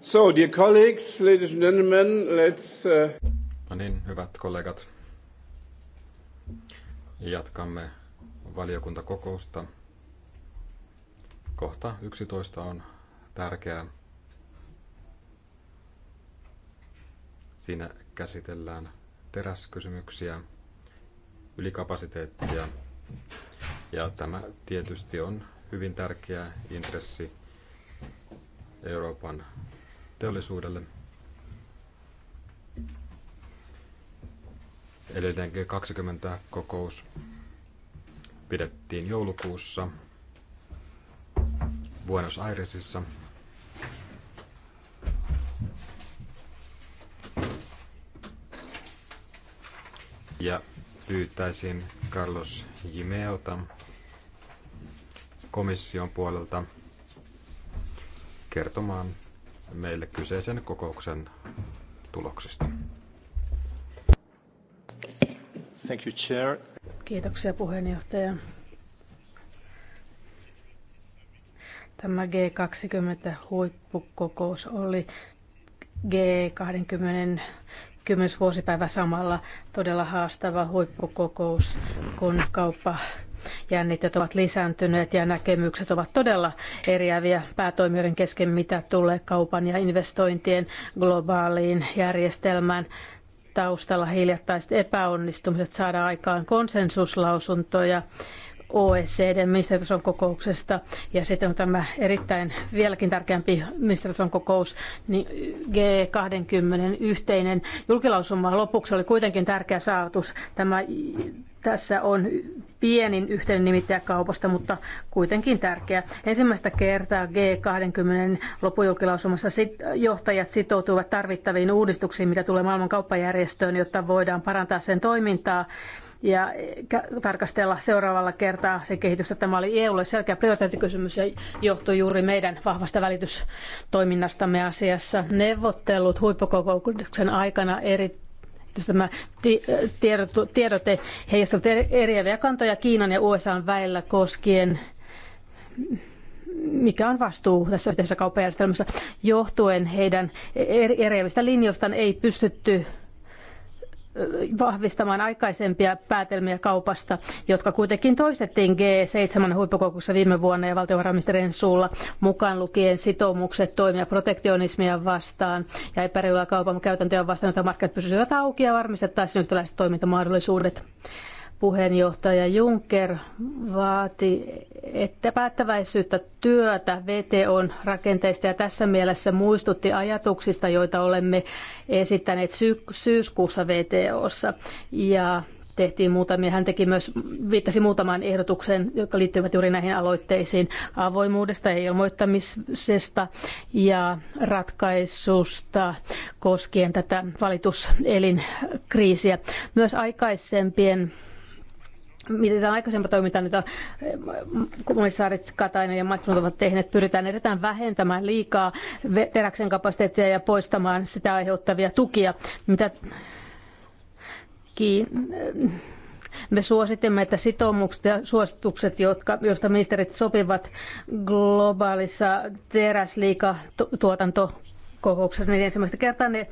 So, dear colleagues, ladies and gentlemen, let's... Uh... No niin, hyvät kollegat. Jatkamme valiokuntakokousta. Kohta 11 on tärkeää. Siinä käsitellään teräskysymyksiä, ylikapasiteettia ja tämä tietysti on hyvin tärkeä intressi Euroopan teollisuudelle. Edellinen G20-kokous pidettiin joulukuussa Buenos Airesissa. Ja pyytäisin Carlos Jimeota komission puolelta kertomaan meille kyseisen kokouksen tuloksista. Thank you, Chair. Kiitoksia puheenjohtaja. Tämä G20-huippukokous oli G20 10 vuosipäivä samalla todella haastava huippukokous, kun kauppa jännitteet ovat lisääntyneet ja näkemykset ovat todella eriäviä päätoimijoiden kesken, mitä tulee kaupan ja investointien globaaliin järjestelmään taustalla hiljattaiset epäonnistumiset saada aikaan konsensuslausuntoja OECDn ministeritason kokouksesta ja sitten on tämä erittäin vieläkin tärkeämpi ministeritason kokous, niin G20 yhteinen julkilausuma lopuksi oli kuitenkin tärkeä saavutus. Tämä tässä on pienin yhteinen nimittäjä kaupasta, mutta kuitenkin tärkeä. Ensimmäistä kertaa G20 lopujulkilausumassa johtajat sitoutuivat tarvittaviin uudistuksiin, mitä tulee maailman kauppajärjestöön, jotta voidaan parantaa sen toimintaa ja tarkastella seuraavalla kertaa se kehitystä. Tämä oli EUlle selkeä prioriteettikysymys ja johtui juuri meidän vahvasta välitystoiminnastamme asiassa. Neuvottelut huippukokouksen aikana eri tämä tiedote heijastavat eriäviä kantoja Kiinan ja USAn välillä koskien mikä on vastuu tässä yhteisessä kauppajärjestelmässä johtuen heidän e-, e-, eriävistä linjoistaan ei pystytty vahvistamaan aikaisempia päätelmiä kaupasta, jotka kuitenkin toistettiin G7 huippukokouksessa viime vuonna ja valtiovarainministerin suulla mukaan lukien sitoumukset toimia protektionismia vastaan ja epäreiluja kaupan käytäntöjä vastaan, jotta markkinat pysyisivät auki ja varmistettaisiin yhtäläiset toimintamahdollisuudet puheenjohtaja Juncker vaati että päättäväisyyttä työtä VTOn rakenteista ja tässä mielessä muistutti ajatuksista, joita olemme esittäneet sy- syyskuussa VTOssa. Ja tehtiin muutamia. Hän teki myös, viittasi muutamaan ehdotukseen, jotka liittyvät juuri näihin aloitteisiin avoimuudesta ja ilmoittamisesta ja ratkaisusta koskien tätä valituselinkriisiä. Myös aikaisempien mietitään aikaisempaa toimintaa, mitä eh, komissaarit Katainen ja Maistunut ovat tehneet, pyritään edetään vähentämään liikaa teräksen kapasiteettia ja poistamaan sitä aiheuttavia tukia, mitä Kiin... Eh, me suositimme, että sitoumukset ja suositukset, jotka, joista ministerit sopivat globaalissa teräsliikatuotanto kokouksessa niin ensimmäistä kertaa ne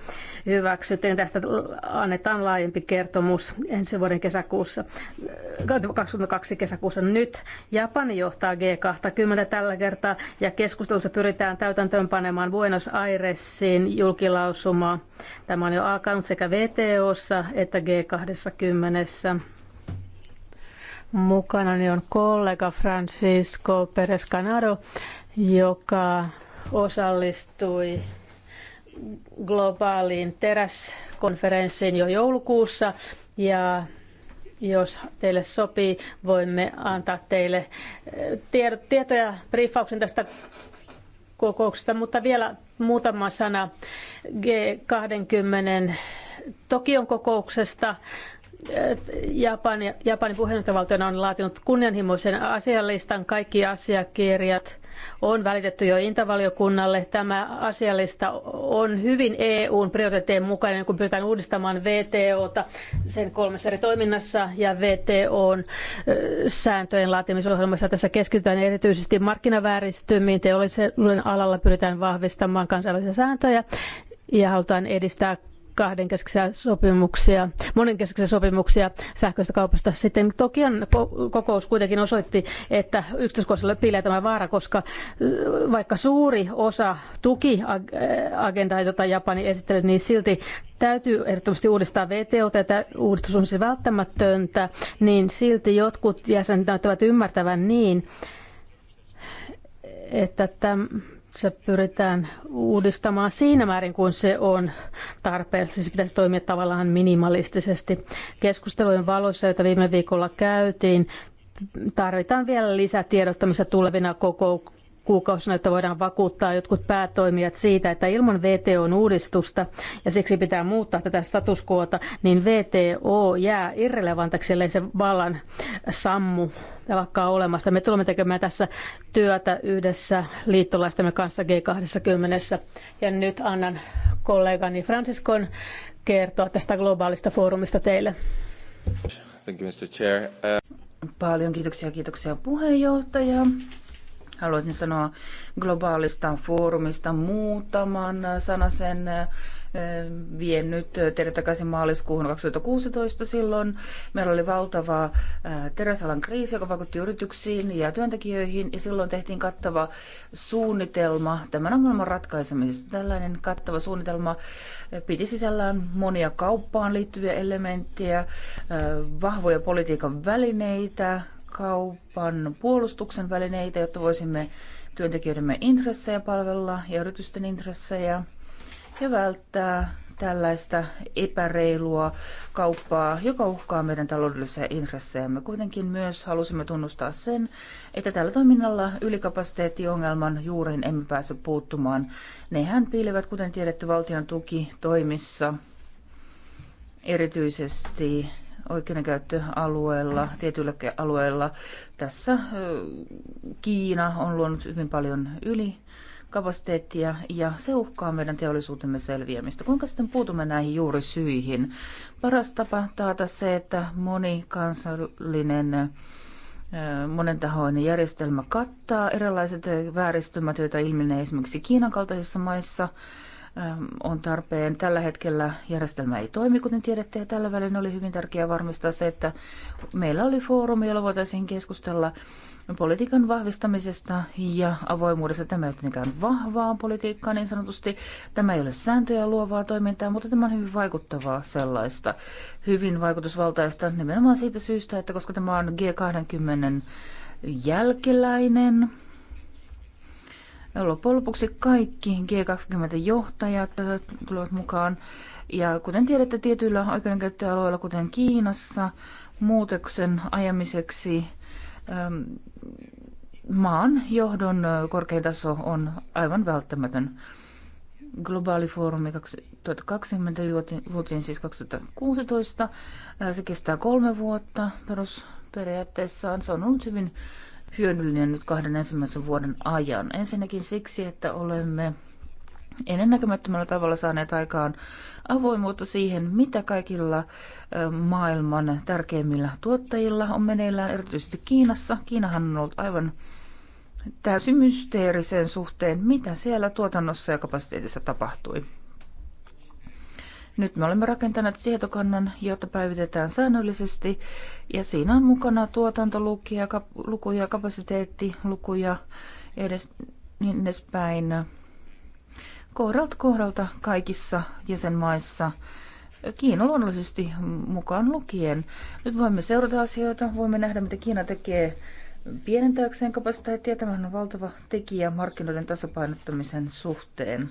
niin hyväksyttiin. Tästä annetaan laajempi kertomus ensi vuoden kesäkuussa, 2022 kesäkuussa nyt. Japani johtaa G20 tällä kertaa ja keskustelussa pyritään täytäntöönpanemaan Buenos Airesin julkilausumaa. Tämä on jo alkanut sekä VTOssa että G20 mukana niin on kollega Francisco Perez Canaro, joka osallistui globaaliin teräskonferenssiin jo joulukuussa ja jos teille sopii, voimme antaa teille eh, tietoja, briefauksen tästä kokouksesta, mutta vielä muutama sana G20 Tokion kokouksesta. Eh, Japani, Japanin puheenjohtajavaltiona on laatinut kunnianhimoisen asialistan kaikki asiakirjat on välitetty jo Intavaliokunnalle. Tämä asialista on hyvin EUn prioriteettien mukainen, kun pyritään uudistamaan VTOta sen kolmessa eri toiminnassa ja VTOn sääntöjen laatimisohjelmassa. Tässä keskitytään erityisesti markkinavääristymiin. Teollisuuden alalla pyritään vahvistamaan kansainvälisiä sääntöjä ja halutaan edistää kahdenkeskisiä sopimuksia, monenkeskisiä sopimuksia sähköistä kaupasta. Sitten Tokion kokous kuitenkin osoitti, että yksityiskohdassa piilee tämä vaara, koska vaikka suuri osa tuki agendaa, jota Japani esitteli, niin silti täytyy ehdottomasti uudistaa VTO, tätä uudistus on siis välttämätöntä, niin silti jotkut jäsenet näyttävät ymmärtävän niin, että tämän se pyritään uudistamaan siinä määrin, kun se on tarpeellista. Siis pitäisi toimia tavallaan minimalistisesti. Keskustelujen valossa, joita viime viikolla käytiin, tarvitaan vielä lisätiedottamista tulevina kokou- kuukausina, että voidaan vakuuttaa jotkut päätoimijat siitä, että ilman VTOn uudistusta, ja siksi pitää muuttaa tätä statuskuota, niin VTO jää irrelevantiksi, ellei se vallan sammu ja lakkaa olemasta. Me tulemme tekemään tässä työtä yhdessä liittolaistemme kanssa G20. Ja nyt annan kollegani Franciscon kertoa tästä globaalista foorumista teille. Thank you, Mr. Chair. Uh... Paljon kiitoksia, kiitoksia puheenjohtaja haluaisin sanoa globaalista foorumista muutaman sanasen. Vien nyt teidät takaisin maaliskuuhun 2016 silloin. Meillä oli valtava teräsalan kriisi, joka vaikutti yrityksiin ja työntekijöihin, ja silloin tehtiin kattava suunnitelma tämän ongelman ratkaisemisesta. Tällainen kattava suunnitelma piti sisällään monia kauppaan liittyviä elementtejä, vahvoja politiikan välineitä, kaupan puolustuksen välineitä, jotta voisimme työntekijöidemme intressejä palvella ja yritysten intressejä ja välttää tällaista epäreilua kauppaa, joka uhkaa meidän taloudellisia intressejämme. Kuitenkin myös halusimme tunnustaa sen, että tällä toiminnalla ylikapasiteettiongelman juuriin emme pääse puuttumaan. Nehän piilevät, kuten tiedetty, valtion tukitoimissa, erityisesti oikeudenkäyttöalueella, tietyillä alueilla. Tässä Kiina on luonut hyvin paljon yli kapasiteettia ja se uhkaa meidän teollisuutemme selviämistä. Kuinka sitten puutumme näihin syihin? Paras tapa taata se, että monikansallinen monentahoinen järjestelmä kattaa erilaiset vääristymät, joita ilmenee esimerkiksi Kiinan kaltaisissa maissa – on tarpeen. Tällä hetkellä järjestelmä ei toimi, kuten tiedätte, ja tällä välin oli hyvin tärkeää varmistaa se, että meillä oli foorumi, jolla voitaisiin keskustella politiikan vahvistamisesta ja avoimuudesta. Tämä ei ole tietenkään vahvaa politiikkaa niin sanotusti. Tämä ei ole sääntöjä luovaa toimintaa, mutta tämä on hyvin vaikuttavaa sellaista. Hyvin vaikutusvaltaista nimenomaan siitä syystä, että koska tämä on G20 jälkeläinen, Loppujen lopuksi kaikki G20-johtajat tulevat mukaan. Ja kuten tiedätte, tietyillä oikeudenkäyttöalueilla, kuten Kiinassa, muutoksen ajamiseksi ähm, maan johdon korkein taso on aivan välttämätön. Globaali foorumi 2020 vuotiin siis 2016. Äh, se kestää kolme vuotta perusperiaatteessaan. Se on ollut hyvin hyödyllinen nyt kahden ensimmäisen vuoden ajan. Ensinnäkin siksi, että olemme ennennäkemättömällä tavalla saaneet aikaan avoimuutta siihen, mitä kaikilla maailman tärkeimmillä tuottajilla on meneillään, erityisesti Kiinassa. Kiinahan on ollut aivan täysin mysteerisen suhteen, mitä siellä tuotannossa ja kapasiteetissa tapahtui. Nyt me olemme rakentaneet tietokannan, jota päivitetään säännöllisesti, ja siinä on mukana tuotantolukuja, kap- lukuja, kapasiteettilukuja edes, niin edespäin kohdalta kohdalta kaikissa jäsenmaissa. Kiina luonnollisesti mukaan lukien. Nyt voimme seurata asioita, voimme nähdä, mitä Kiina tekee pienentääkseen kapasiteettia. Tämä on valtava tekijä markkinoiden tasapainottamisen suhteen.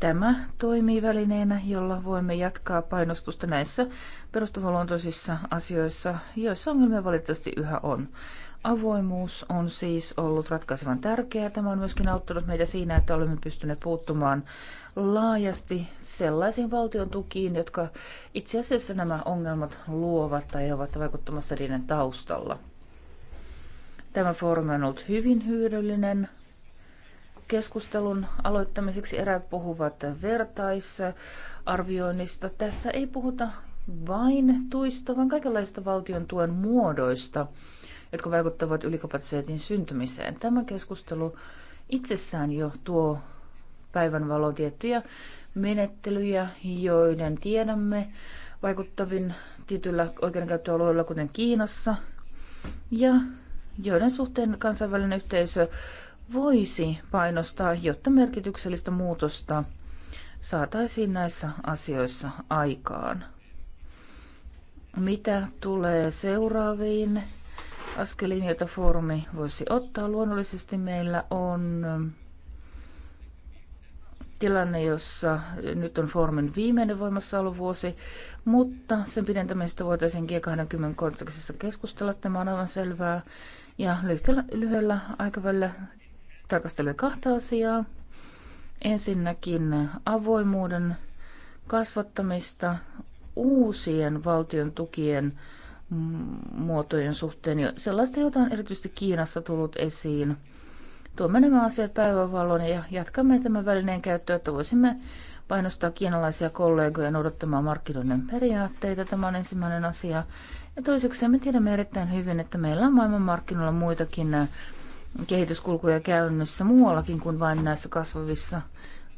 Tämä toimii välineenä, jolla voimme jatkaa painostusta näissä perustavanluontoisissa asioissa, joissa ongelmia valitettavasti yhä on. Avoimuus on siis ollut ratkaisevan tärkeää. Tämä on myöskin auttanut meitä siinä, että olemme pystyneet puuttumaan laajasti sellaisiin valtion tukiin, jotka itse asiassa nämä ongelmat luovat tai ovat vaikuttamassa niiden taustalla. Tämä foorumi on ollut hyvin hyödyllinen keskustelun aloittamiseksi. Eräät puhuvat vertaisarvioinnista. Tässä ei puhuta vain tuista, vaan kaikenlaisista valtion tuen muodoista, jotka vaikuttavat ylikapasiteetin syntymiseen. Tämä keskustelu itsessään jo tuo päivän valon tiettyjä menettelyjä, joiden tiedämme vaikuttavin tietyillä oikeudenkäyttöalueilla, kuten Kiinassa, ja joiden suhteen kansainvälinen yhteisö voisi painostaa, jotta merkityksellistä muutosta saataisiin näissä asioissa aikaan. Mitä tulee seuraaviin askeliin, joita foorumi voisi ottaa? Luonnollisesti meillä on tilanne, jossa nyt on foorumin viimeinen voimassaolovuosi, mutta sen pidentämistä voitaisiin G20 kontekstissa keskustella. Tämä on aivan selvää. Ja lyhyellä, lyhyellä aikavälillä tarkastelemme kahta asiaa. Ensinnäkin avoimuuden kasvattamista uusien valtion tukien muotojen suhteen ja sellaista, jota on erityisesti Kiinassa tullut esiin. Tuomme nämä asiat päivänvaloon ja jatkamme tämän välineen käyttöä, että voisimme painostaa kiinalaisia kollegoja noudattamaan markkinoiden periaatteita. Tämä on ensimmäinen asia. Ja toiseksi me tiedämme erittäin hyvin, että meillä on maailmanmarkkinoilla muitakin kehityskulkuja käynnissä muuallakin kuin vain näissä kasvavissa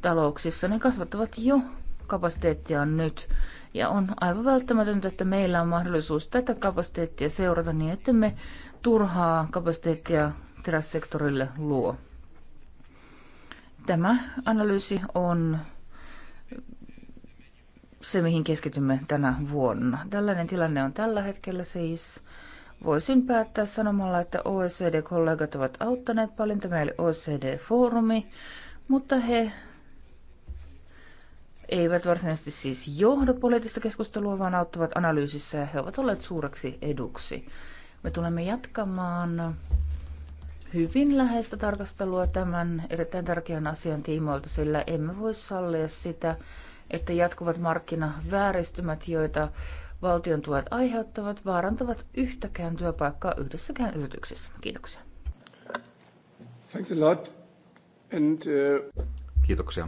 talouksissa. Ne kasvattavat jo kapasiteettia nyt. Ja on aivan välttämätöntä, että meillä on mahdollisuus tätä kapasiteettia seurata niin, että me turhaa kapasiteettia terässektorille luo. Tämä analyysi on se, mihin keskitymme tänä vuonna. Tällainen tilanne on tällä hetkellä siis. Voisin päättää sanomalla, että OECD-kollegat ovat auttaneet paljon. Tämä oli OECD-foorumi, mutta he eivät varsinaisesti siis johda poliittista keskustelua, vaan auttavat analyysissä ja he ovat olleet suureksi eduksi. Me tulemme jatkamaan hyvin läheistä tarkastelua tämän erittäin tärkeän asian tiimoilta, sillä emme voi sallia sitä, että jatkuvat markkinavääristymät, joita valtion tuet aiheuttavat, vaarantavat yhtäkään työpaikkaa yhdessäkään yrityksessä. Kiitoksia. Thanks a lot. And, uh... Kiitoksia.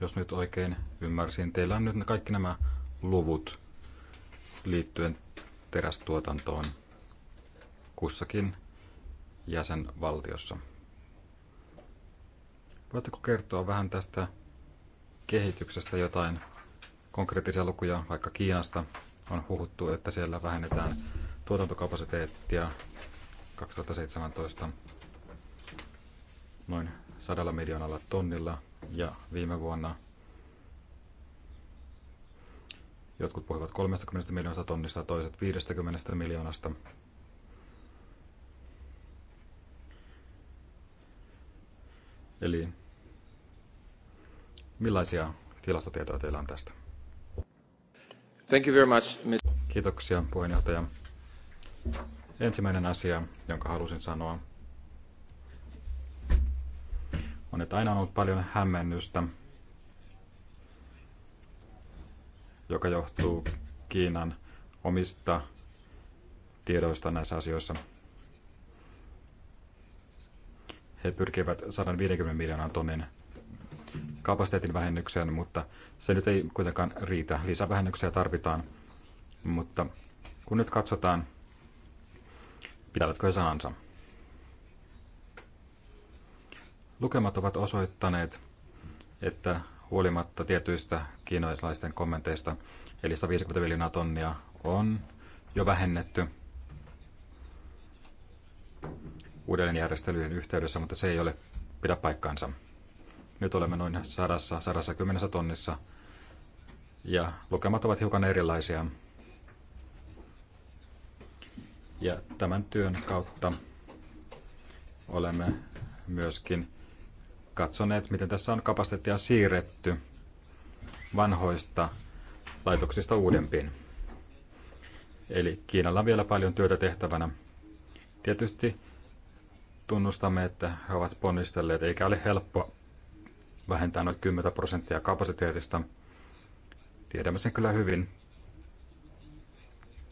Jos nyt oikein ymmärsin, teillä on nyt kaikki nämä luvut liittyen terästuotantoon kussakin jäsenvaltiossa. Voitteko kertoa vähän tästä kehityksestä jotain konkreettisia lukuja vaikka Kiinasta. On huhuttu, että siellä vähennetään tuotantokapasiteettia 2017 noin 100 miljoonalla tonnilla ja viime vuonna jotkut puhuvat 30 miljoonasta tonnista, toiset 50 miljoonasta. Eli millaisia tilastotietoja teillä on tästä? Thank you very much. Kiitoksia puheenjohtaja. Ensimmäinen asia, jonka halusin sanoa, on, että aina on ollut paljon hämmennystä, joka johtuu Kiinan omista tiedoista näissä asioissa. He pyrkivät 150 miljoonan tonnin kapasiteetin vähennykseen, mutta se nyt ei kuitenkaan riitä. Lisävähennyksiä tarvitaan, mutta kun nyt katsotaan, pitävätkö he sanansa. Lukemat ovat osoittaneet, että huolimatta tietyistä kiinalaisten kommenteista, eli 150 miljoonaa tonnia on jo vähennetty uudelleenjärjestelyjen yhteydessä, mutta se ei ole pidä paikkaansa. Nyt olemme noin 100-110 tonnissa ja lukemat ovat hiukan erilaisia. Ja tämän työn kautta olemme myöskin katsoneet, miten tässä on kapasiteettia siirretty vanhoista laitoksista uudempiin. Eli Kiinalla on vielä paljon työtä tehtävänä. Tietysti tunnustamme, että he ovat ponnistelleet, eikä ole helppoa vähentää noin 10 prosenttia kapasiteetista. Tiedämme sen kyllä hyvin,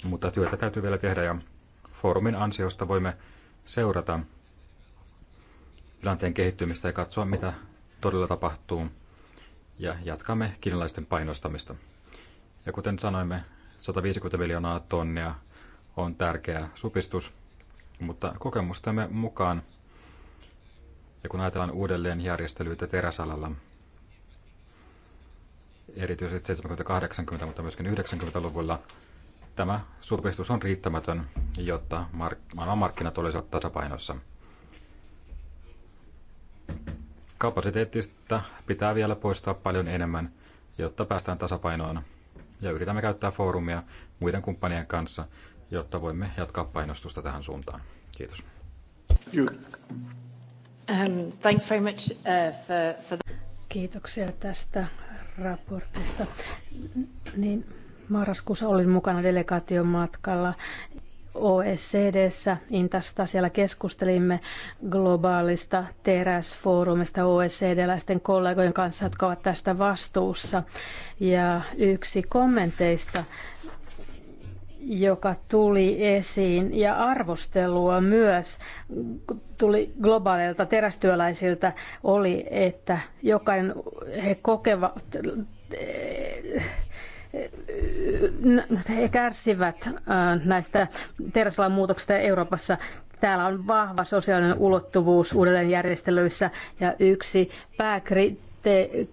mutta työtä täytyy vielä tehdä ja foorumin ansiosta voimme seurata tilanteen kehittymistä ja katsoa, mitä todella tapahtuu. Ja jatkamme kiinalaisten painostamista. Ja kuten sanoimme, 150 miljoonaa tonnia on tärkeä supistus, mutta kokemustemme mukaan – ja kun ajatellaan uudelleen järjestelyitä teräsalalla, erityisesti 70-80, mutta myöskin 90-luvulla, tämä supistus on riittämätön, jotta mark- maailmanmarkkinat olisivat tasapainossa. Kapasiteettista pitää vielä poistaa paljon enemmän, jotta päästään tasapainoon, ja yritämme käyttää foorumia muiden kumppanien kanssa, jotta voimme jatkaa painostusta tähän suuntaan. Kiitos. Kiitos. Um, thanks very much, uh, for, for the... Kiitoksia tästä raportista. Niin, marraskuussa olin mukana delegaation matkalla OECDssä, Intasta. Siellä keskustelimme globaalista teräsfoorumista OECD-läisten kollegojen kanssa, jotka ovat tästä vastuussa. Ja yksi kommenteista joka tuli esiin, ja arvostelua myös tuli globaaleilta terästyöläisiltä, oli, että jokainen he kokevat, he kärsivät äh, näistä teräsalan muutoksista Euroopassa. Täällä on vahva sosiaalinen ulottuvuus uudelleenjärjestelyissä ja yksi pääkriteeri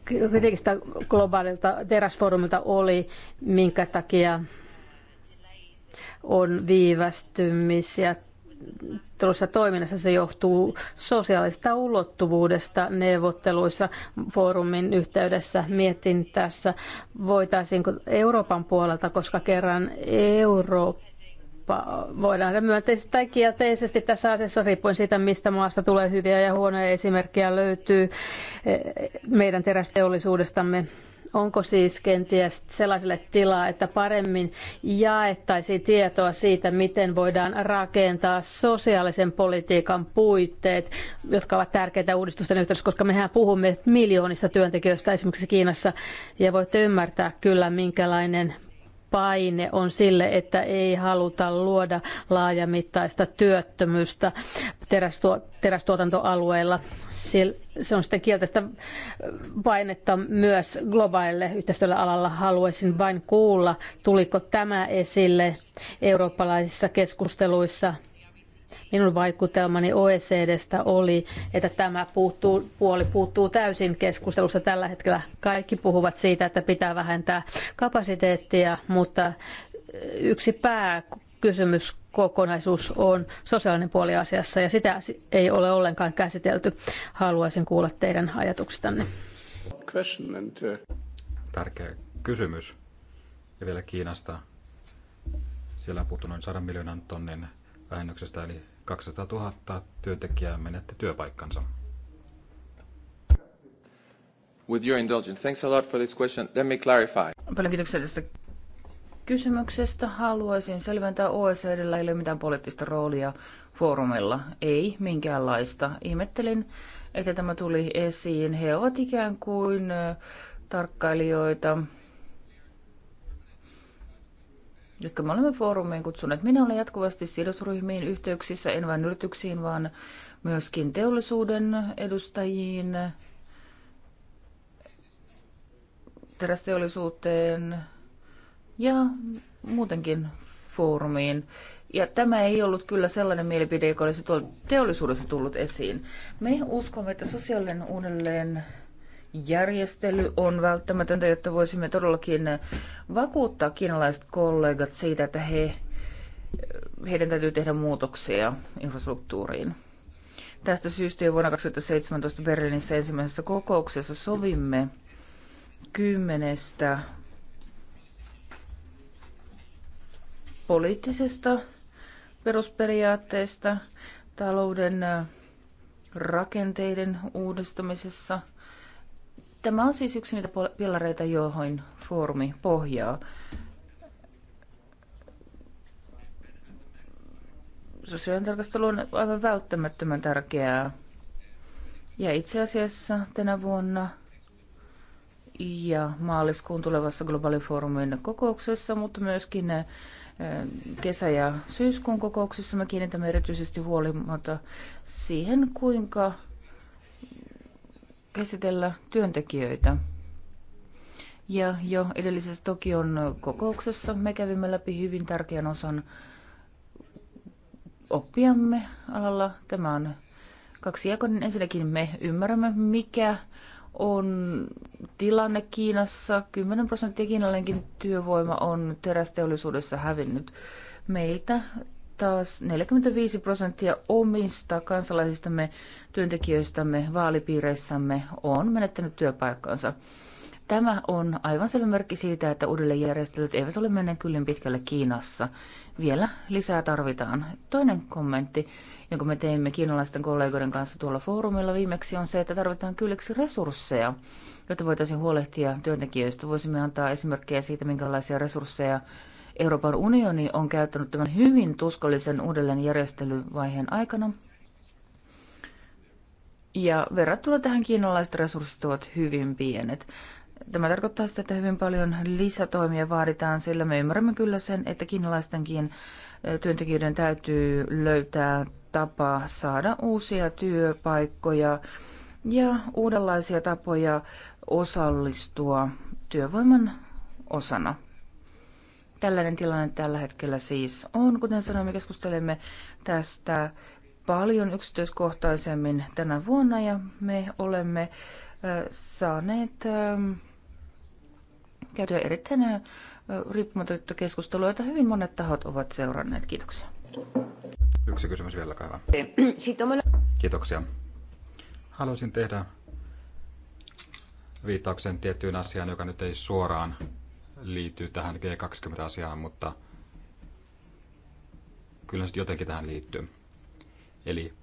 kritiikistä globaalilta teräsfoorumilta oli, minkä takia on viivästymisiä tuossa toiminnassa. Se johtuu sosiaalista ulottuvuudesta neuvotteluissa foorumin yhteydessä. Mietin tässä, voitaisiinko Euroopan puolelta, koska kerran Eurooppa voidaan nähdä myönteisesti tai kielteisesti tässä asiassa, riippuen siitä, mistä maasta tulee hyviä ja huonoja esimerkkejä löytyy eh, meidän terästeollisuudestamme Onko siis kenties sellaiselle tilaa, että paremmin jaettaisiin tietoa siitä, miten voidaan rakentaa sosiaalisen politiikan puitteet, jotka ovat tärkeitä uudistusten yhteydessä, koska mehän puhumme miljoonista työntekijöistä esimerkiksi Kiinassa, ja voitte ymmärtää kyllä, minkälainen paine on sille, että ei haluta luoda laajamittaista työttömyystä terästuotantoalueilla. Se on sitten kielteistä painetta myös globaalille yhteistyöllä alalla. Haluaisin vain kuulla, tuliko tämä esille eurooppalaisissa keskusteluissa – Minun vaikutelmani OECDstä oli, että tämä puuttuu, puoli puuttuu täysin keskustelusta tällä hetkellä. Kaikki puhuvat siitä, että pitää vähentää kapasiteettia, mutta yksi pää kysymyskokonaisuus on sosiaalinen puoli asiassa ja sitä ei ole ollenkaan käsitelty. Haluaisin kuulla teidän ajatuksistanne. Uh, Tärkeä kysymys. Ja vielä Kiinasta. Siellä on puhuttu noin 100 miljoonan tonnin vähennyksestä, eli 200 000 työntekijää menetti työpaikkansa. With your indulgence, thanks a lot for this question. Let me clarify. Paljon kiitoksia tästä kysymyksestä. Haluaisin selventää OECDllä ei ole mitään poliittista roolia foorumilla. Ei minkäänlaista. Ihmettelin, että tämä tuli esiin. He ovat ikään kuin tarkkailijoita jotka me olemme foorumiin kutsuneet. Minä olen jatkuvasti sidosryhmiin yhteyksissä, en vain yrityksiin, vaan myöskin teollisuuden edustajiin, terästeollisuuteen ja muutenkin foorumiin. Ja tämä ei ollut kyllä sellainen mielipide, joka olisi tuolla teollisuudessa tullut esiin. Me uskomme, että sosiaalinen uudelleen järjestely on välttämätöntä, jotta voisimme todellakin vakuuttaa kiinalaiset kollegat siitä, että he, heidän täytyy tehdä muutoksia infrastruktuuriin. Tästä syystä jo vuonna 2017 Berliinissä ensimmäisessä kokouksessa sovimme kymmenestä poliittisesta perusperiaatteesta talouden äh, rakenteiden uudistamisessa – Tämä on siis yksi niitä pilareita, joihin foorumi pohjaa. tarkastelu on aivan välttämättömän tärkeää. Ja itse asiassa tänä vuonna ja maaliskuun tulevassa globaalifoorumin kokouksessa, mutta myöskin eh, kesä- ja syyskuun kokouksessa me kiinnitämme erityisesti huolimatta siihen, kuinka käsitellä työntekijöitä. Ja jo edellisessä Tokion kokouksessa me kävimme läpi hyvin tärkeän osan oppiamme alalla. Tämä on kaksijakoinen. Ensinnäkin me ymmärrämme, mikä on tilanne Kiinassa. 10 prosenttia kiinalainenkin työvoima on terästeollisuudessa hävinnyt meiltä taas 45 prosenttia omista kansalaisistamme, työntekijöistämme, vaalipiireissämme on menettänyt työpaikkansa. Tämä on aivan selvä merkki siitä, että uudelleenjärjestelyt eivät ole menneet kyllin pitkälle Kiinassa. Vielä lisää tarvitaan. Toinen kommentti, jonka me teimme kiinalaisten kollegoiden kanssa tuolla foorumilla viimeksi, on se, että tarvitaan kylliksi resursseja, jotta voitaisiin huolehtia työntekijöistä. Voisimme antaa esimerkkejä siitä, minkälaisia resursseja Euroopan unioni on käyttänyt tämän hyvin tuskallisen uudelleenjärjestelyvaiheen aikana. Ja verrattuna tähän kiinalaiset resurssit ovat hyvin pienet. Tämä tarkoittaa sitä, että hyvin paljon lisätoimia vaaditaan, sillä me ymmärrämme kyllä sen, että kiinalaistenkin työntekijöiden täytyy löytää tapa saada uusia työpaikkoja ja uudenlaisia tapoja osallistua työvoiman osana. Tällainen tilanne tällä hetkellä siis on. Kuten sanoin, me keskustelemme tästä paljon yksityiskohtaisemmin tänä vuonna ja me olemme saaneet käydä erittäin riippumatonta keskustelua, jota hyvin monet tahot ovat seuranneet. Kiitoksia. Yksi kysymys vielä, on... Kiitoksia. Haluaisin tehdä viittauksen tiettyyn asiaan, joka nyt ei suoraan liittyy tähän G20-asiaan, mutta kyllä se jotenkin tähän liittyy. Eli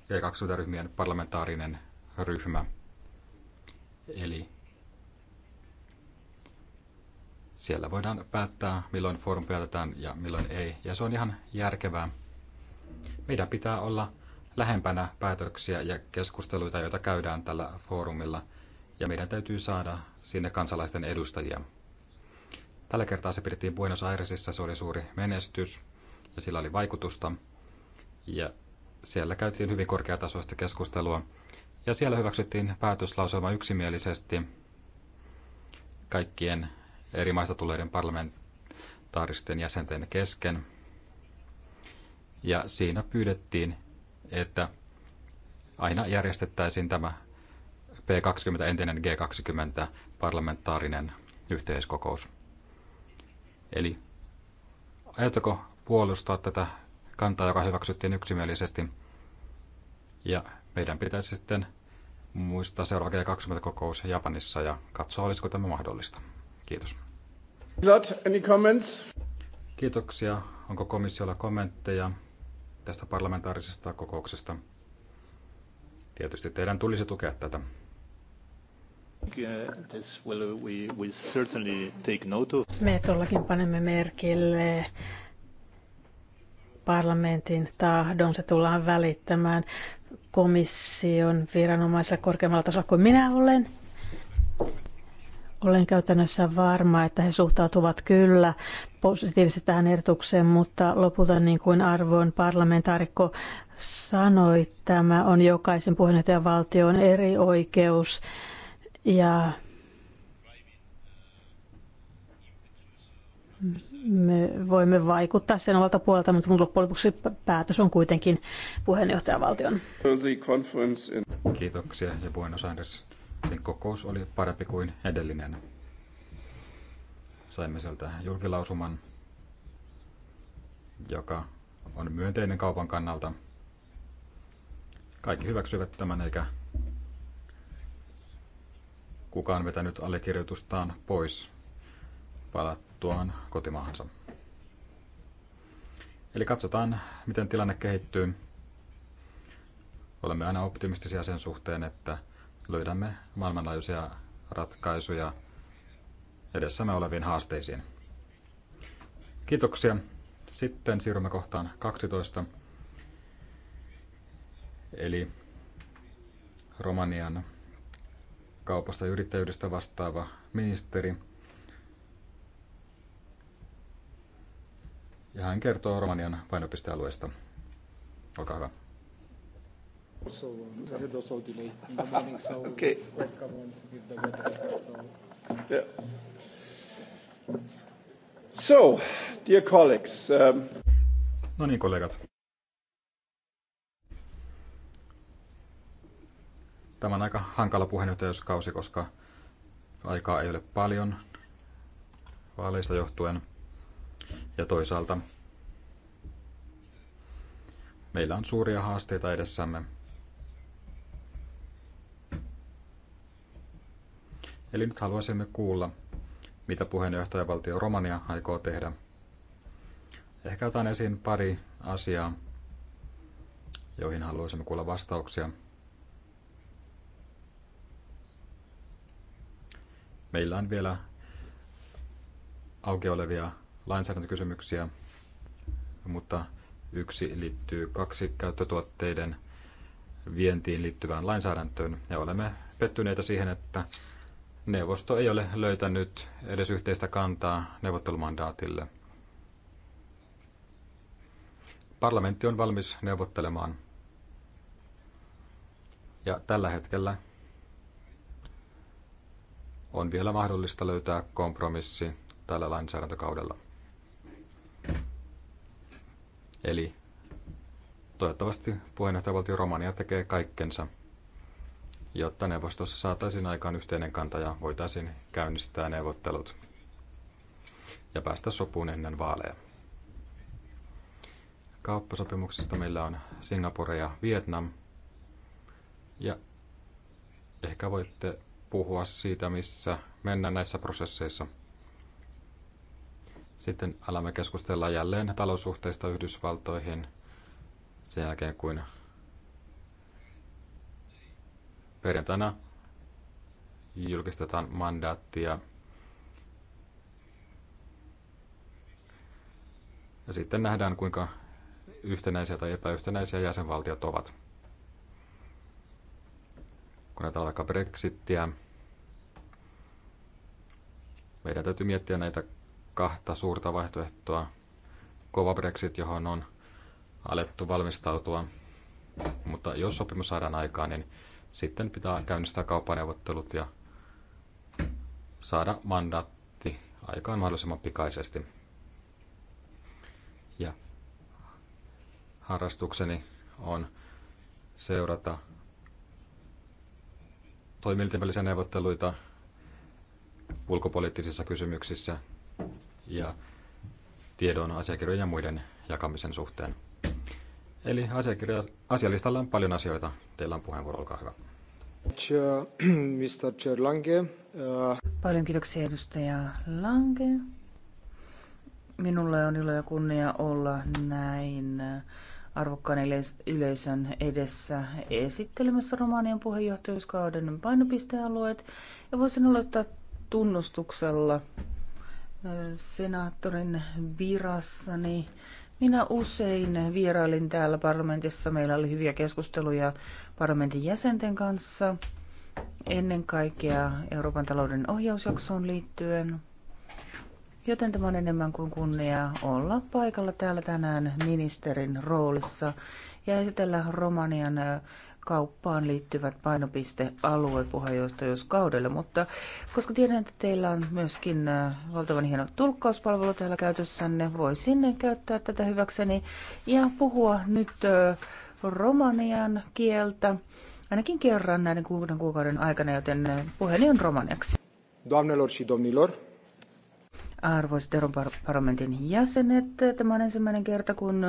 G20-ryhmien parlamentaarinen ryhmä. Eli siellä voidaan päättää, milloin forum päätetään ja milloin ei. Ja se on ihan järkevää. Meidän pitää olla lähempänä päätöksiä ja keskusteluita, joita käydään tällä foorumilla – ja meidän täytyy saada sinne kansalaisten edustajia. Tällä kertaa se pidettiin Buenos Airesissa, se oli suuri menestys ja sillä oli vaikutusta. Ja siellä käytiin hyvin korkeatasoista keskustelua ja siellä hyväksyttiin päätöslauselma yksimielisesti kaikkien eri maista tulleiden parlamentaaristen jäsenten kesken. Ja siinä pyydettiin, että aina järjestettäisiin tämä P20, entinen G20, parlamentaarinen yhteiskokous. Eli ajatteko puolustaa tätä kantaa, joka hyväksyttiin yksimielisesti? Ja meidän pitäisi sitten muistaa seuraava G20-kokous Japanissa ja katsoa, olisiko tämä mahdollista. Kiitos. any comments? Kiitoksia. Onko komissiolla kommentteja tästä parlamentaarisesta kokouksesta? Tietysti teidän tulisi tukea tätä. Me todellakin panemme merkille parlamentin tahdon. Se tullaan välittämään komission viranomaisella korkeammalla tasolla kuin minä olen. Olen käytännössä varma, että he suhtautuvat kyllä positiivisesti tähän ehdotukseen, mutta lopulta niin kuin arvoin parlamentaarikko sanoi, tämä on jokaisen puheenjohtajavaltion eri oikeus ja me voimme vaikuttaa sen omalta puolelta, mutta loppujen lopuksi päätös on kuitenkin puheenjohtajavaltion. Kiitoksia ja Buenos Sen kokous oli parempi kuin edellinen. Saimme sieltä julkilausuman, joka on myönteinen kaupan kannalta. Kaikki hyväksyvät tämän eikä kukaan vetänyt allekirjoitustaan pois palattuaan kotimaahansa. Eli katsotaan, miten tilanne kehittyy. Olemme aina optimistisia sen suhteen, että löydämme maailmanlaajuisia ratkaisuja edessämme oleviin haasteisiin. Kiitoksia. Sitten siirrymme kohtaan 12. Eli Romanian kaupasta ja yrittäjyydestä vastaava ministeri. Ja hän kertoo Romanian painopistealueesta. Olkaa hyvä. So, dear colleagues. Um... No niin, kollegat. Tämä on aika hankala puheenjohtajuuskausi, koska aikaa ei ole paljon vaaleista johtuen. Ja toisaalta meillä on suuria haasteita edessämme. Eli nyt haluaisimme kuulla, mitä puheenjohtajavaltio Romania aikoo tehdä. Ehkä otan esiin pari asiaa, joihin haluaisimme kuulla vastauksia. Meillä on vielä auki olevia lainsäädäntökysymyksiä, mutta yksi liittyy kaksi käyttötuotteiden vientiin liittyvään lainsäädäntöön. Ja olemme pettyneitä siihen, että neuvosto ei ole löytänyt edes yhteistä kantaa neuvottelumandaatille. Parlamentti on valmis neuvottelemaan. Ja tällä hetkellä on vielä mahdollista löytää kompromissi tällä lainsäädäntökaudella. Eli toivottavasti puheenjohtajavaltio Romania tekee kaikkensa, jotta neuvostossa saataisiin aikaan yhteinen kanta ja voitaisiin käynnistää neuvottelut ja päästä sopuun ennen vaaleja. Kauppasopimuksesta meillä on Singapore ja Vietnam. Ja ehkä voitte puhua siitä, missä mennään näissä prosesseissa. Sitten alamme keskustella jälleen taloussuhteista Yhdysvaltoihin sen jälkeen, kuin perjantaina julkistetaan mandaattia. Ja sitten nähdään, kuinka yhtenäisiä tai epäyhtenäisiä jäsenvaltiot ovat kun ajatellaan vaikka Brexittiä, meidän täytyy miettiä näitä kahta suurta vaihtoehtoa. Kova Brexit, johon on alettu valmistautua, mutta jos sopimus saadaan aikaan, niin sitten pitää käynnistää kauppaneuvottelut ja saada mandaatti aikaan mahdollisimman pikaisesti. Ja harrastukseni on seurata toimielinten neuvotteluita ulkopoliittisissa kysymyksissä ja tiedon, asiakirjojen ja muiden jakamisen suhteen. Eli asiakirja, asialistalla on paljon asioita. Teillä on puheenvuoro, olkaa hyvä. Mr. Lange. Uh, paljon kiitoksia edustaja Lange. Minulle on ilo ja kunnia olla näin arvokkaan yleisön edessä esittelemässä Romanian puheenjohtajuuskauden painopistealueet. Ja voisin aloittaa tunnustuksella senaattorin virassani. Minä usein vierailin täällä parlamentissa. Meillä oli hyviä keskusteluja parlamentin jäsenten kanssa, ennen kaikkea Euroopan talouden ohjausjaksoon liittyen. Joten tämä on enemmän kuin kunnia olla paikalla täällä tänään ministerin roolissa ja esitellä Romanian kauppaan liittyvät painopistealueet puheenjohtajuuskaudelle, mutta koska tiedän, että teillä on myöskin valtavan hieno tulkkauspalvelu täällä käytössänne, voisin käyttää tätä hyväkseni ja puhua nyt romanian kieltä ainakin kerran näiden kuuden kuukauden aikana, joten puheeni on romaniaksi. Doamnelor și domnilor, Arvoisat Euroopan parlamentin jäsenet, tämä on ensimmäinen kerta, kun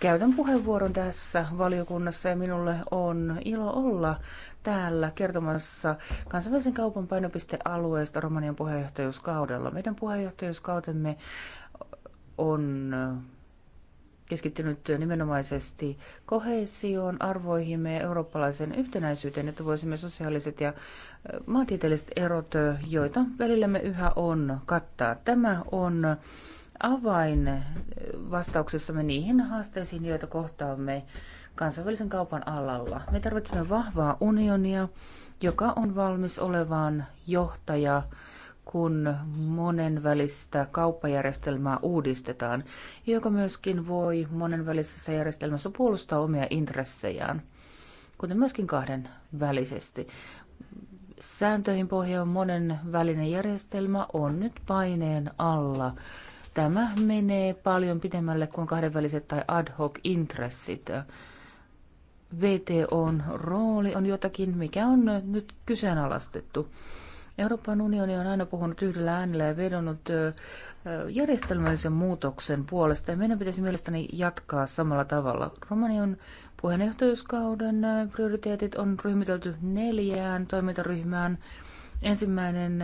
käytän puheenvuoron tässä valiokunnassa ja minulle on ilo olla täällä kertomassa kansainvälisen kaupan painopistealueesta Romanian puheenjohtajuuskaudella. Meidän puheenjohtajuuskautemme on keskittynyt nimenomaisesti kohesioon, arvoihimme ja eurooppalaisen yhtenäisyyteen, että voisimme sosiaaliset ja maantieteelliset erot, joita välillämme yhä on, kattaa. Tämä on avain vastauksessamme niihin haasteisiin, joita kohtaamme kansainvälisen kaupan alalla. Me tarvitsemme vahvaa unionia, joka on valmis olevaan johtaja kun monenvälistä kauppajärjestelmää uudistetaan, joka myöskin voi monenvälisessä järjestelmässä puolustaa omia intressejään, kuten myöskin kahden välisesti. Sääntöihin pohjaava monenvälinen järjestelmä on nyt paineen alla. Tämä menee paljon pidemmälle kuin kahdenväliset tai ad hoc intressit. VTOn rooli on jotakin, mikä on nyt kyseenalaistettu. Euroopan unioni on aina puhunut yhdellä äänellä ja vedonnut järjestelmällisen muutoksen puolesta ja meidän pitäisi mielestäni jatkaa samalla tavalla. Romanian puheenjohtajuuskauden prioriteetit on ryhmitelty neljään toimintaryhmään. Ensimmäinen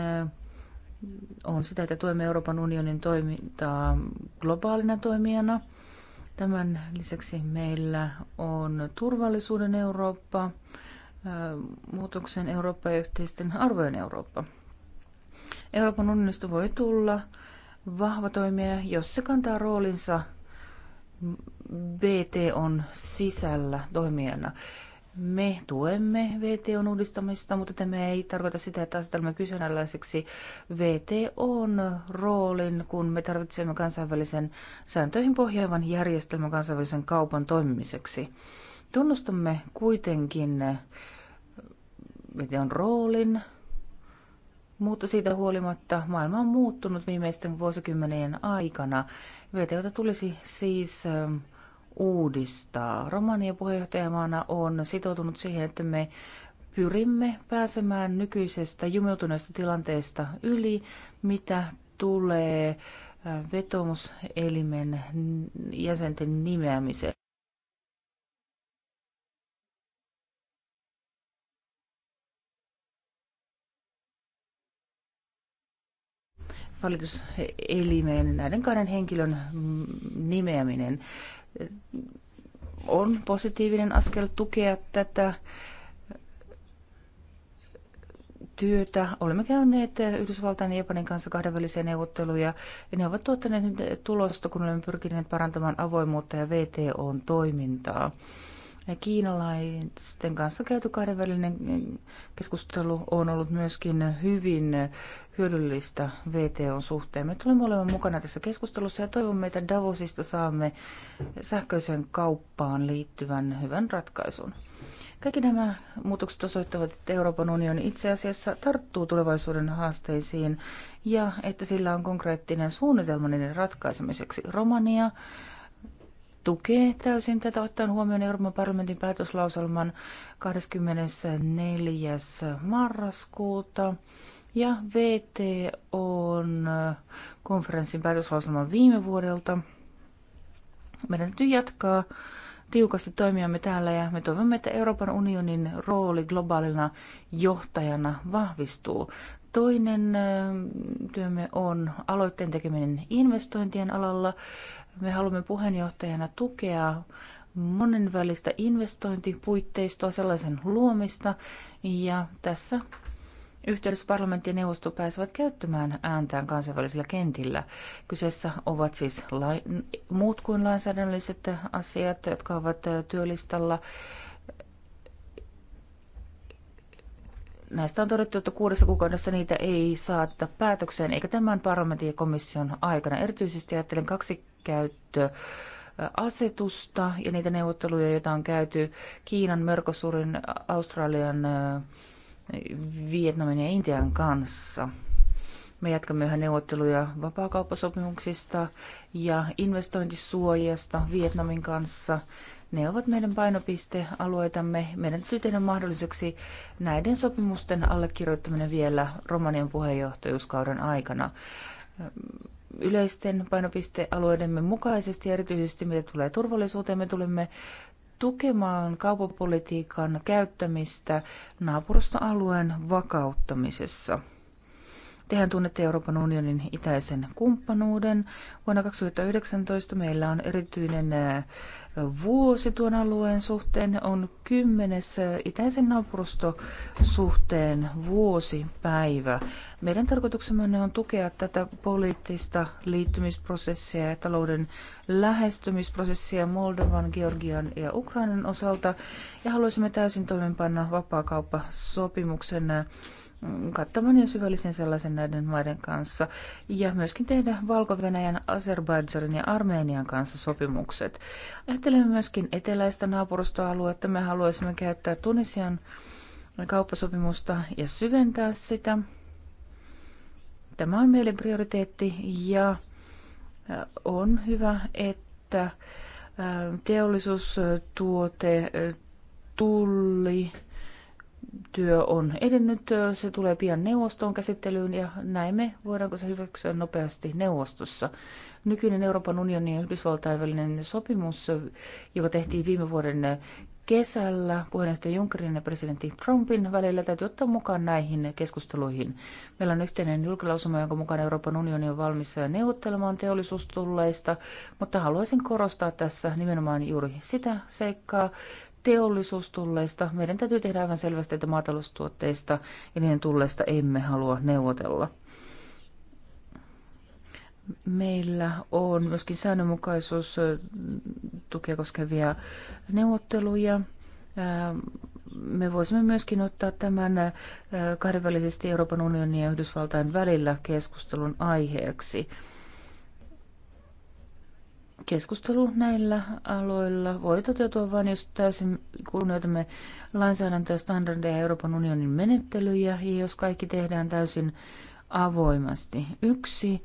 on sitä, että tuemme Euroopan unionin toimintaa globaalina toimijana. Tämän lisäksi meillä on turvallisuuden Eurooppa, muutoksen Eurooppa ja yhteisten arvojen Eurooppa. Euroopan unionista voi tulla vahva toimija, jos se kantaa roolinsa VT on sisällä toimijana. Me tuemme VTOn uudistamista, mutta tämä ei tarkoita sitä, että asetelma kyseenalaiseksi VTOn roolin, kun me tarvitsemme kansainvälisen sääntöihin pohjaavan järjestelmän kansainvälisen kaupan toimimiseksi. Tunnustamme kuitenkin VTOn roolin, mutta siitä huolimatta maailma on muuttunut viimeisten vuosikymmenien aikana. VTOta tulisi siis ähm, uudistaa. Romania puheenjohtajamaana on sitoutunut siihen, että me pyrimme pääsemään nykyisestä jumiutuneesta tilanteesta yli, mitä tulee äh, vetomuselimen jäsenten nimeämiseen. valituselimeen näiden kahden henkilön nimeäminen on positiivinen askel tukea tätä työtä. Olemme käyneet Yhdysvaltain ja Japanin kanssa kahdenvälisiä neuvotteluja. Ja ne ovat tuottaneet tulosta, kun olemme pyrkineet parantamaan avoimuutta ja VTOn toimintaa. Kiinalaisten kanssa käyty kahdenvälinen keskustelu on ollut myöskin hyvin hyödyllistä VTOn suhteen. Me tulemme olemaan mukana tässä keskustelussa ja toivomme, että Davosista saamme sähköisen kauppaan liittyvän hyvän ratkaisun. Kaikki nämä muutokset osoittavat, että Euroopan unioni itse asiassa tarttuu tulevaisuuden haasteisiin ja että sillä on konkreettinen suunnitelma niiden ratkaisemiseksi. Romania tukee täysin tätä ottaen huomioon Euroopan parlamentin päätöslauselman 24. marraskuuta ja VT on konferenssin päätöslauselman viime vuodelta. Meidän täytyy jatkaa tiukasti toimiamme täällä ja me toivomme, että Euroopan unionin rooli globaalina johtajana vahvistuu. Toinen työmme on aloitteen tekeminen investointien alalla. Me haluamme puheenjohtajana tukea monenvälistä investointipuitteistoa, sellaisen luomista, ja tässä yhteydessä parlamentti ja neuvosto pääsevät käyttämään ääntään kansainvälisillä kentillä. Kyseessä ovat siis lai, muut kuin lainsäädännölliset asiat, jotka ovat työlistalla. Näistä on todettu, että kuudessa kuukaudessa niitä ei saata päätökseen, eikä tämän parlamentin ja komission aikana. Erityisesti ajattelen kaksi käyttö asetusta ja niitä neuvotteluja, joita on käyty Kiinan, Mörkosurin, Australian, Vietnamin ja Intian kanssa. Me jatkamme yhä neuvotteluja vapaakauppasopimuksista ja investointisuojasta Vietnamin kanssa. Ne ovat meidän painopistealueitamme. Meidän täytyy tehdä mahdolliseksi näiden sopimusten allekirjoittaminen vielä Romanian puheenjohtajuuskauden aikana yleisten painopistealueidemme mukaisesti, erityisesti mitä tulee turvallisuuteen, me tulemme tukemaan kaupapolitiikan käyttämistä naapurustoalueen vakauttamisessa. Tehän tunnette Euroopan unionin itäisen kumppanuuden. Vuonna 2019 meillä on erityinen äh, vuosi tuon alueen suhteen on kymmenes itäisen suhteen vuosipäivä. Meidän tarkoituksemme on tukea tätä poliittista liittymisprosessia ja talouden lähestymisprosessia Moldovan, Georgian ja Ukrainan osalta ja haluaisimme täysin toimeenpanna vapaakauppasopimuksen Mm, kattavan ja syvällisen sellaisen näiden maiden kanssa, ja myöskin tehdä Valko-Venäjän, Azerbaidžanin ja Armenian kanssa sopimukset. Ajattelemme myöskin eteläistä naapurustoaluetta. Me haluaisimme käyttää Tunisian kauppasopimusta ja syventää sitä. Tämä on meille prioriteetti ja on hyvä, että teollisuustuote, tulli, työ on edennyt. Se tulee pian neuvostoon käsittelyyn ja näemme, voidaanko se hyväksyä nopeasti neuvostossa. Nykyinen Euroopan unionin ja Yhdysvaltain välinen sopimus, joka tehtiin viime vuoden kesällä puheenjohtaja Junckerin ja presidentti Trumpin välillä täytyy ottaa mukaan näihin keskusteluihin. Meillä on yhteinen julkilausuma, jonka mukaan Euroopan unioni on valmis neuvottelemaan teollisuustulleista, mutta haluaisin korostaa tässä nimenomaan juuri sitä seikkaa, teollisuustulleista. Meidän täytyy tehdä aivan selvästi, että maataloustuotteista ja niiden tulleista emme halua neuvotella. Meillä on myöskin säännönmukaisuus tukea koskevia neuvotteluja. Me voisimme myöskin ottaa tämän kahdenvälisesti Euroopan unionin ja Yhdysvaltain välillä keskustelun aiheeksi keskustelu näillä aloilla voi toteutua vain, jos täysin kunnioitamme lainsäädäntöä, standardeja ja Euroopan unionin menettelyjä, ja jos kaikki tehdään täysin avoimasti. Yksi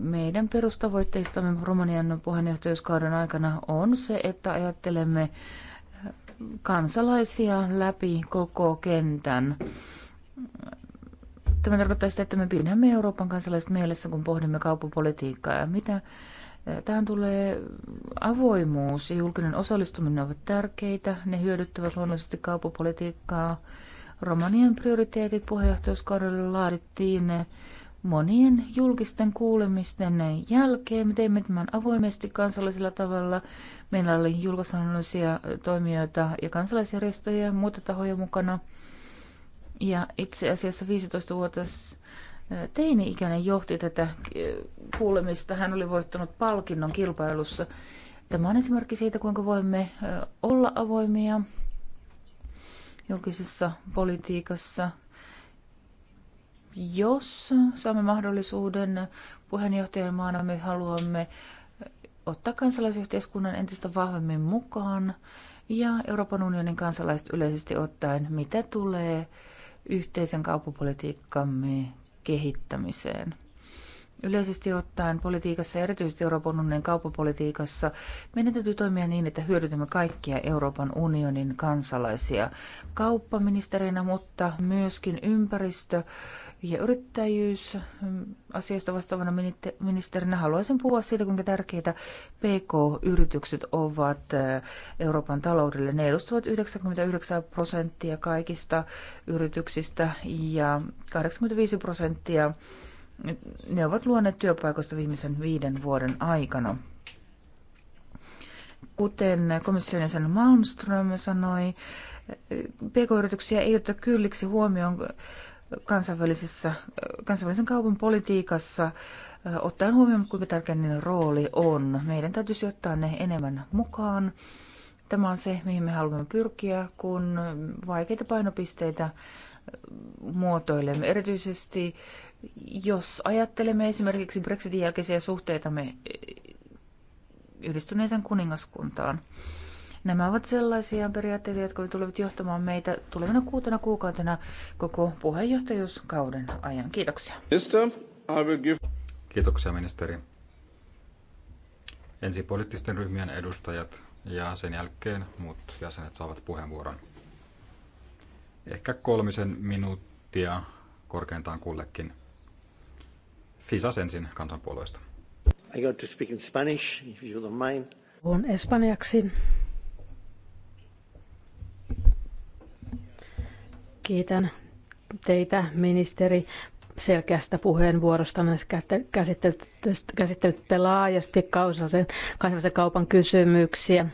meidän perustavoitteistamme Romanian puheenjohtajuuskauden aikana on se, että ajattelemme kansalaisia läpi koko kentän. Tämä tarkoittaa sitä, että me pidämme Euroopan kansalaiset mielessä, kun pohdimme kauppapolitiikkaa ja mitä Tähän tulee avoimuus ja julkinen osallistuminen ovat tärkeitä. Ne hyödyttävät luonnollisesti kaupapolitiikkaa. Romanian prioriteetit puheenjohtajuuskaudelle laadittiin monien julkisten kuulemisten jälkeen. Me teimme tämän avoimesti kansallisella tavalla. Meillä oli julkosanallisia toimijoita ja kansalaisjärjestöjä ja muita tahoja mukana. Ja itse asiassa 15 vuotta teini-ikäinen johti tätä eh, kuulemista. Hän oli voittanut palkinnon kilpailussa. Tämä on esimerkki siitä, kuinka voimme eh, olla avoimia julkisessa politiikassa. Jos saamme mahdollisuuden puheenjohtajan maana, me haluamme eh, ottaa kansalaisyhteiskunnan entistä vahvemmin mukaan ja Euroopan unionin kansalaiset yleisesti ottaen, mitä tulee yhteisen kauppapolitiikkamme kehittämiseen. Yleisesti ottaen politiikassa ja erityisesti Euroopan unionin kauppapolitiikassa meidän täytyy toimia niin, että hyödytämme kaikkia Euroopan unionin kansalaisia kauppaministerinä, mutta myöskin ympäristö, ja yrittäjyys mm, asiasta vastaavana ministerinä haluaisin puhua siitä, kuinka tärkeitä PK-yritykset ovat eh, Euroopan taloudelle. Ne edustavat 99 prosenttia kaikista yrityksistä ja 85 prosenttia mm, ne ovat luoneet työpaikoista viimeisen viiden vuoden aikana. Kuten komission jäsen Malmström sanoi, eh, PK-yrityksiä ei ota kylliksi huomioon kansainvälisessä, kansainvälisen kaupan politiikassa, ottaen huomioon, kuinka tärkeä niiden rooli on. Meidän täytyisi ottaa ne enemmän mukaan. Tämä on se, mihin me haluamme pyrkiä, kun vaikeita painopisteitä muotoilemme. Erityisesti jos ajattelemme esimerkiksi Brexitin jälkeisiä suhteita me yhdistyneeseen kuningaskuntaan. Nämä ovat sellaisia periaatteita, jotka tulevat johtamaan meitä tulevina kuutena kuukautena koko puheenjohtajuuskauden ajan. Kiitoksia. Kiitoksia ministeri. Ensin poliittisten ryhmien edustajat ja sen jälkeen muut jäsenet saavat puheenvuoron. Ehkä kolmisen minuuttia korkeintaan kullekin. Fisas ensin kansanpuolueesta. I got to speak in Spanish, if you don't mind. Puhun espanjaksi, Kiitän teitä, ministeri, selkeästä puheenvuorosta. käsittelette laajasti kansallisen kaupan kysymyksiä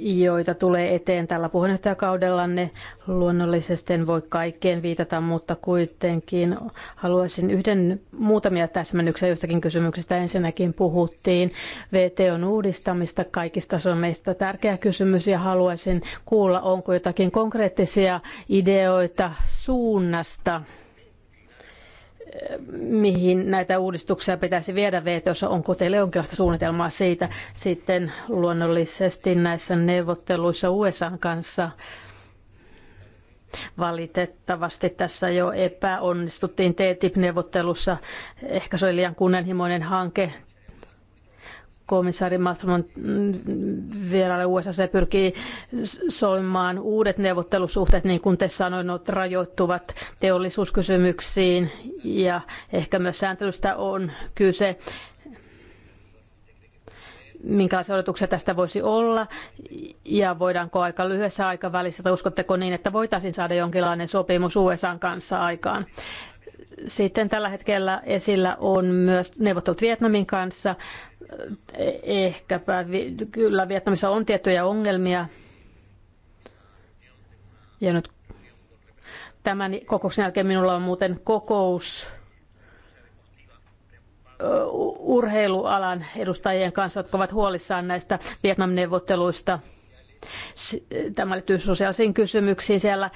joita tulee eteen tällä puheenjohtajakaudellanne. Luonnollisesti en voi kaikkeen viitata, mutta kuitenkin haluaisin yhden muutamia täsmennyksiä jostakin kysymyksistä. Ensinnäkin puhuttiin VTOn uudistamista kaikista. Se on meistä tärkeä kysymys ja haluaisin kuulla, onko jotakin konkreettisia ideoita suunnasta mihin näitä uudistuksia pitäisi viedä VTOssa? Onko teillä jonkinlaista suunnitelmaa siitä? Sitten luonnollisesti näissä neuvotteluissa USA kanssa Valitettavasti tässä jo epäonnistuttiin TTIP-neuvottelussa. Ehkä se oli liian kunnianhimoinen hanke komissaari Malmström mm, vieraille USA ja pyrkii solmimaan uudet neuvottelusuhteet, niin kuin te sanoinut, rajoittuvat teollisuuskysymyksiin ja ehkä myös sääntelystä on kyse. Minkälaisia odotuksia tästä voisi olla ja voidaanko aika lyhyessä aikavälissä, tai uskotteko niin, että voitaisiin saada jonkinlainen sopimus USA kanssa aikaan? Sitten tällä hetkellä esillä on myös neuvottelut Vietnamin kanssa. Ehkäpä kyllä Vietnamissa on tiettyjä ongelmia. Ja nyt tämän kokouksen jälkeen minulla on muuten kokous urheilualan edustajien kanssa, jotka ovat huolissaan näistä Vietnam-neuvotteluista. Tämä liittyy sosiaalisiin kysymyksiin siellä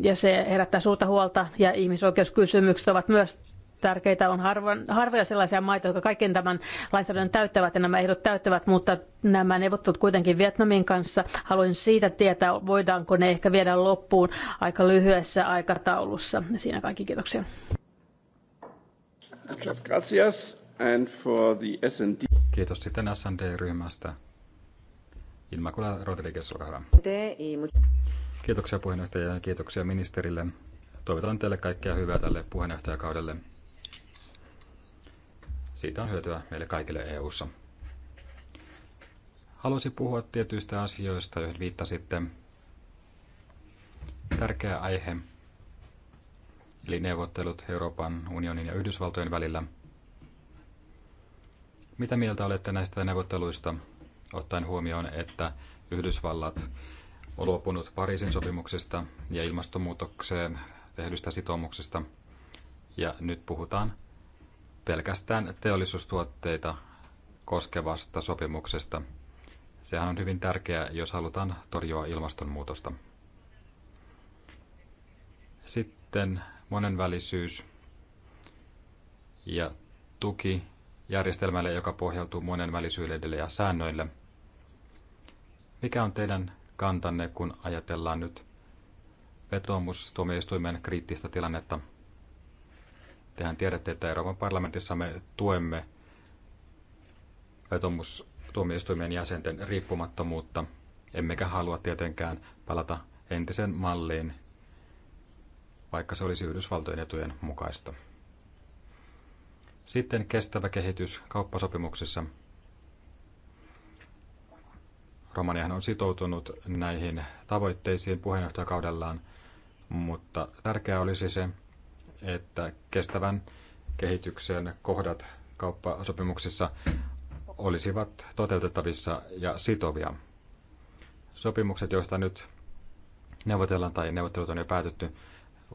ja se herättää suurta huolta ja ihmisoikeuskysymykset ovat myös tärkeitä. On harvoin, harvoja sellaisia maita, jotka kaiken tämän lainsäädännön täyttävät ja nämä ehdot täyttävät, mutta nämä neuvottelut kuitenkin Vietnamin kanssa. Haluan siitä tietää, voidaanko ne ehkä viedä loppuun aika lyhyessä aikataulussa. Siinä kaikki, kiitoksia. Gracias. And for the Kiitos sitten S&D-ryhmästä. Ilmakula Rodriguez, olkaa hyvä. Kiitoksia puheenjohtaja ja kiitoksia ministerille. Toivotan teille kaikkea hyvää tälle puheenjohtajakaudelle. Siitä on hyötyä meille kaikille EU-ssa. Haluaisin puhua tietyistä asioista, joihin viittasitte. Tärkeä aihe, eli neuvottelut Euroopan unionin ja Yhdysvaltojen välillä. Mitä mieltä olette näistä neuvotteluista, ottaen huomioon, että Yhdysvallat luopunut Pariisin sopimuksesta ja ilmastonmuutokseen tehdystä sitoumuksesta. Ja nyt puhutaan pelkästään teollisuustuotteita koskevasta sopimuksesta. Sehän on hyvin tärkeää, jos halutaan torjua ilmastonmuutosta. Sitten monenvälisyys ja tuki järjestelmälle, joka pohjautuu monenvälisyydelle ja säännöille. Mikä on teidän kantanne, kun ajatellaan nyt vetoomustuomioistuimen kriittistä tilannetta? Tehän tiedätte, että Euroopan parlamentissa me tuemme vetomustuomioistuimen jäsenten riippumattomuutta, emmekä halua tietenkään palata entisen malliin, vaikka se olisi Yhdysvaltojen etujen mukaista. Sitten kestävä kehitys kauppasopimuksissa – Romaniahan on sitoutunut näihin tavoitteisiin puheenjohtajakaudellaan, mutta tärkeää olisi se, että kestävän kehityksen kohdat kauppasopimuksissa olisivat toteutettavissa ja sitovia. Sopimukset, joista nyt neuvotellaan tai neuvottelut on jo päätetty,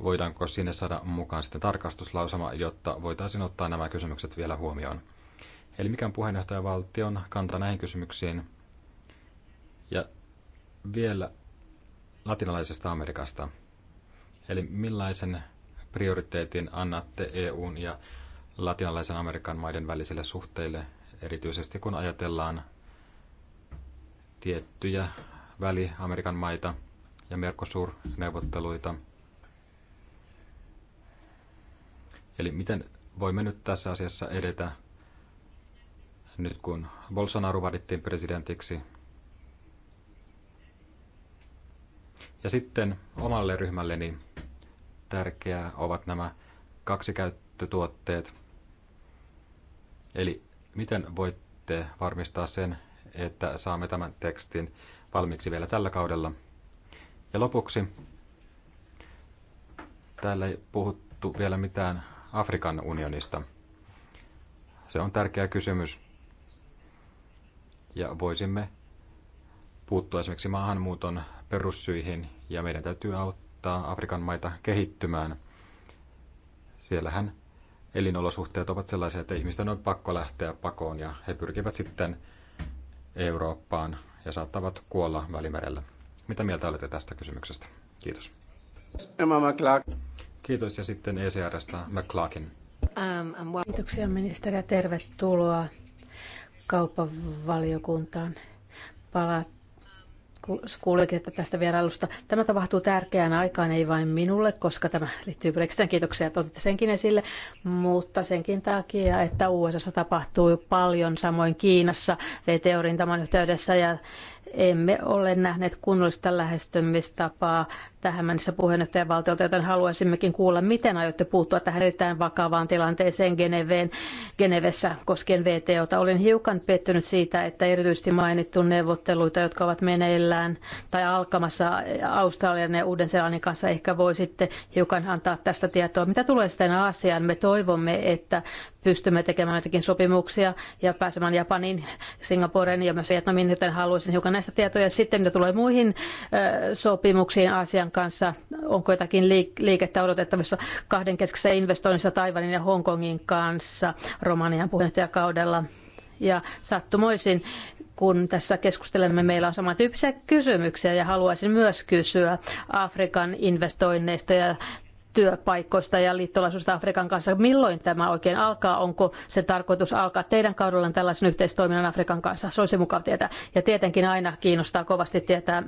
voidaanko sinne saada mukaan sitten tarkastuslausama, jotta voitaisiin ottaa nämä kysymykset vielä huomioon. Eli mikä on puheenjohtajavaltion kanta näihin kysymyksiin? Ja vielä latinalaisesta Amerikasta. Eli millaisen prioriteetin annatte EUn ja latinalaisen Amerikan maiden välisille suhteille, erityisesti kun ajatellaan tiettyjä väli-Amerikan maita ja Mercosur-neuvotteluita. Eli miten voimme nyt tässä asiassa edetä, nyt kun Bolsonaro valittiin presidentiksi Ja sitten omalle ryhmälleni tärkeää ovat nämä kaksi käyttötuotteet, Eli miten voitte varmistaa sen, että saamme tämän tekstin valmiiksi vielä tällä kaudella. Ja lopuksi, täällä ei puhuttu vielä mitään Afrikan unionista. Se on tärkeä kysymys. Ja voisimme puuttua esimerkiksi maahanmuuton perussyihin ja meidän täytyy auttaa Afrikan maita kehittymään. Siellähän elinolosuhteet ovat sellaisia, että ihmisten on pakko lähteä pakoon ja he pyrkivät sitten Eurooppaan ja saattavat kuolla välimerellä. Mitä mieltä olette tästä kysymyksestä? Kiitos. Emma McClark. Kiitos ja sitten ECRstä McClarkin. Um, Kiitoksia ministeri ja tervetuloa kauppavaliokuntaan. Palaat kuulikin tästä vierailusta. Tämä tapahtuu tärkeään aikaan, ei vain minulle, koska tämä liittyy Brexitin kiitoksia, että otitte senkin esille, mutta senkin takia, että USA tapahtuu paljon, samoin Kiinassa VTO-rintaman yhteydessä ja emme ole nähneet kunnollista lähestymistapaa tähän mennessä puheenjohtajavaltiolta, joten haluaisimmekin kuulla, miten aiotte puuttua tähän erittäin vakavaan tilanteeseen Geneveen, Genevessä koskien VTOta. Olen hiukan pettynyt siitä, että erityisesti mainittu neuvotteluita, jotka ovat meneillään tai alkamassa Australian ja Uuden-Seelannin kanssa, ehkä voisitte hiukan antaa tästä tietoa. Mitä tulee sitten asiaan? Me toivomme, että pystymme tekemään jotakin sopimuksia ja pääsemään Japanin, Singaporen ja myös Vietnamin, joten haluaisin hiukan näistä tietoja. Sitten mitä tulee muihin sopimuksiin Aasian kanssa, onko jotakin liikettä odotettavissa kahdenkeskisessä investoinnissa Taiwanin ja Hongkongin kanssa Romanian puheenjohtajakaudella? Ja sattumoisin, kun tässä keskustelemme, meillä on samantyyppisiä kysymyksiä ja haluaisin myös kysyä Afrikan investoinneista ja työpaikoista ja liittolaisuudesta Afrikan kanssa. Milloin tämä oikein alkaa? Onko se tarkoitus alkaa teidän kaudellaan tällaisen yhteistoiminnan Afrikan kanssa? Se olisi mukava tietää. Ja tietenkin aina kiinnostaa kovasti tietää,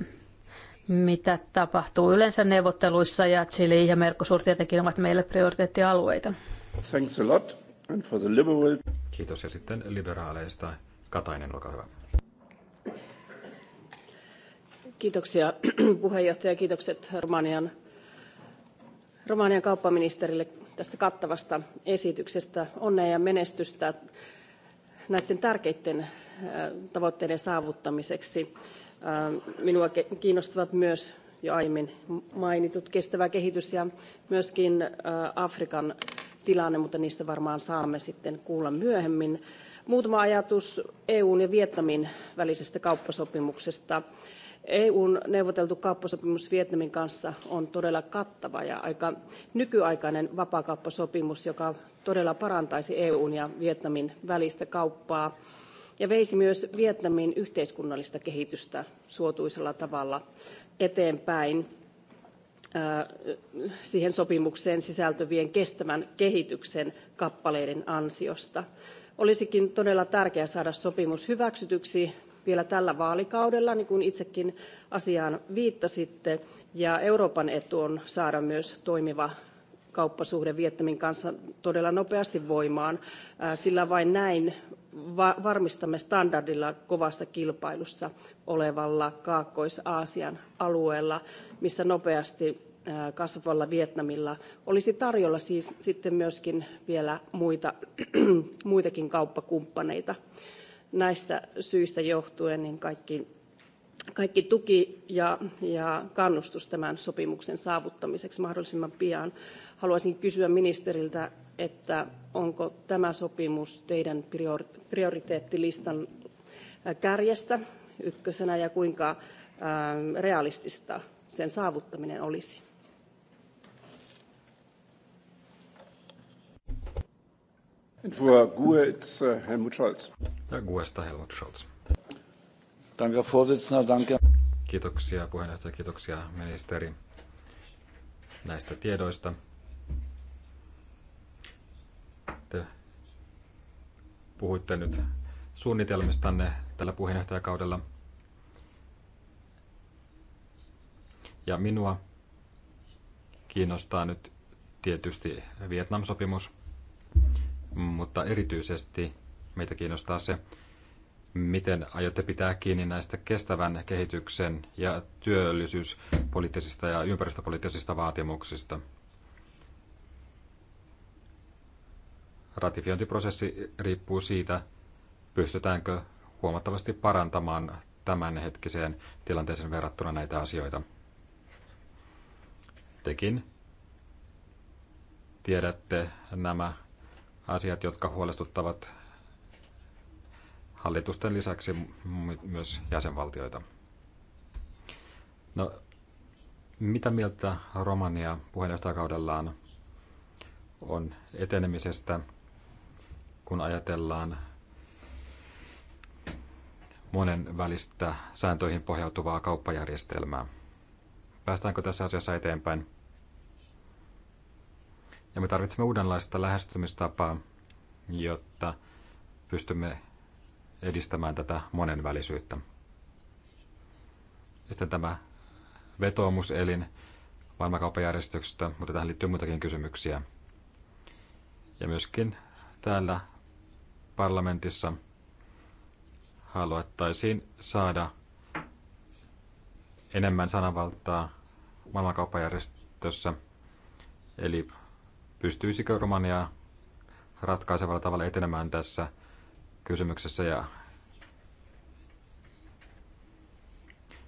mitä tapahtuu yleensä neuvotteluissa ja Chili ja Mercosur tietenkin ovat meille prioriteettialueita. Thanks a lot. And for the liberal... Kiitos ja sitten liberaaleista Katainen, olkaa hyvä. Kiitoksia puheenjohtaja, kiitokset Romanian romanian kauppaministerille tästä kattavasta esityksestä. onnea ja menestystä näiden tärkeiden äh, tavoitteiden saavuttamiseksi. Äh, minua kiinnostavat myös jo aiemmin mainitut kestävä kehitys ja myöskin äh, Afrikan tilanne, mutta niistä varmaan saamme sitten kuulla myöhemmin. Muutama ajatus EUn ja Vietnamin välisestä kauppasopimuksesta. EUn neuvoteltu kauppasopimus Vietnamin kanssa on todella kattava ja aika nykyaikainen vapaakauppasopimus, joka todella parantaisi EUn ja Vietnamin välistä kauppaa ja veisi myös Vietnamin yhteiskunnallista kehitystä suotuisella tavalla eteenpäin äh, siihen sopimukseen sisältyvien kestävän kehityksen kappaleiden ansiosta. Olisikin todella tärkeää saada sopimus hyväksytyksi vielä tällä vaalikaudella, niin kuin itsekin asiaan viittasitte. Ja Euroopan etu on saada myös toimiva kauppasuhde Vietnamin kanssa todella nopeasti voimaan, sillä vain näin varmistamme standardilla kovassa kilpailussa olevalla Kaakkois-Aasian alueella, missä nopeasti kasvavalla Vietnamilla olisi tarjolla siis sitten myöskin vielä muita, muitakin kauppakumppaneita näistä syistä johtuen niin kaikki, kaikki tuki ja, ja kannustus tämän sopimuksen saavuttamiseksi mahdollisimman pian. Haluaisin kysyä ministeriltä, että onko tämä sopimus teidän prioriteettilistan kärjessä ykkösenä ja kuinka realistista sen saavuttaminen olisi? For GUE, it's äh, Helmut Scholz. Ja GUEsta Helmut Scholz. Danke, Vorsitzender, danke. Kiitoksia puheenjohtaja, kiitoksia ministeri näistä tiedoista. Te puhuitte nyt suunnitelmistanne tällä puheenjohtajakaudella. Ja minua kiinnostaa nyt tietysti Vietnam-sopimus mutta erityisesti meitä kiinnostaa se, miten aiotte pitää kiinni näistä kestävän kehityksen ja työllisyyspoliittisista ja ympäristöpoliittisista vaatimuksista. Ratifiointiprosessi riippuu siitä, pystytäänkö huomattavasti parantamaan tämänhetkiseen tilanteeseen verrattuna näitä asioita. Tekin tiedätte nämä asiat, jotka huolestuttavat hallitusten lisäksi myös jäsenvaltioita. No, mitä mieltä Romania puheenjohtajakaudellaan on etenemisestä, kun ajatellaan monen välistä sääntöihin pohjautuvaa kauppajärjestelmää? Päästäänkö tässä asiassa eteenpäin? Ja me tarvitsemme uudenlaista lähestymistapaa, jotta pystymme edistämään tätä monenvälisyyttä. Ja sitten tämä vetoomuselin maailmankauppajärjestöksestä, mutta tähän liittyy muitakin kysymyksiä. Ja myöskin täällä parlamentissa haluettaisiin saada enemmän sananvaltaa maailmankauppajärjestössä, eli pystyisikö Romania ratkaisevalla tavalla etenemään tässä kysymyksessä. Ja,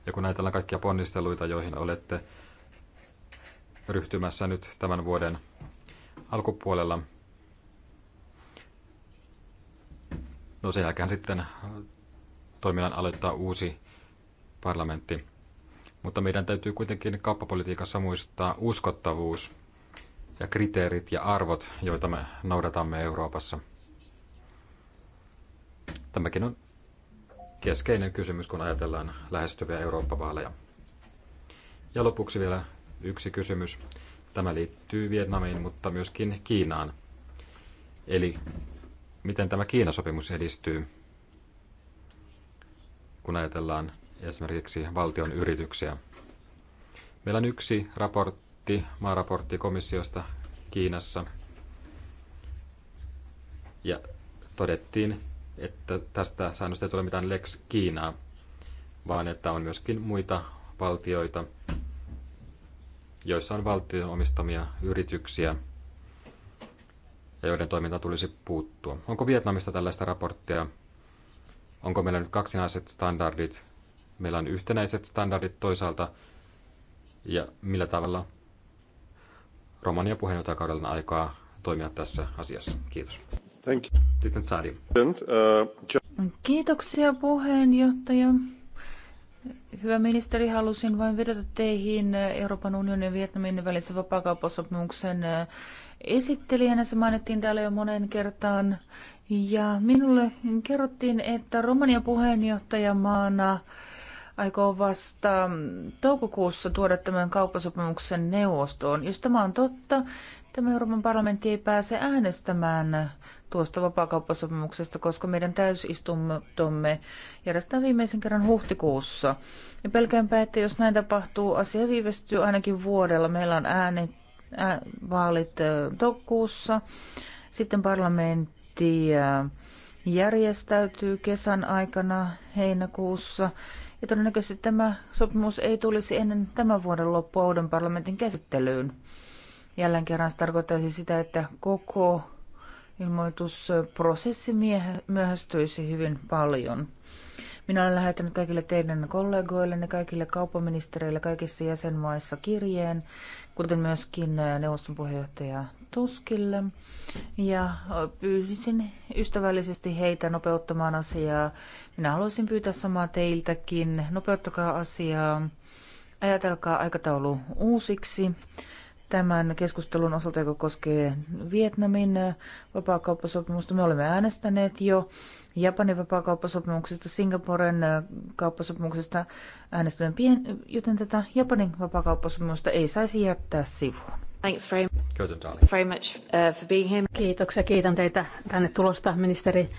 ja kun ajatellaan kaikkia ponnisteluita, joihin olette ryhtymässä nyt tämän vuoden alkupuolella, no sen jälkeen sitten toiminnan aloittaa uusi parlamentti. Mutta meidän täytyy kuitenkin kauppapolitiikassa muistaa uskottavuus – ja kriteerit ja arvot, joita me noudatamme Euroopassa. Tämäkin on keskeinen kysymys, kun ajatellaan lähestyviä Eurooppa-vaaleja. Ja lopuksi vielä yksi kysymys. Tämä liittyy Vietnamiin, mutta myöskin Kiinaan. Eli miten tämä Kiinasopimus edistyy, kun ajatellaan esimerkiksi valtion yrityksiä. Meillä on yksi raportti raportti, maaraportti komissiosta Kiinassa. Ja todettiin, että tästä säännöstä ei tule mitään Lex Kiinaa, vaan että on myöskin muita valtioita, joissa on valtion omistamia yrityksiä ja joiden toiminta tulisi puuttua. Onko Vietnamista tällaista raporttia? Onko meillä nyt kaksinaiset standardit? Meillä on yhtenäiset standardit toisaalta, ja millä tavalla Romania puheenjohtajakaudella aikaa toimia tässä asiassa. Kiitos. Thank you. Sitten Sari. Uh, Kiitoksia puheenjohtaja. Hyvä ministeri, halusin vain vedota teihin Euroopan unionin ja Vietnamin välisen vapaakauppasopimuksen äh, esittelijänä. Se mainittiin täällä jo monen kertaan. Ja minulle kerrottiin, että Romania puheenjohtajamaana maana aikoo vasta mm, toukokuussa tuoda tämän kauppasopimuksen neuvostoon. Jos tämä on totta, tämä Euroopan parlamentti ei pääse äänestämään tuosta vapaakauppasopimuksesta, koska meidän täysistuntomme järjestetään viimeisen kerran huhtikuussa. Ja pelkäänpä, että jos näin tapahtuu, asia viivästyy ainakin vuodella. Meillä on äänet, ää, vaalit toukokuussa, sitten parlamentti järjestäytyy kesän aikana heinäkuussa ja todennäköisesti tämä sopimus ei tulisi ennen tämän vuoden loppua uuden parlamentin käsittelyyn. Jälleen kerran se tarkoittaisi sitä, että koko ilmoitusprosessi myöhästyisi hyvin paljon. Minä olen lähettänyt kaikille teidän ne kaikille kauppaministereille kaikissa jäsenmaissa kirjeen, kuten myöskin eh, neuvoston puheenjohtaja Tuskille ja pyysin ystävällisesti heitä nopeuttamaan asiaa. Minä haluaisin pyytää samaa teiltäkin. Nopeuttakaa asiaa. Ajatelkaa aikataulu uusiksi tämän keskustelun osalta, joka koskee Vietnamin vapaakauppasopimusta. Me olemme äänestäneet jo Japanin vapaakauppasopimuksesta, Singaporen kauppasopimuksesta äänestämme pien, joten tätä Japanin vapaakauppasopimusta ei saisi jättää sivuun. Thanks very Very much uh, for being here. Kiitoksia, kiitän teitä tänne tulosta, ministeri.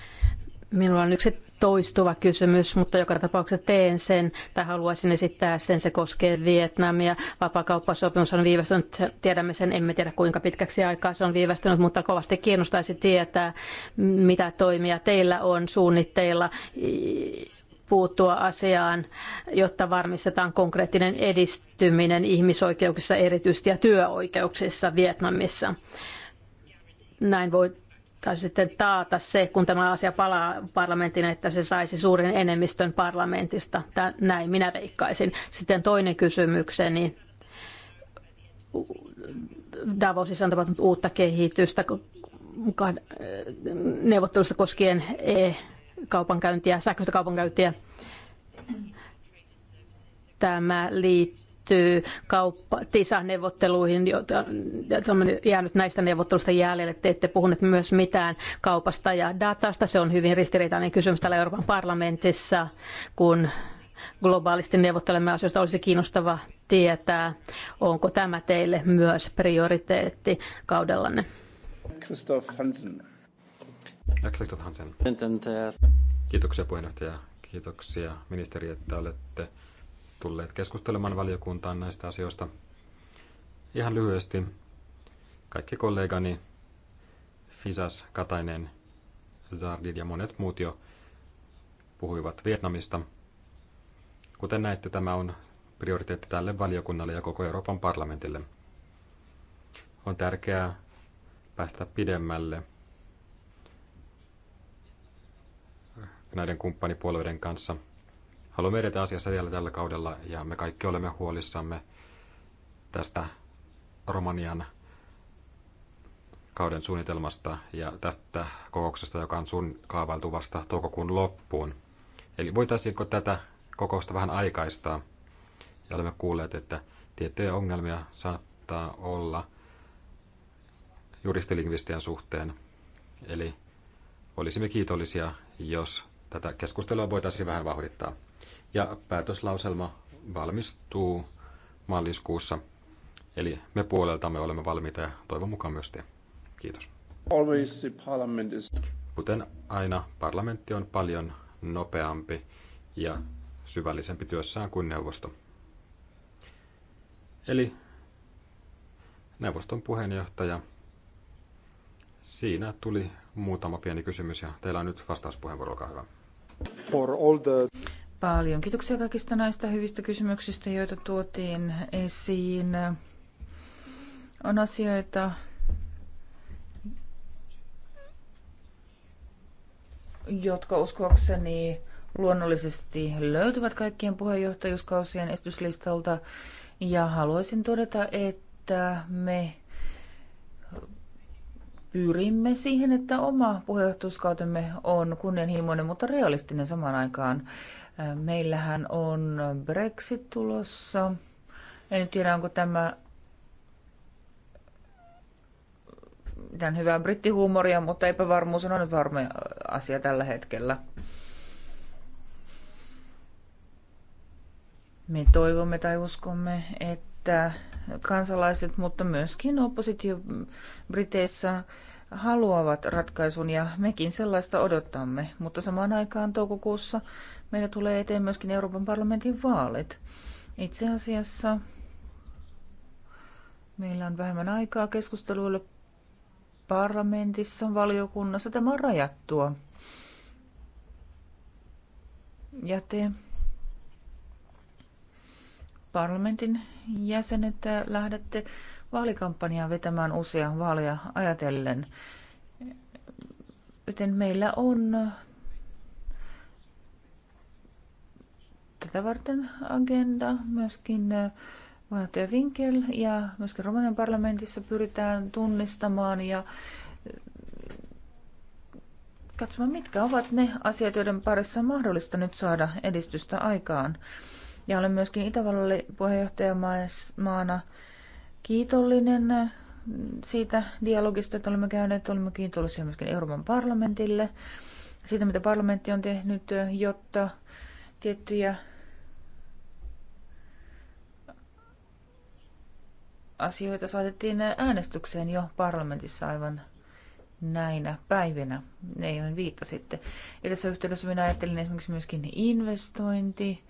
Minulla on yksi toistuva kysymys, mutta joka tapauksessa teen sen tai haluaisin esittää sen. Se koskee Vietnamia. Vapakauppasopimus on viivästynyt, tiedämme sen, emme tiedä kuinka pitkäksi aikaa se on viivästynyt, mutta kovasti kiinnostaisi tietää, mitä toimia teillä on suunnitteilla puuttua asiaan, jotta varmistetaan konkreettinen edistyminen ihmisoikeuksissa erityisesti ja työoikeuksissa Vietnamissa. Näin voi tai sitten taata se, kun tämä asia palaa parlamentin, että se saisi suuren enemmistön parlamentista. näin minä veikkaisin. Sitten toinen kysymykseni. Davosissa on tapahtunut uutta kehitystä neuvottelusta koskien kaupankäyntiä, sähköistä kaupankäyntiä. Tämä liittyy kauppa, TISA-neuvotteluihin, joita on jäänyt näistä neuvotteluista jäljelle. Te ette puhuneet myös mitään kaupasta ja datasta. Se on hyvin ristiriitainen kysymys täällä Euroopan parlamentissa, kun globaalisti neuvottelemme asioista, olisi kiinnostava tietää, onko tämä teille myös prioriteetti kaudellanne. Christoph Hansen. Ja Clayton Hansen. Kiitoksia puheenjohtaja. Kiitoksia ministeri, että olette tulleet keskustelemaan valiokuntaan näistä asioista. Ihan lyhyesti kaikki kollegani Fisas, Katainen, Zardid ja monet muut jo puhuivat Vietnamista. Kuten näette, tämä on prioriteetti tälle valiokunnalle ja koko Euroopan parlamentille. On tärkeää päästä pidemmälle – näiden kumppanipuolueiden kanssa. Haluamme edetä asiassa vielä tällä kaudella ja me kaikki olemme huolissamme tästä Romanian kauden suunnitelmasta ja tästä kokouksesta, joka on sun kaavailtu vasta toukokuun loppuun. Eli voitaisiinko tätä kokousta vähän aikaistaa? Ja olemme kuulleet, että tiettyjä ongelmia saattaa olla juristilingvistien suhteen. Eli olisimme kiitollisia, jos tätä keskustelua voitaisiin vähän vauhdittaa. Ja päätöslauselma valmistuu maaliskuussa. Eli me puoleltamme olemme valmiita ja toivon mukaan myös te. Kiitos. Kuten aina, parlamentti on paljon nopeampi ja syvällisempi työssään kuin neuvosto. Eli neuvoston puheenjohtaja, siinä tuli muutama pieni kysymys ja teillä on nyt vastauspuheenvuoro, olkaa hyvä. For all the... Paljon kiitoksia kaikista näistä hyvistä kysymyksistä, joita tuotiin esiin. On asioita, jotka uskoakseni luonnollisesti löytyvät kaikkien puheenjohtajuuskausien esityslistalta. Ja haluaisin todeta, että me pyrimme siihen, että oma puheenjohtajuuskautemme on kunnianhimoinen, mutta realistinen samaan aikaan. Äh, meillähän on Brexit tulossa. En nyt tiedä, onko tämä mitään hyvää brittihuumoria, mutta epävarmuus on nyt varma asia tällä hetkellä. Me toivomme tai uskomme, että että kansalaiset, mutta myöskin oppositio Briteissä haluavat ratkaisun ja mekin sellaista odotamme. Mutta samaan aikaan toukokuussa meillä tulee eteen myöskin Euroopan parlamentin vaalit. Itse asiassa meillä on vähemmän aikaa keskusteluille parlamentissa, valiokunnassa. Tämä on rajattua. Ja te parlamentin jäsenet, lähdette vaalikampanjaa vetämään uusia vaaleja ajatellen. Joten meillä on tätä varten agenda myöskin äh, puheenjohtaja Winkel ja myöskin Romanian parlamentissa pyritään tunnistamaan ja äh, katsomaan, mitkä ovat ne asiat, joiden parissa on mahdollista nyt saada edistystä aikaan. Ja olen myöskin Itävallalle puheenjohtajamaana kiitollinen siitä dialogista, että olemme käyneet. Olemme kiitollisia myöskin Euroopan parlamentille siitä, mitä parlamentti on tehnyt, jotta tiettyjä asioita saatettiin äänestykseen jo parlamentissa aivan näinä päivinä, ne joihin viittasitte. Ja tässä yhteydessä minä ajattelin esimerkiksi myöskin investointi,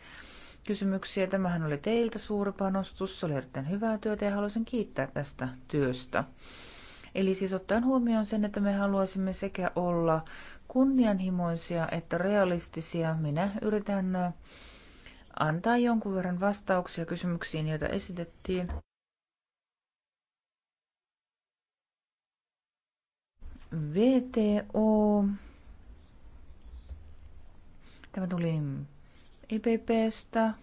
kysymyksiä. Tämähän oli teiltä suuri panostus. Se oli erittäin hyvää työtä ja haluaisin kiittää tästä työstä. Eli siis ottaen huomioon sen, että me haluaisimme sekä olla kunnianhimoisia että realistisia, minä yritän antaa jonkun verran vastauksia kysymyksiin, joita esitettiin. VTO. Tämä tuli EPPstä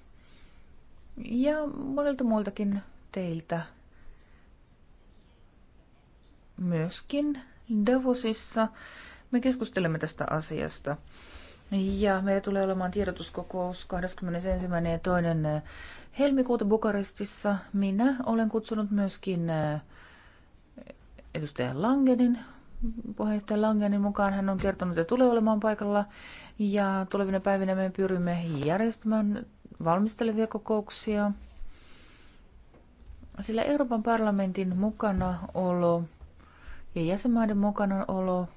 ja monilta muiltakin teiltä. Myöskin Davosissa me keskustelemme tästä asiasta. Ja meillä tulee olemaan tiedotuskokous 21. ja 2. helmikuuta Bukarestissa. Minä olen kutsunut myöskin eh, edustaja Langenin puheenjohtaja Langenin mukaan hän on kertonut, että tulee olemaan paikalla ja tulevina päivinä me pyrimme järjestämään valmistelevia kokouksia. Sillä Euroopan parlamentin mukana olo ja jäsenmaiden mukana olo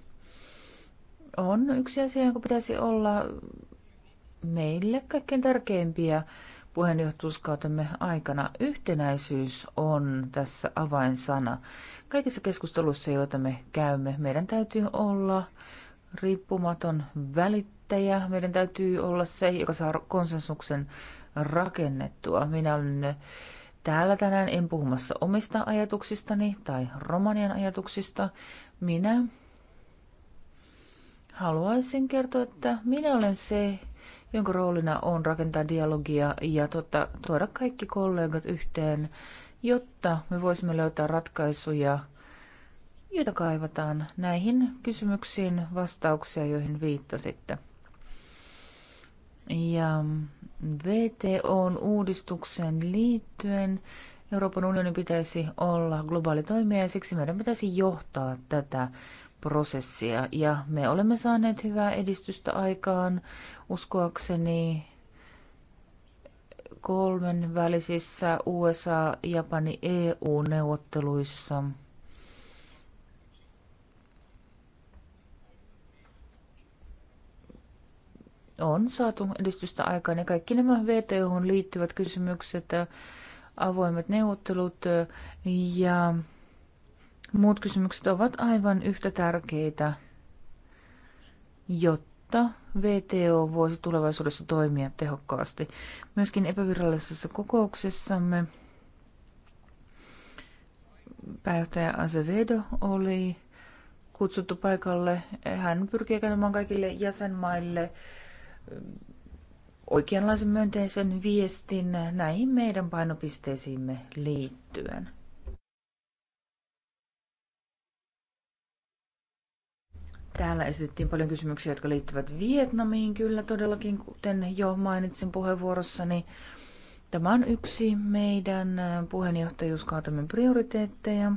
on yksi asia, joka pitäisi olla meille kaikkein tärkeimpiä puheenjohtajuuskautemme aikana. Yhtenäisyys on tässä avainsana. Kaikissa keskusteluissa, joita me käymme, meidän täytyy olla riippumaton välittäjä. Meidän täytyy olla se, joka saa konsensuksen rakennettua. Minä olen täällä tänään en puhumassa omista ajatuksistani tai romanian ajatuksista. Minä haluaisin kertoa, että minä olen se, jonka roolina on rakentaa dialogia ja tuota, tuoda kaikki kollegat yhteen, jotta me voisimme löytää ratkaisuja, joita kaivataan näihin kysymyksiin, vastauksia, joihin viittasitte. Ja VTOn uudistukseen liittyen Euroopan unionin pitäisi olla globaali toimija ja siksi meidän pitäisi johtaa tätä prosessia. Ja me olemme saaneet hyvää edistystä aikaan uskoakseni kolmen välisissä USA, Japani, EU-neuvotteluissa. On saatu edistystä aikaan ja kaikki nämä VTOhon liittyvät kysymykset, avoimet neuvottelut ja Muut kysymykset ovat aivan yhtä tärkeitä, jotta VTO voisi tulevaisuudessa toimia tehokkaasti. Myöskin epävirallisessa kokouksessamme pääjohtaja Azevedo oli kutsuttu paikalle. Hän pyrkii käymään kaikille jäsenmaille oikeanlaisen myönteisen viestin näihin meidän painopisteisiimme liittyen. Täällä esitettiin paljon kysymyksiä, jotka liittyvät Vietnamiin. Kyllä todellakin, kuten jo mainitsin puheenvuorossani, tämä on yksi meidän puheenjohtajuuskautemme prioriteetteja.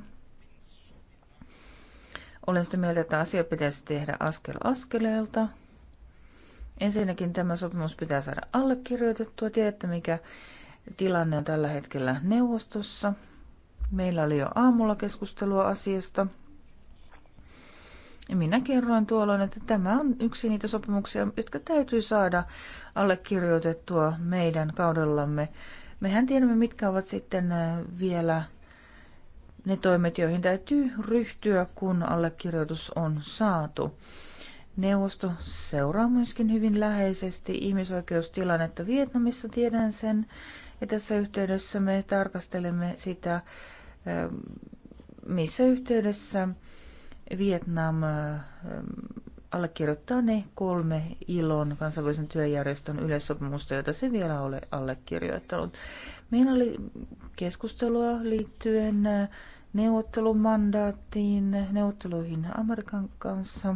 Olen sitä mieltä, että asia pitäisi tehdä askel askeleelta. Ensinnäkin tämä sopimus pitää saada allekirjoitettua. Tiedätte, mikä tilanne on tällä hetkellä neuvostossa. Meillä oli jo aamulla keskustelua asiasta. Minä kerroin tuolloin, että tämä on yksi niitä sopimuksia, jotka täytyy saada allekirjoitettua meidän kaudellamme. Mehän tiedämme, mitkä ovat sitten äh, vielä ne toimet, joihin täytyy ryhtyä, kun allekirjoitus on saatu. Neuvosto seuraa myöskin hyvin läheisesti ihmisoikeustilannetta Vietnamissa, tiedän sen. Ja tässä yhteydessä me tarkastelemme sitä, äh, missä yhteydessä Vietnam äh, ähm, allekirjoittaa ne kolme ilon kansainvälisen työjärjestön yleissopimusta, jota se vielä ole allekirjoittanut. Meillä oli keskustelua liittyen äh, neuvottelumandaattiin, neuvotteluihin Amerikan kanssa.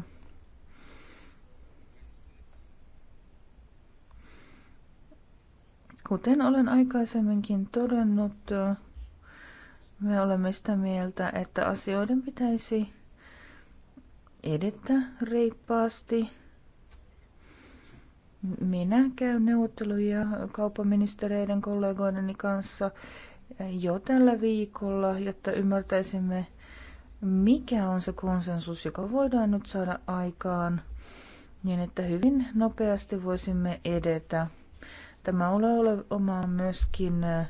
Kuten olen aikaisemminkin todennut, äh, me olemme sitä mieltä, että asioiden pitäisi edetä reippaasti. Minä käyn neuvotteluja kauppaministereiden kollegoideni kanssa jo tällä viikolla, jotta ymmärtäisimme, mikä on se konsensus, joka voidaan nyt saada aikaan, niin että hyvin nopeasti voisimme edetä. Tämä ole ole omaa myöskin eh,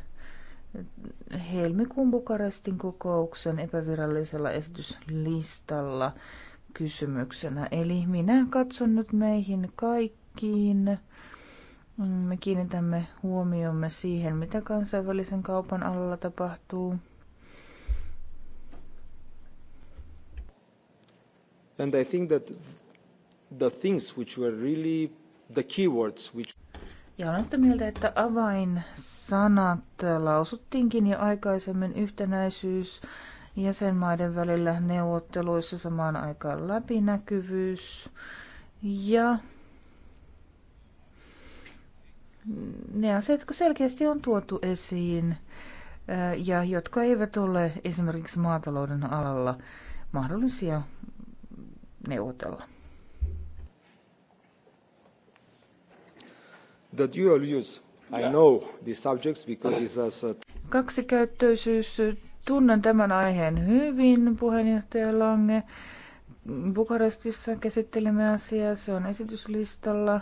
helmikuun Bukarestin kokouksen epävirallisella esityslistalla kysymyksenä. Eli minä katson nyt meihin kaikkiin. Me kiinnitämme huomiomme siihen, mitä kansainvälisen kaupan alalla tapahtuu. And I think that the things which were really the keywords which ja olen sitä mieltä, että avainsanat lausuttiinkin jo aikaisemmin yhtenäisyys, jäsenmaiden välillä neuvotteluissa samaan aikaan läpinäkyvyys ja ne asiat, jotka selkeästi on tuotu esiin äh, ja jotka eivät ole esimerkiksi maatalouden alalla mahdollisia neuvotella. The dual use, I know the subjects because it's a... Kaksikäyttöisyys Tunnen tämän aiheen hyvin, puheenjohtaja Lange. Bukarestissa käsittelemme asiaa, se on esityslistalla.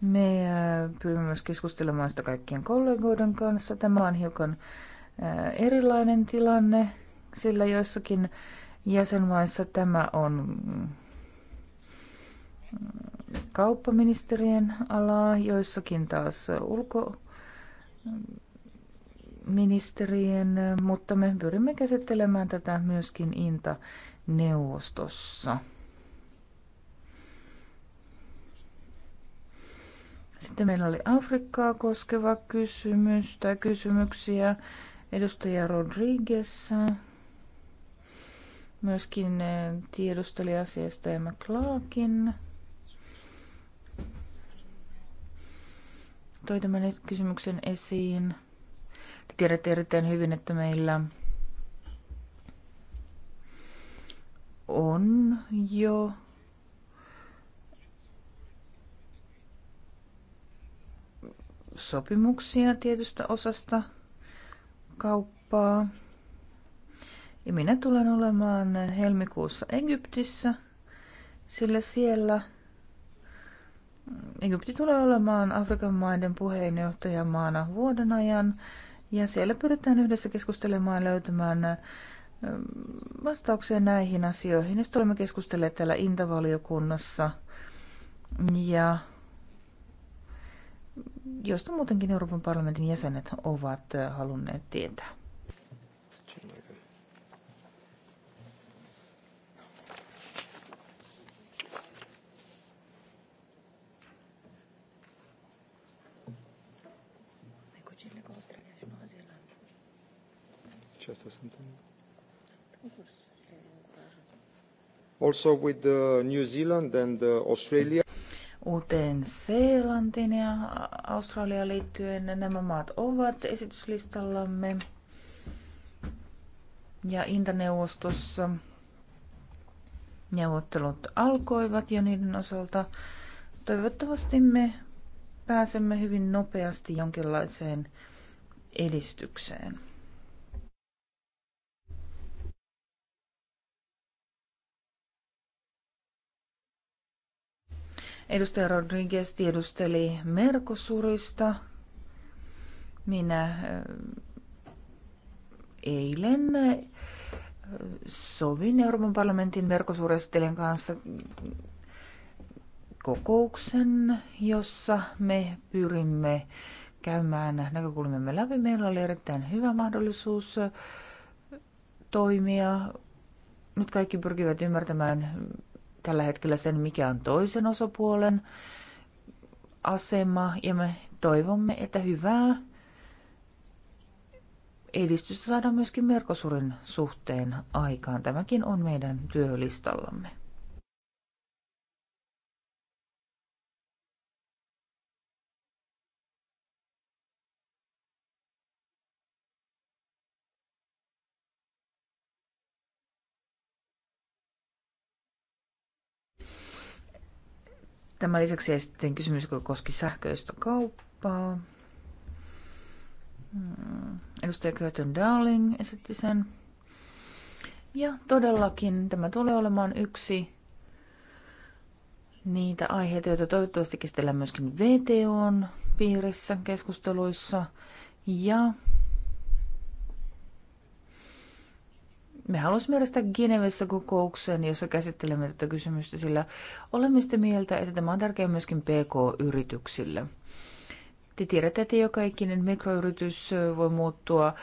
Me äh, pyrimme myös keskustelemaan sitä kaikkien kollegoiden kanssa. Tämä on hiukan äh, erilainen tilanne, sillä joissakin jäsenmaissa tämä on mm, kauppaministerien alaa, joissakin taas ulko ministerien, mutta me pyrimme käsittelemään tätä myöskin Inta-neuvostossa. Sitten meillä oli Afrikkaa koskeva kysymys tai kysymyksiä. Edustaja Rodriguez myöskin eh, tiedusteli asiasta ja McClarkin. Toi tämän kysymyksen esiin. Tiedätte erittäin hyvin, että meillä on jo sopimuksia tietystä osasta kauppaa. Ja minä tulen olemaan helmikuussa Egyptissä, sillä siellä Egypti tulee olemaan Afrikan maiden puheenjohtajamaana vuoden ajan ja siellä pyritään yhdessä keskustelemaan löytämään vastauksia näihin asioihin. Nyt olemme keskustelleet täällä Intavaliokunnassa ja josta muutenkin Euroopan parlamentin jäsenet ovat halunneet tietää. Just e a Also with the New Zealand and the uh, Australia. Uuteen Seelantiin ja Australiaan liittyen nämä maat ovat esityslistallamme ja Intaneuvostossa neuvottelut alkoivat jo niiden osalta. Toivottavasti me pääsemme hyvin nopeasti jonkinlaiseen edistykseen. Edustaja Rodriguez tiedusteli Merkosurista. Minä eilen sovin Euroopan parlamentin Merkosuristelijan kanssa kokouksen, jossa me pyrimme käymään näkökulmiamme läpi. Meillä oli erittäin hyvä mahdollisuus toimia. Nyt kaikki pyrkivät ymmärtämään, tällä hetkellä sen, mikä on toisen osapuolen asema, ja me toivomme, että hyvää edistystä saadaan myöskin Merkosurin suhteen aikaan. Tämäkin on meidän työlistallamme. Tämän lisäksi ja sitten kysymys, joka koski sähköistä kauppaa. Hmm, edustaja Curtin Darling esitti sen. Ja todellakin tämä tulee olemaan yksi niitä aiheita, joita toivottavasti kestellään myöskin VTOn piirissä keskusteluissa. Ja me halusimme järjestää Genevessä kokouksen, jossa käsittelemme tätä kysymystä, sillä olemme sitä mieltä, että tämä on tärkeää myöskin PK-yrityksille. Te tiedätte, että joka ikinen mikroyritys voi muuttua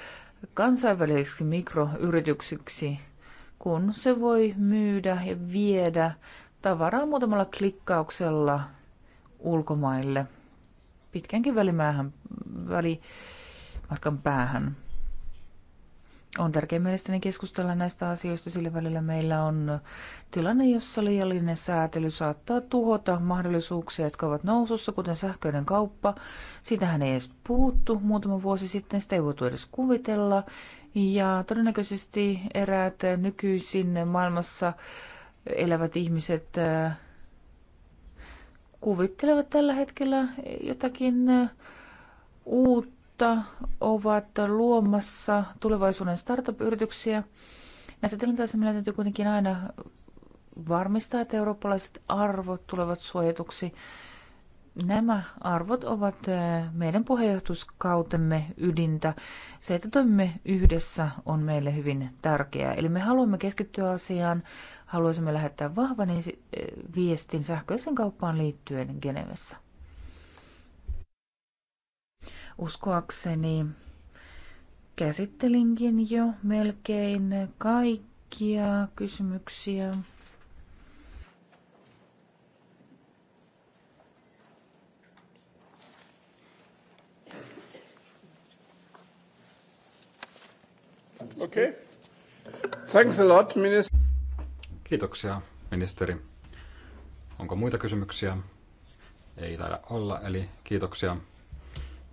kansainväliseksi mikroyrityksiksi, kun se voi myydä ja viedä tavaraa muutamalla klikkauksella ulkomaille pitkänkin välimäähän, välimatkan päähän. On tärkeää mielestäni keskustella näistä asioista, sillä välillä meillä on tilanne, jossa liiallinen säätely saattaa tuhota mahdollisuuksia, jotka ovat nousussa, kuten sähköinen kauppa. Siitähän ei edes puhuttu muutama vuosi sitten, sitä ei voitu edes kuvitella. Ja todennäköisesti eräät nykyisin maailmassa elävät ihmiset äh, kuvittelevat tällä hetkellä jotakin äh, uutta jotka ovat luomassa tulevaisuuden startup-yrityksiä. Näissä tilanteissa meillä täytyy kuitenkin aina varmistaa, että eurooppalaiset arvot tulevat suojatuksi. Nämä arvot ovat eh, meidän puheenjohtuskautemme ydintä. Se, että toimimme yhdessä, on meille hyvin tärkeää. Eli me haluamme keskittyä asiaan, haluaisimme lähettää vahvan eh, viestin sähköisen kauppaan liittyen Genevessä. Uskoakseni käsittelinkin jo melkein kaikkia kysymyksiä. Okay. Thanks a lot, minister. Kiitoksia, ministeri. Onko muita kysymyksiä? Ei taida olla, eli kiitoksia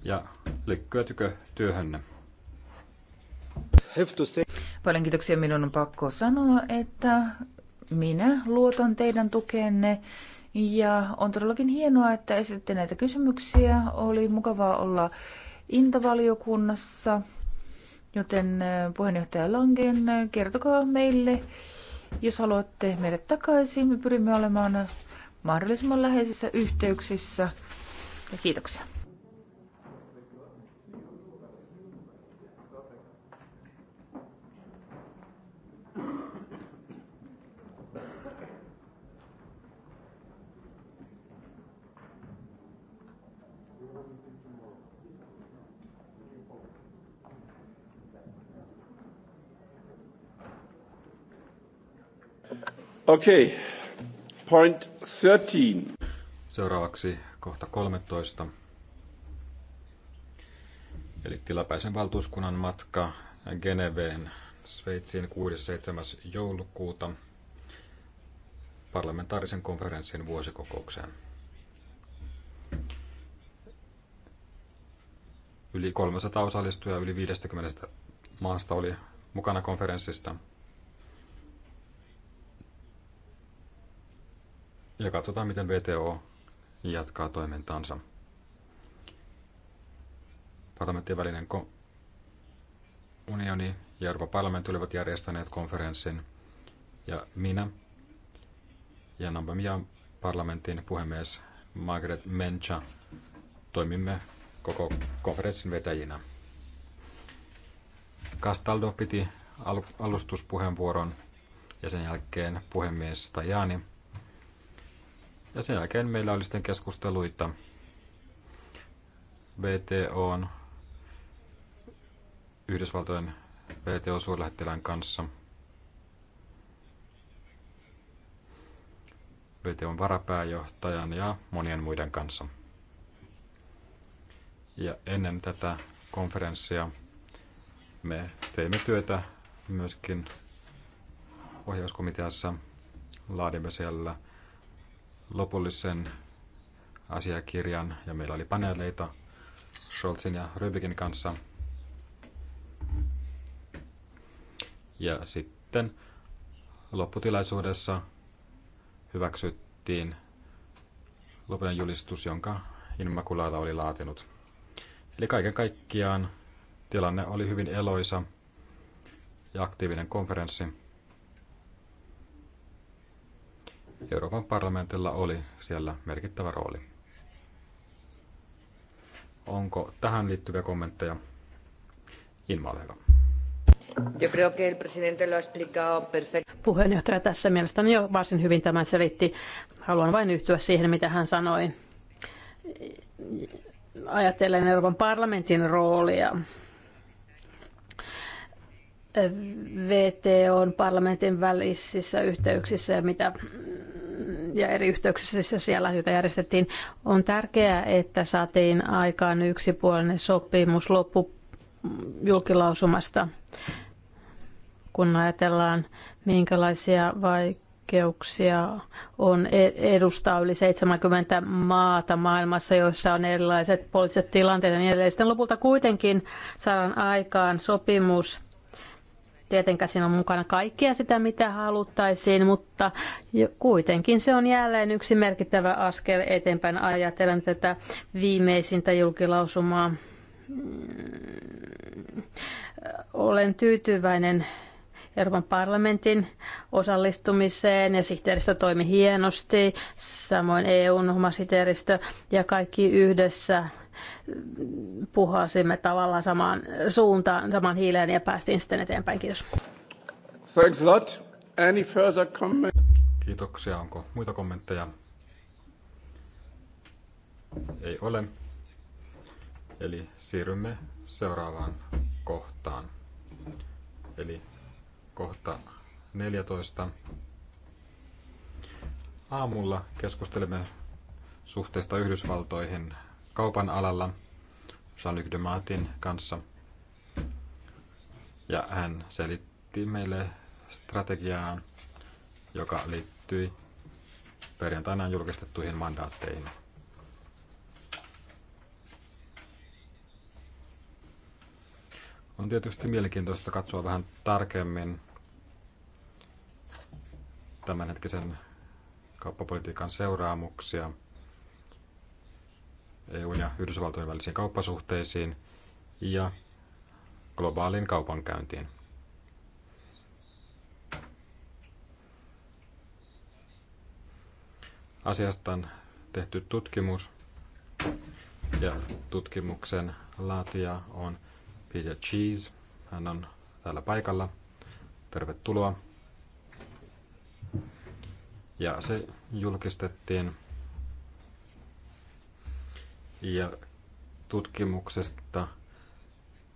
ja lykkyätykö työhönne? Paljon kiitoksia. Minun on pakko sanoa, että minä luotan teidän tukeenne. Ja on todellakin hienoa, että esitte näitä kysymyksiä. Oli mukavaa olla intavaliokunnassa, joten eh, puheenjohtaja Langen, eh, kertokaa meille, jos haluatte meidät takaisin. Me pyrimme olemaan mahdollisimman läheisissä yhteyksissä. Ja kiitoksia. Okay. Point 13. Seuraavaksi kohta 13. Eli tilapäisen valtuuskunnan matka Geneveen Sveitsiin 6.7. joulukuuta parlamentaarisen konferenssin vuosikokoukseen. Yli 300 osallistujaa yli 50 maasta oli mukana konferenssista – ja katsotaan, miten VTO jatkaa toimintaansa. Parlamenttien välinen unioni ja Euroopan parlamentti olivat järjestäneet konferenssin ja minä ja Nambamian parlamentin puhemies Margaret Mencha toimimme koko konferenssin vetäjinä. Castaldo piti alustuspuheenvuoron ja sen jälkeen puhemies Tajani – ja sen jälkeen meillä oli sitten keskusteluita VTOn, Yhdysvaltojen VTO-suurlähettilään kanssa. VTOn varapääjohtajan ja monien muiden kanssa. Ja ennen tätä konferenssia me teimme työtä myöskin ohjauskomiteassa. Laadimme siellä – lopullisen asiakirjan ja meillä oli paneeleita Scholzin ja Rybikin kanssa. Ja sitten lopputilaisuudessa hyväksyttiin lopullinen julistus, jonka Immaculata oli laatinut. Eli kaiken kaikkiaan tilanne oli hyvin eloisa ja aktiivinen konferenssi. Euroopan parlamentilla oli siellä merkittävä rooli. Onko tähän liittyviä kommentteja? Inma, ole hyvä. Puheenjohtaja tässä mielestäni jo varsin hyvin tämän selitti. Haluan vain yhtyä siihen, mitä hän sanoi. Ajattelen Euroopan parlamentin roolia. on parlamentin välisissä yhteyksissä ja mitä ja eri yhteyksissä siis siellä, joita järjestettiin. On tärkeää, että saatiin aikaan yksipuolinen sopimus julkilausumasta, kun ajatellaan, minkälaisia vaikeuksia on e-, edustaa yli 70 maata maailmassa, joissa on erilaiset poliittiset tilanteet ja niin edelleen. Sitten lopulta kuitenkin saadaan aikaan sopimus – Tietenkään siinä on mukana kaikkia sitä, mitä haluttaisiin, mutta kuitenkin se on jälleen yksi merkittävä askel eteenpäin ajatellen tätä viimeisintä julkilausumaa. Mm, olen tyytyväinen Euroopan parlamentin osallistumiseen ja sihteeristö toimi hienosti, samoin EUn oma sihteeristö ja kaikki yhdessä puhasimme tavallaan samaan suuntaan, saman hiileen ja päästiin sitten eteenpäin. Kiitos. Thanks a lot. Any further comment? Kiitoksia. Onko muita kommentteja? Ei ole. Eli siirrymme seuraavaan kohtaan. Eli kohta 14. Aamulla keskustelemme suhteesta Yhdysvaltoihin kaupan alalla Jean-Luc kanssa. Ja hän selitti meille strategiaa, joka liittyi perjantaina julkistettuihin mandaatteihin. On tietysti mielenkiintoista katsoa vähän tarkemmin tämänhetkisen kauppapolitiikan seuraamuksia – EUn ja Yhdysvaltojen välisiin kauppasuhteisiin ja globaaliin kaupankäyntiin. Asiasta on tehty tutkimus ja tutkimuksen laatija on Peter Cheese. Hän on täällä paikalla. Tervetuloa. Ja se julkistettiin ja tutkimuksesta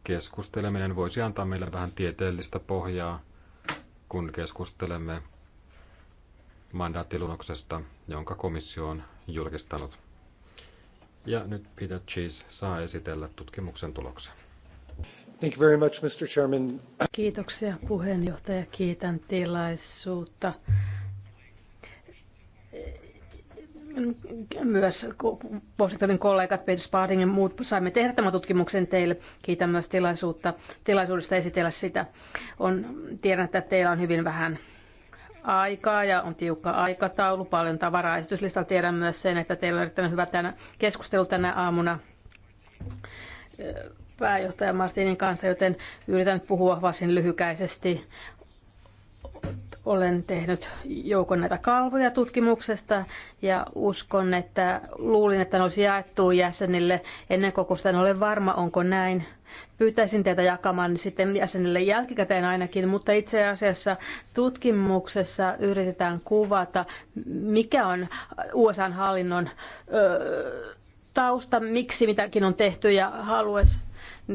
keskusteleminen voisi antaa meille vähän tieteellistä pohjaa, kun keskustelemme mandaattiluonnoksesta, jonka komissio on julkistanut. Ja nyt Peter Cheese saa esitellä tutkimuksen tuloksen. Thank you very much, Mr. Chairman. Kiitoksia puheenjohtaja. Kiitän tilaisuutta myös Washingtonin kollegat Peter Sparding ja muut saimme tehdä tämän tutkimuksen teille. Kiitän myös tilaisuutta, tilaisuudesta esitellä sitä. On, tiedän, että teillä on hyvin vähän aikaa ja on tiukka aikataulu, paljon tavaraa esityslistalla. Tiedän myös sen, että teillä on erittäin hyvä tänä, keskustelu tänä aamuna eh, pääjohtaja Martinin kanssa, joten yritän puhua varsin lyhykäisesti olen tehnyt joukon näitä kalvoja tutkimuksesta ja uskon, että luulin, että ne olisi jaettu jäsenille ennen kokousta. En ole varma, onko näin. Pyytäisin teitä jakamaan sitten jäsenille jälkikäteen ainakin, mutta itse asiassa tutkimuksessa yritetään kuvata, mikä on usa hallinnon öö, tausta, miksi mitäkin on tehty ja haluaisin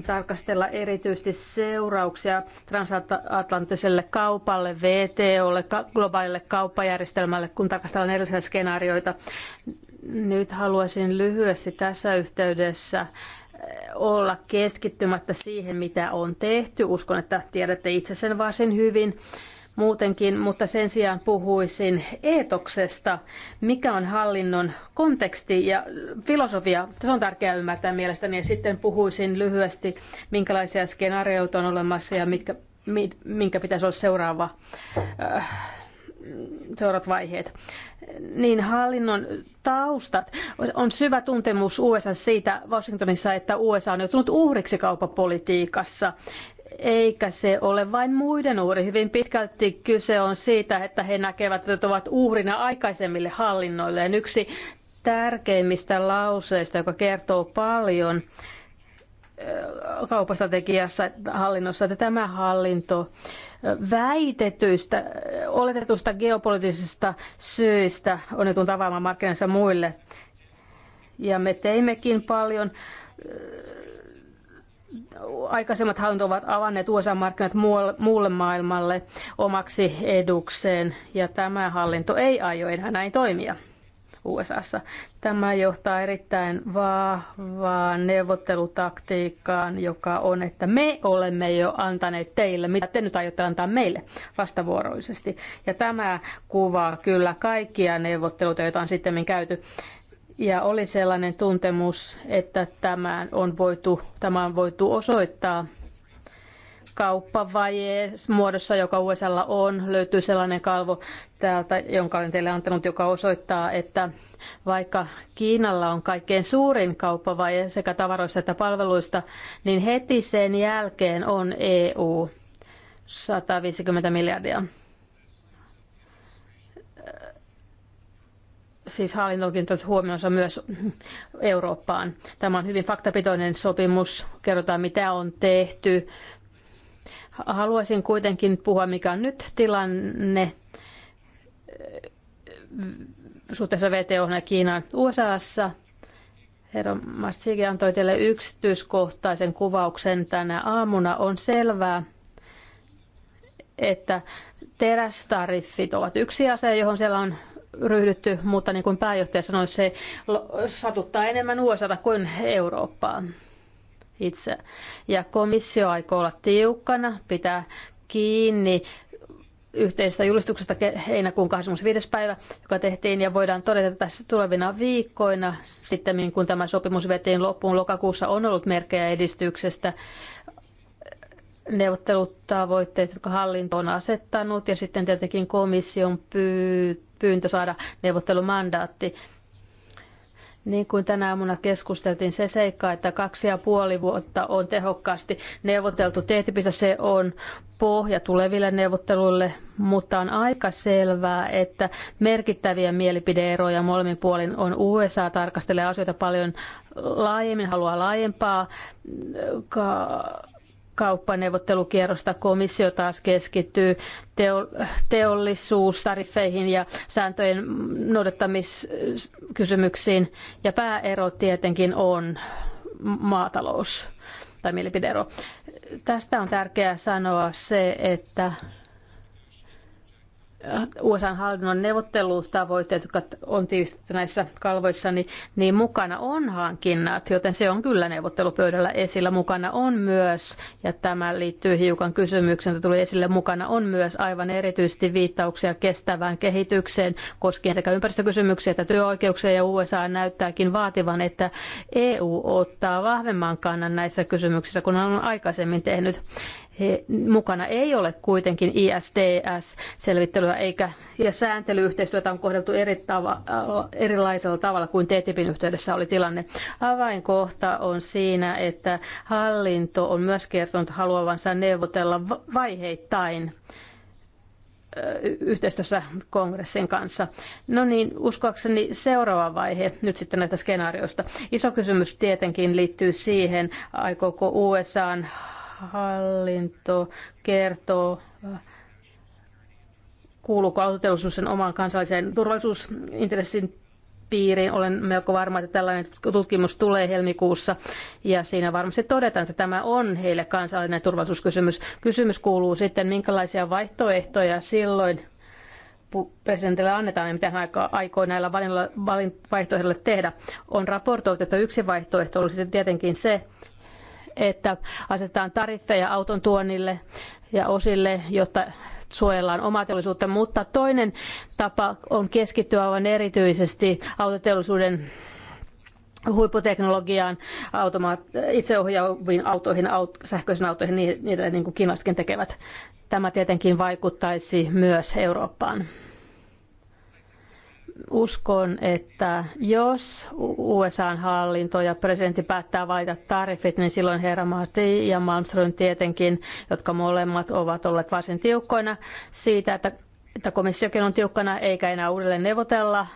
tarkastella erityisesti seurauksia transatlanttiselle kaupalle, VTOlle, globaalille kauppajärjestelmälle, kun tarkastellaan erilaisia skenaarioita. Nyt haluaisin lyhyesti tässä yhteydessä eh, olla keskittymättä siihen, mitä on tehty. Uskon, että tiedätte itse sen varsin hyvin muutenkin, mutta sen sijaan puhuisin eetoksesta, mikä on hallinnon konteksti ja filosofia. Se on tärkeää ymmärtää mielestäni ja sitten puhuisin lyhyesti, minkälaisia skenaarioita on olemassa ja mitkä, minkä pitäisi olla seuraava äh, seuraavat vaiheet. Niin hallinnon taustat. On syvä tuntemus USA siitä Washingtonissa, että USA on joutunut uhriksi kaupapolitiikassa eikä se ole vain muiden uhri. Hyvin pitkälti kyse on siitä, että he näkevät, että ovat uhrina aikaisemmille hallinnoille. Ja yksi tärkeimmistä lauseista, joka kertoo paljon äh, kaupastrategiassa hallinnossa, että tämä hallinto äh, väitetyistä, äh, oletetusta geopoliittisista syistä on nyt tavaamaan markkinansa muille. Ja me teimmekin paljon aikaisemmat hallinnot ovat avanneet USA-markkinat muulle maailmalle omaksi edukseen, ja tämä hallinto ei aio enää näin toimia. USAssa. Tämä johtaa erittäin vahvaan neuvottelutaktiikkaan, joka on, että me olemme jo antaneet teille, mitä te nyt aiotte antaa meille vastavuoroisesti. Ja tämä kuvaa kyllä kaikkia neuvotteluita, joita on sitten käyty ja oli sellainen tuntemus, että tämä on voitu, tämä on voitu osoittaa kauppavajeen muodossa, joka USA on. Löytyy sellainen kalvo täältä, jonka olen teille antanut, joka osoittaa, että vaikka Kiinalla on kaikkein suurin kauppavaje sekä tavaroista että palveluista, niin heti sen jälkeen on EU 150 miljardia siis hallintokin huomionsa myös Eurooppaan. Tämä on hyvin faktapitoinen sopimus, kerrotaan mitä on tehty. Haluaisin kuitenkin puhua, mikä on nyt tilanne suhteessa VTO ja Kiinan USAssa. Herra Massigi antoi teille yksityiskohtaisen kuvauksen tänä aamuna. On selvää, että terästariffit ovat yksi asia, johon siellä on ryhdytty, mutta niin kuin pääjohtaja sanoi, se satuttaa enemmän USA kuin Eurooppaa itse. Ja komissio aikoo olla tiukkana, pitää kiinni yhteisestä julistuksesta heinäkuun 25. päivä, joka tehtiin, ja voidaan todeta tässä tulevina viikkoina, sitten kun tämä sopimus vetiin loppuun lokakuussa, on ollut merkkejä edistyksestä neuvottelutavoitteet, jotka hallinto on asettanut, ja sitten tietenkin komission pyyt pyyntö saada neuvottelumandaatti. Niin kuin tänä aamuna keskusteltiin, se seikka, että kaksi ja puoli vuotta on tehokkaasti neuvoteltu TTIPissä, se on pohja tuleville neuvotteluille, mutta on aika selvää, että merkittäviä mielipideeroja molemmin puolin on. USA tarkastelee asioita paljon laajemmin, haluaa laajempaa kauppaneuvottelukierrosta. Komissio taas keskittyy teollisuustariffeihin ja sääntöjen noudattamiskysymyksiin. Ja pääero tietenkin on maatalous tai mielipideero. Tästä on tärkeää sanoa se, että USA-hallinnon neuvottelutavoitteet, jotka on tiivistetty näissä kalvoissa, niin, niin mukana on hankinnat, joten se on kyllä neuvottelupöydällä esillä. Mukana on myös, ja tämä liittyy hiukan kysymykseen, että tuli esille, mukana on myös aivan erityisesti viittauksia kestävään kehitykseen koskien sekä ympäristökysymyksiä että työoikeuksia, ja USA näyttääkin vaativan, että EU ottaa vahvemman kannan näissä kysymyksissä, kun on aikaisemmin tehnyt he, mukana ei ole kuitenkin ISDS-selvittelyä eikä, ja sääntelyyhteistyötä on kohdeltu eri tava, erilaisella tavalla kuin TTIPin yhteydessä oli tilanne. Avainkohta on siinä, että hallinto on myös kertonut haluavansa neuvotella vaiheittain yhteistyössä kongressin kanssa. No niin, uskoakseni seuraava vaihe nyt sitten näistä skenaarioista. Iso kysymys tietenkin liittyy siihen, aikooko USA hallinto kertoo kuuluuko autoteollisuus sen omaan kansalliseen turvallisuusintressin piiriin. Olen melko varma, että tällainen tutkimus tulee helmikuussa ja siinä varmasti todetaan, että tämä on heille kansallinen turvallisuuskysymys. Kysymys kuuluu sitten, minkälaisia vaihtoehtoja silloin presidentille annetaan ja mitä hän aikoo näillä valinnoilla, vaihtoehdoilla tehdä. On raportoitu, että yksi vaihtoehto olisi tietenkin se, että asetetaan tariffeja auton tuonnille ja osille, jotta suojellaan omaa teollisuutta, mutta toinen tapa on keskittyä aivan erityisesti autoteollisuuden huipputeknologiaan, automaat- itseohjaaviin autoihin, aut- sähköisiin autoihin, niin, niitä niin kuin kiinalaisetkin tekevät. Tämä tietenkin vaikuttaisi myös Eurooppaan uskon, että jos USA-hallinto ja presidentti päättää valita tarifit, niin silloin herra Marti ja Malmström tietenkin, jotka molemmat ovat olleet varsin tiukkoina siitä, että, että komissiokin on tiukkana eikä enää uudelleen neuvotella,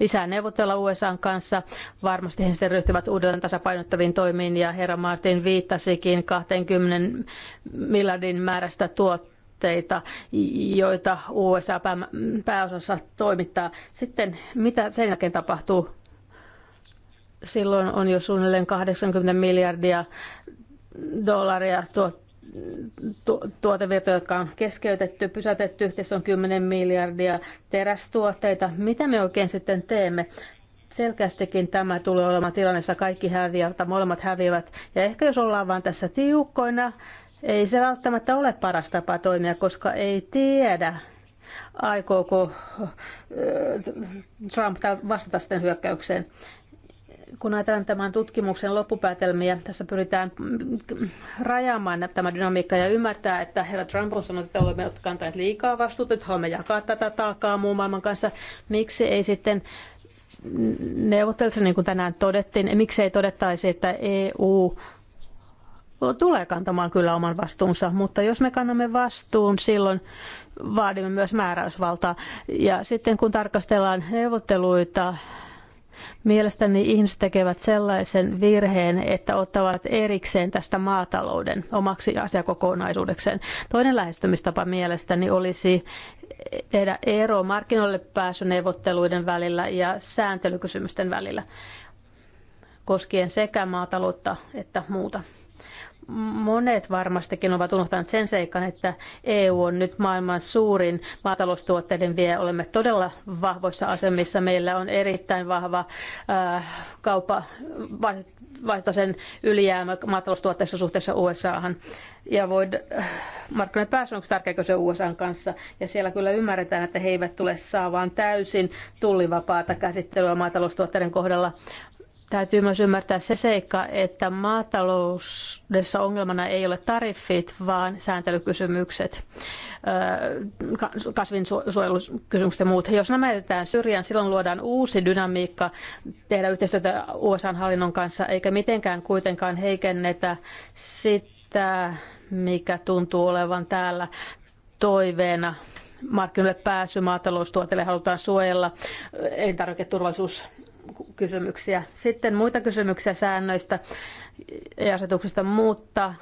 lisää neuvotella USAn kanssa. Varmasti he sitten ryhtyvät uudelleen tasapainottaviin toimiin ja herra Martin viittasikin 20 miljardin määrästä tuot tuotteita, joita USA pääosassa toimittaa. Sitten mitä sen jälkeen tapahtuu? Silloin on jo suunnilleen 80 miljardia dollaria tuotteita tuotevirtoja, jotka on keskeytetty, pysäytetty, Tässä on 10 miljardia terästuotteita. Mitä me oikein sitten teemme? Selkeästikin tämä tulee olemaan tilanne, jossa kaikki häviävät, tai molemmat häviävät. Ja ehkä jos ollaan vain tässä tiukkoina, ei se välttämättä ole paras tapa toimia, koska ei tiedä, aikooko Trump vastata sitten hyökkäykseen. Kun ajatellaan tämän tutkimuksen loppupäätelmiä, tässä pyritään rajaamaan tämä dynamiikka ja ymmärtää, että herra Trump on sanonut, että olemme kantaneet liikaa vastuuta, että haluamme jakaa tätä taakaa muun maailman kanssa. Miksi ei sitten neuvottelussa, niin kuin tänään todettiin, miksi ei todettaisi, että EU tulee kantamaan kyllä oman vastuunsa, mutta jos me kannamme vastuun, silloin vaadimme myös määräysvaltaa. Ja sitten kun tarkastellaan neuvotteluita, Mielestäni ihmiset tekevät sellaisen virheen, että ottavat erikseen tästä maatalouden omaksi asiakokonaisuudekseen. Toinen lähestymistapa mielestäni olisi tehdä ero markkinoille pääsyneuvotteluiden välillä ja sääntelykysymysten välillä koskien sekä maataloutta että muuta monet varmastikin ovat unohtaneet sen seikan, että EU on nyt maailman suurin maataloustuotteiden vie. Olemme todella vahvoissa asemissa. Meillä on erittäin vahva äh, kauppa vaihtoisen ylijäämä maataloustuotteissa suhteessa USAhan. Ja voi, markkinat äh, markkinoille pääsy tärkeäkö se USAn kanssa. Ja siellä kyllä ymmärretään, että he eivät tule saamaan täysin tullivapaata käsittelyä maataloustuotteiden kohdalla, Täytyy myös ymmärtää se seikka, että maataloudessa ongelmana ei ole tariffit, vaan sääntelykysymykset, kasvinsuojelukysymykset ja muut. Jos nämä jätetään syrjään, silloin luodaan uusi dynamiikka tehdä yhteistyötä USA-hallinnon kanssa, eikä mitenkään kuitenkaan heikennetä sitä, mikä tuntuu olevan täällä toiveena markkinoille pääsy maataloustuotteille halutaan suojella elintarviketurvallisuus kysymyksiä. Sitten muita kysymyksiä säännöistä ja asetuksista, mutta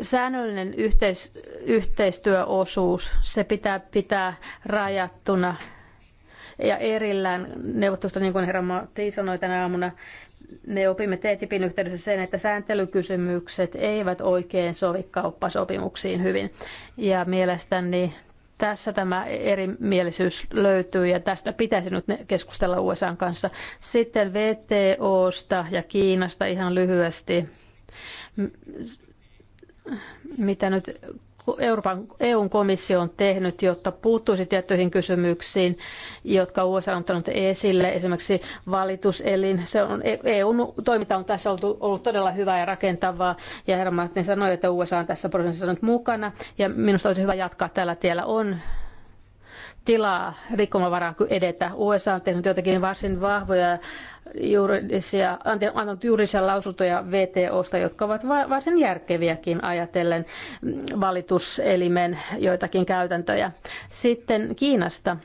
säännöllinen yhteis- yhteistyöosuus, se pitää pitää rajattuna ja erillään neuvottelusta, niin kuin herra Matti sanoi tänä aamuna, me opimme TTIPin yhteydessä sen, että sääntelykysymykset eivät oikein sovi kauppasopimuksiin hyvin. Ja mielestäni tässä tämä erimielisyys löytyy ja tästä pitäisi nyt keskustella USAn kanssa. Sitten VTOsta ja Kiinasta ihan lyhyesti. Mitä nyt Euroopan EUn komissio on tehnyt, jotta puuttuisi tiettyihin kysymyksiin, jotka USA on ottanut esille, esimerkiksi valituselin. Se on, e- EUn toiminta on tässä ollut, ollut todella hyvää ja rakentavaa, ja herra Martin sanoi, että USA on tässä prosessissa nyt mukana, ja minusta olisi hyvä jatkaa tällä tiellä. On tilaa rikkomavaraa edetä. USA on tehnyt jotenkin varsin vahvoja juridisia, antanut juridisia lausuntoja VTOsta, jotka ovat varsin järkeviäkin ajatellen valituselimen joitakin käytäntöjä. Sitten Kiinasta,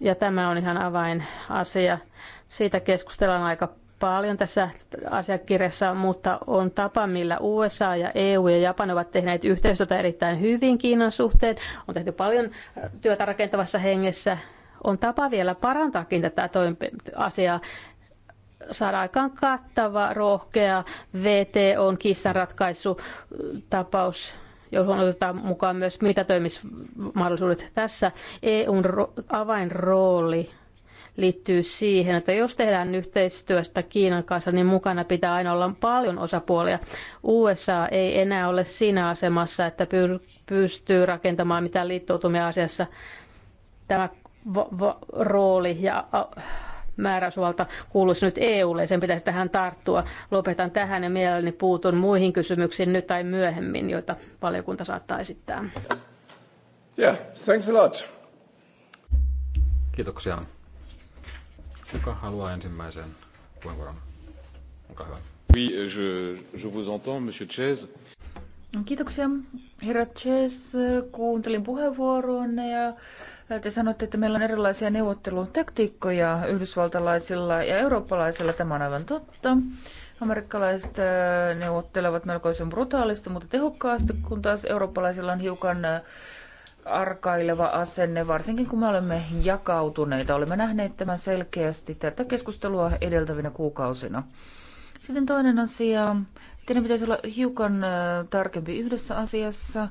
ja tämä on ihan avainasia. Siitä keskustellaan aika paljon tässä asiakirjassa, mutta on tapa, millä USA ja EU ja Japani ovat tehneet yhteistyötä erittäin hyvin Kiinan suhteen. On tehty paljon äh, työtä rakentavassa hengessä. On tapa vielä parantaakin tätä asiaa saada aikaan kattava, rohkea VTOn kiistanratkaisutapaus johon otetaan mukaan myös mitätöimismahdollisuudet tässä. EUn avainrooli liittyy siihen, että jos tehdään yhteistyöstä Kiinan kanssa, niin mukana pitää aina olla paljon osapuolia. USA ei enää ole siinä asemassa, että pystyy rakentamaan mitään liittoutumia asiassa. Tämä rooli ja määräysvalta kuuluisi nyt EUlle ja sen pitäisi tähän tarttua. Lopetan tähän ja mielelläni puutun muihin kysymyksiin nyt tai myöhemmin, joita valiokunta saattaa esittää. Yeah, thanks a lot. Kiitoksia. Kuka haluaa ensimmäisen puheenvuoron? Olkaa hyvä. Oui, je, je vous entends, monsieur Chez. No, kiitoksia, herra Chez. Kuuntelin puheenvuoron ja te sanotte, että meillä on erilaisia neuvottelutaktiikkoja yhdysvaltalaisilla ja eurooppalaisilla. Tämä on aivan totta. Amerikkalaiset äh, neuvottelevat melkoisen brutaalisti, mutta tehokkaasti, kun taas eurooppalaisilla on hiukan äh, arkaileva asenne, varsinkin kun me olemme jakautuneita. Olemme nähneet tämän selkeästi tätä keskustelua edeltävinä kuukausina. Sitten toinen asia. Teidän pitäisi olla hiukan tarkempi yhdessä asiassa.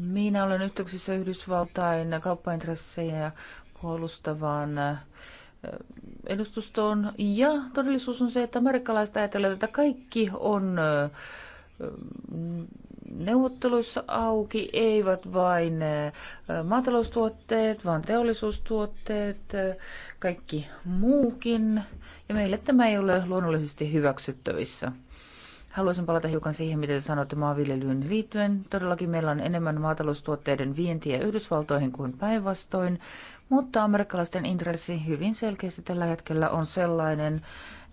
Minä olen yhteyksissä Yhdysvaltain kauppaintressejä puolustavaan edustustoon. Ja todellisuus on se, että amerikkalaiset ajattelevat, että kaikki on neuvotteluissa auki eivät vain maataloustuotteet, vaan teollisuustuotteet, kaikki muukin. Ja meille tämä ei ole luonnollisesti hyväksyttävissä. Haluaisin palata hiukan siihen, mitä te sanoitte maanviljelyyn liittyen. Todellakin meillä on enemmän maataloustuotteiden vientiä Yhdysvaltoihin kuin päinvastoin, mutta amerikkalaisten intressi hyvin selkeästi tällä hetkellä on sellainen,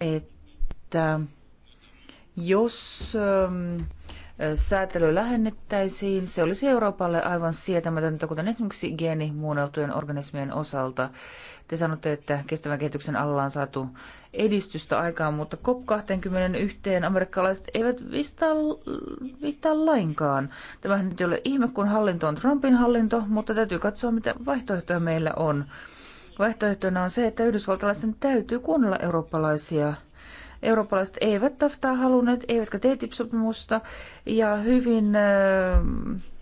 että jos ähm, äh, säätelyä lähennettäisiin, se olisi Euroopalle aivan sietämätöntä, kuten esimerkiksi geenimuunneltujen organismien osalta. Te sanotte, että kestävän kehityksen alla on saatu edistystä aikaan, mutta COP21 amerikkalaiset eivät viittaa, viittaa lainkaan. Tämähän nyt ei ole ihme, kun hallinto on Trumpin hallinto, mutta täytyy katsoa, mitä vaihtoehtoja meillä on. Vaihtoehtona on se, että yhdysvaltalaisen täytyy kuunnella eurooppalaisia eurooppalaiset eivät taftaa halunneet, eivätkä TTIP-sopimusta, ja hyvin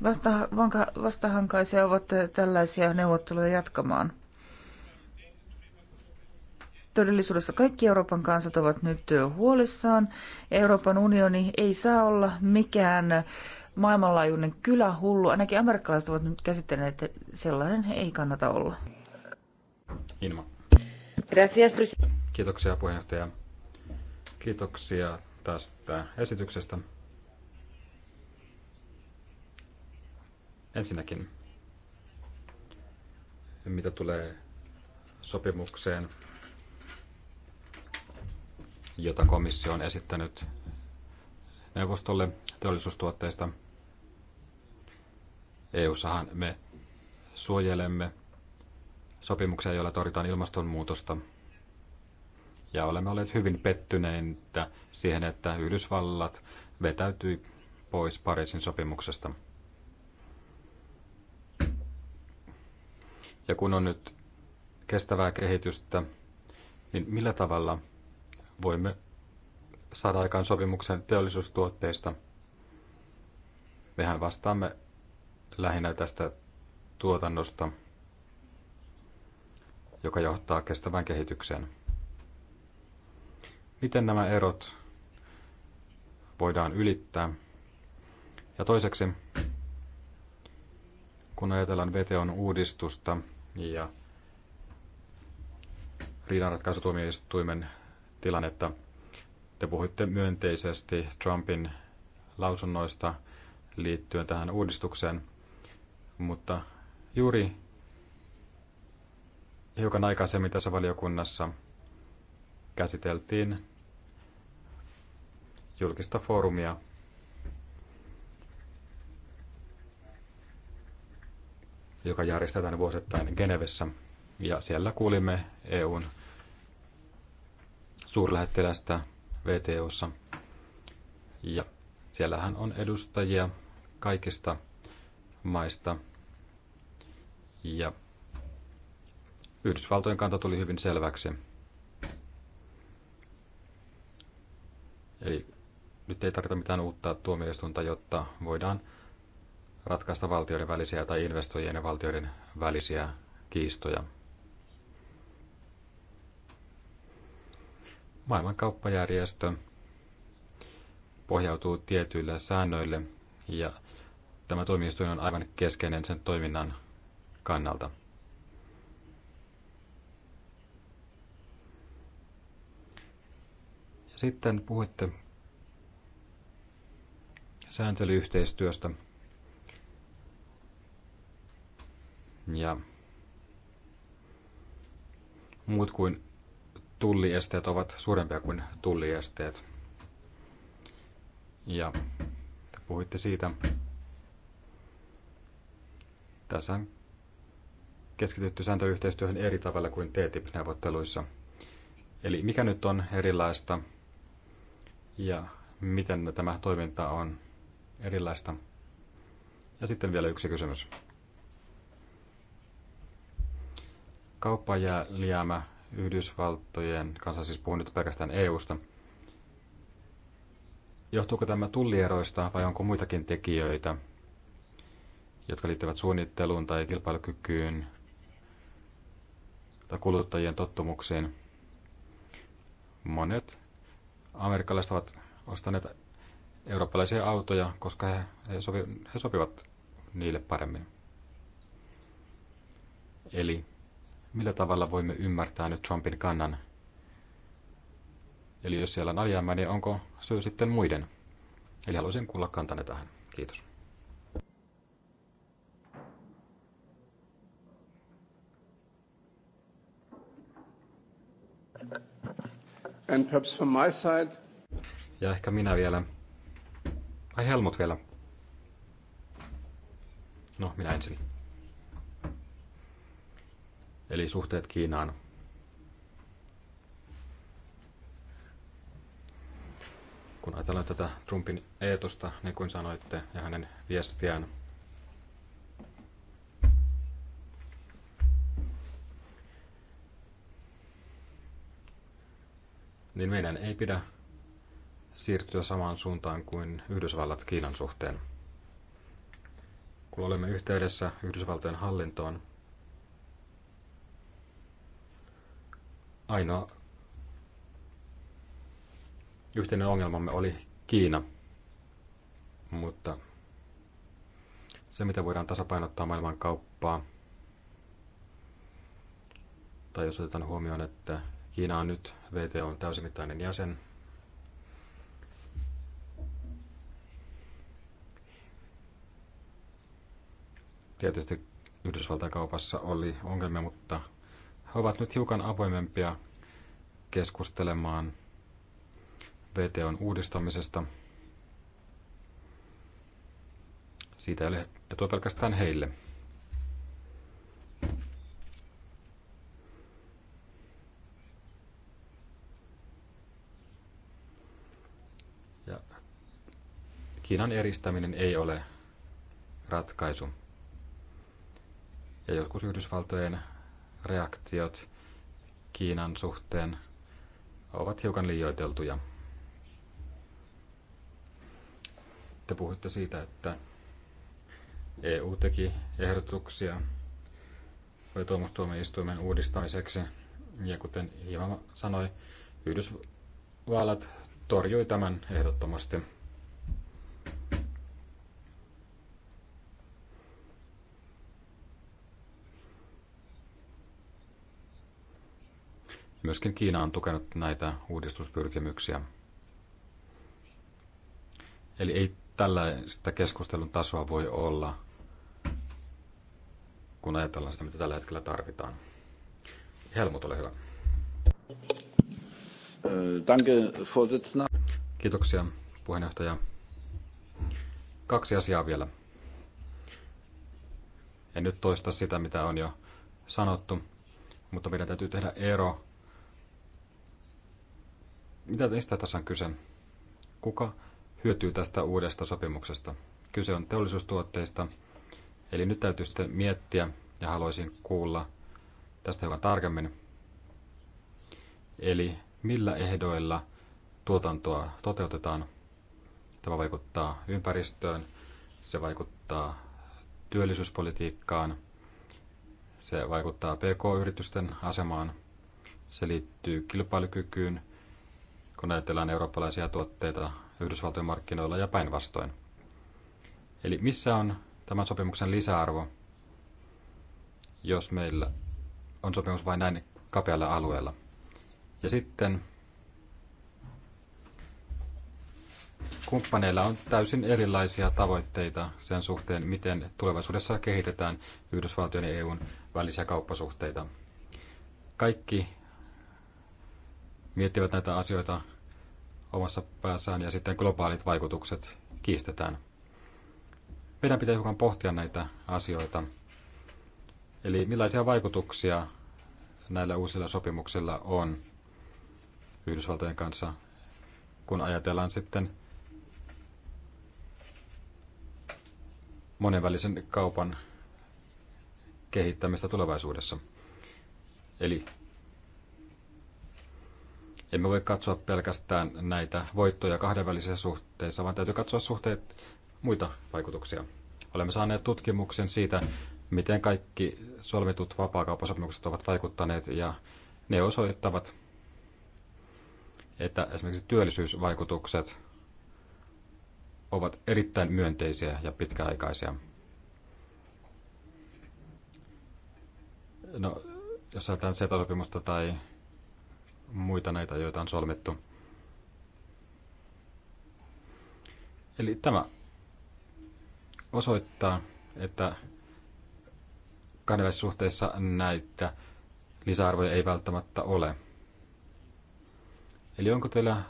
vasta, vastahankaisia ovat tällaisia neuvotteluja jatkamaan. Todellisuudessa kaikki Euroopan kansat ovat nyt huolissaan. Euroopan unioni ei saa olla mikään maailmanlaajuinen kylähullu. Ainakin amerikkalaiset ovat nyt käsittäneet, että sellainen ei kannata olla. Inma. Kiitoksia puheenjohtaja. Kiitoksia tästä esityksestä. Ensinnäkin, mitä tulee sopimukseen, jota komissio on esittänyt neuvostolle teollisuustuotteista. EU-sahan me suojelemme sopimuksia, joilla torjutaan ilmastonmuutosta – ja olemme olleet hyvin pettyneitä siihen, että Yhdysvallat vetäytyi pois Pariisin sopimuksesta. Ja kun on nyt kestävää kehitystä, niin millä tavalla voimme saada aikaan sopimuksen teollisuustuotteista? Mehän vastaamme lähinnä tästä tuotannosta, joka johtaa kestävään kehitykseen. Miten nämä erot voidaan ylittää? Ja toiseksi, kun ajatellaan VTOn uudistusta ja riidanratkaisutuomioistuimen tilannetta, te puhuitte myönteisesti Trumpin lausunnoista liittyen tähän uudistukseen, mutta juuri hiukan aikaisemmin tässä valiokunnassa – käsiteltiin julkista foorumia, joka järjestetään vuosittain Genevessä. Ja siellä kuulimme EUn suurlähettilästä VTOssa. Ja siellähän on edustajia kaikista maista. Ja Yhdysvaltojen kanta tuli hyvin selväksi. Eli nyt ei tarvita mitään uutta tuomioistuinta, jotta voidaan ratkaista valtioiden välisiä tai investoijien ja valtioiden välisiä kiistoja. Maailmankauppajärjestö pohjautuu tietyille säännöille ja tämä tuomioistuin on aivan keskeinen sen toiminnan kannalta. Sitten puhuitte sääntelyyhteistyöstä. Ja muut kuin tulliesteet ovat suurempia kuin tulliesteet. Ja te puhuitte siitä. Tässä on keskitytty sääntelyyhteistyöhön eri tavalla kuin TTIP-neuvotteluissa. Eli mikä nyt on erilaista ja miten tämä toiminta on erilaista. Ja sitten vielä yksi kysymys. Kauppajääliämä Yhdysvaltojen kanssa, siis puhun nyt pelkästään EUsta. Johtuuko tämä tullieroista vai onko muitakin tekijöitä, jotka liittyvät suunnitteluun tai kilpailukykyyn tai kuluttajien tottumuksiin? Monet amerikkalaiset ovat ostaneet eurooppalaisia autoja, koska he, he, sopi, he sopivat niille paremmin. Eli millä tavalla voimme ymmärtää nyt Trumpin kannan? Eli jos siellä on alijäämää, niin onko syy sitten muiden? Eli haluaisin kuulla kantanne tähän. Kiitos. And perhaps from my side. Ja ehkä minä vielä. Ai Helmut vielä. No, minä ensin. Eli suhteet Kiinaan. Kun ajatellaan tätä Trumpin eetosta, niin kuin sanoitte, ja hänen viestiään niin meidän ei pidä siirtyä samaan suuntaan kuin Yhdysvallat Kiinan suhteen. Kun olemme yhteydessä Yhdysvaltojen hallintoon, ainoa yhteinen ongelmamme oli Kiina. Mutta se, mitä voidaan tasapainottaa maailman kauppaa, tai jos otetaan huomioon, että Kiina on nyt VTOn täysimittainen jäsen. Tietysti Yhdysvaltain kaupassa oli ongelmia, mutta he ovat nyt hiukan avoimempia keskustelemaan VTOn uudistamisesta. Siitä ei ole etua pelkästään heille. Kiinan eristäminen ei ole ratkaisu. Ja joskus Yhdysvaltojen reaktiot Kiinan suhteen ovat hiukan liioiteltuja. Te puhutte siitä, että EU teki ehdotuksia tuomustuomioistuimen uudistamiseksi. Ja kuten Ivan sanoi, Yhdysvallat torjui tämän ehdottomasti. Myöskin Kiina on tukenut näitä uudistuspyrkimyksiä. Eli ei tällaista keskustelun tasoa voi olla, kun ajatellaan sitä, mitä tällä hetkellä tarvitaan. Helmut, ole hyvä. Danke, Vorsitzender. Kiitoksia, puheenjohtaja. Kaksi asiaa vielä. En nyt toista sitä, mitä on jo sanottu, mutta meidän täytyy tehdä ero mitä mistä tässä on kyse? Kuka hyötyy tästä uudesta sopimuksesta? Kyse on teollisuustuotteista, eli nyt täytyy sitten miettiä ja haluaisin kuulla tästä hiukan tarkemmin. Eli millä ehdoilla tuotantoa toteutetaan? Tämä vaikuttaa ympäristöön, se vaikuttaa työllisyyspolitiikkaan, se vaikuttaa pk-yritysten asemaan, se liittyy kilpailukykyyn – kun ajatellaan eurooppalaisia tuotteita Yhdysvaltojen markkinoilla ja päinvastoin. Eli missä on tämän sopimuksen lisäarvo, jos meillä on sopimus vain näin kapealla alueella? Ja sitten kumppaneilla on täysin erilaisia tavoitteita sen suhteen, miten tulevaisuudessa kehitetään Yhdysvaltojen ja EUn välisiä kauppasuhteita. Kaikki miettivät näitä asioita omassa päässään ja sitten globaalit vaikutukset kiistetään. Meidän pitää hiukan pohtia näitä asioita. Eli millaisia vaikutuksia näillä uusilla sopimuksilla on Yhdysvaltojen kanssa, kun ajatellaan sitten monenvälisen kaupan kehittämistä tulevaisuudessa. Eli emme voi katsoa pelkästään näitä voittoja kahdenvälisissä suhteissa, vaan täytyy katsoa suhteet muita vaikutuksia. Olemme saaneet tutkimuksen siitä, miten kaikki solmitut vapaakauppasopimukset ovat vaikuttaneet ja ne osoittavat, että esimerkiksi työllisyysvaikutukset ovat erittäin myönteisiä ja pitkäaikaisia. No, jos ajatellaan CETA-sopimusta tai muita näitä, joita on solmittu. Eli tämä osoittaa, että kahdenväisissä suhteissa näitä lisäarvoja ei välttämättä ole. Eli onko teillä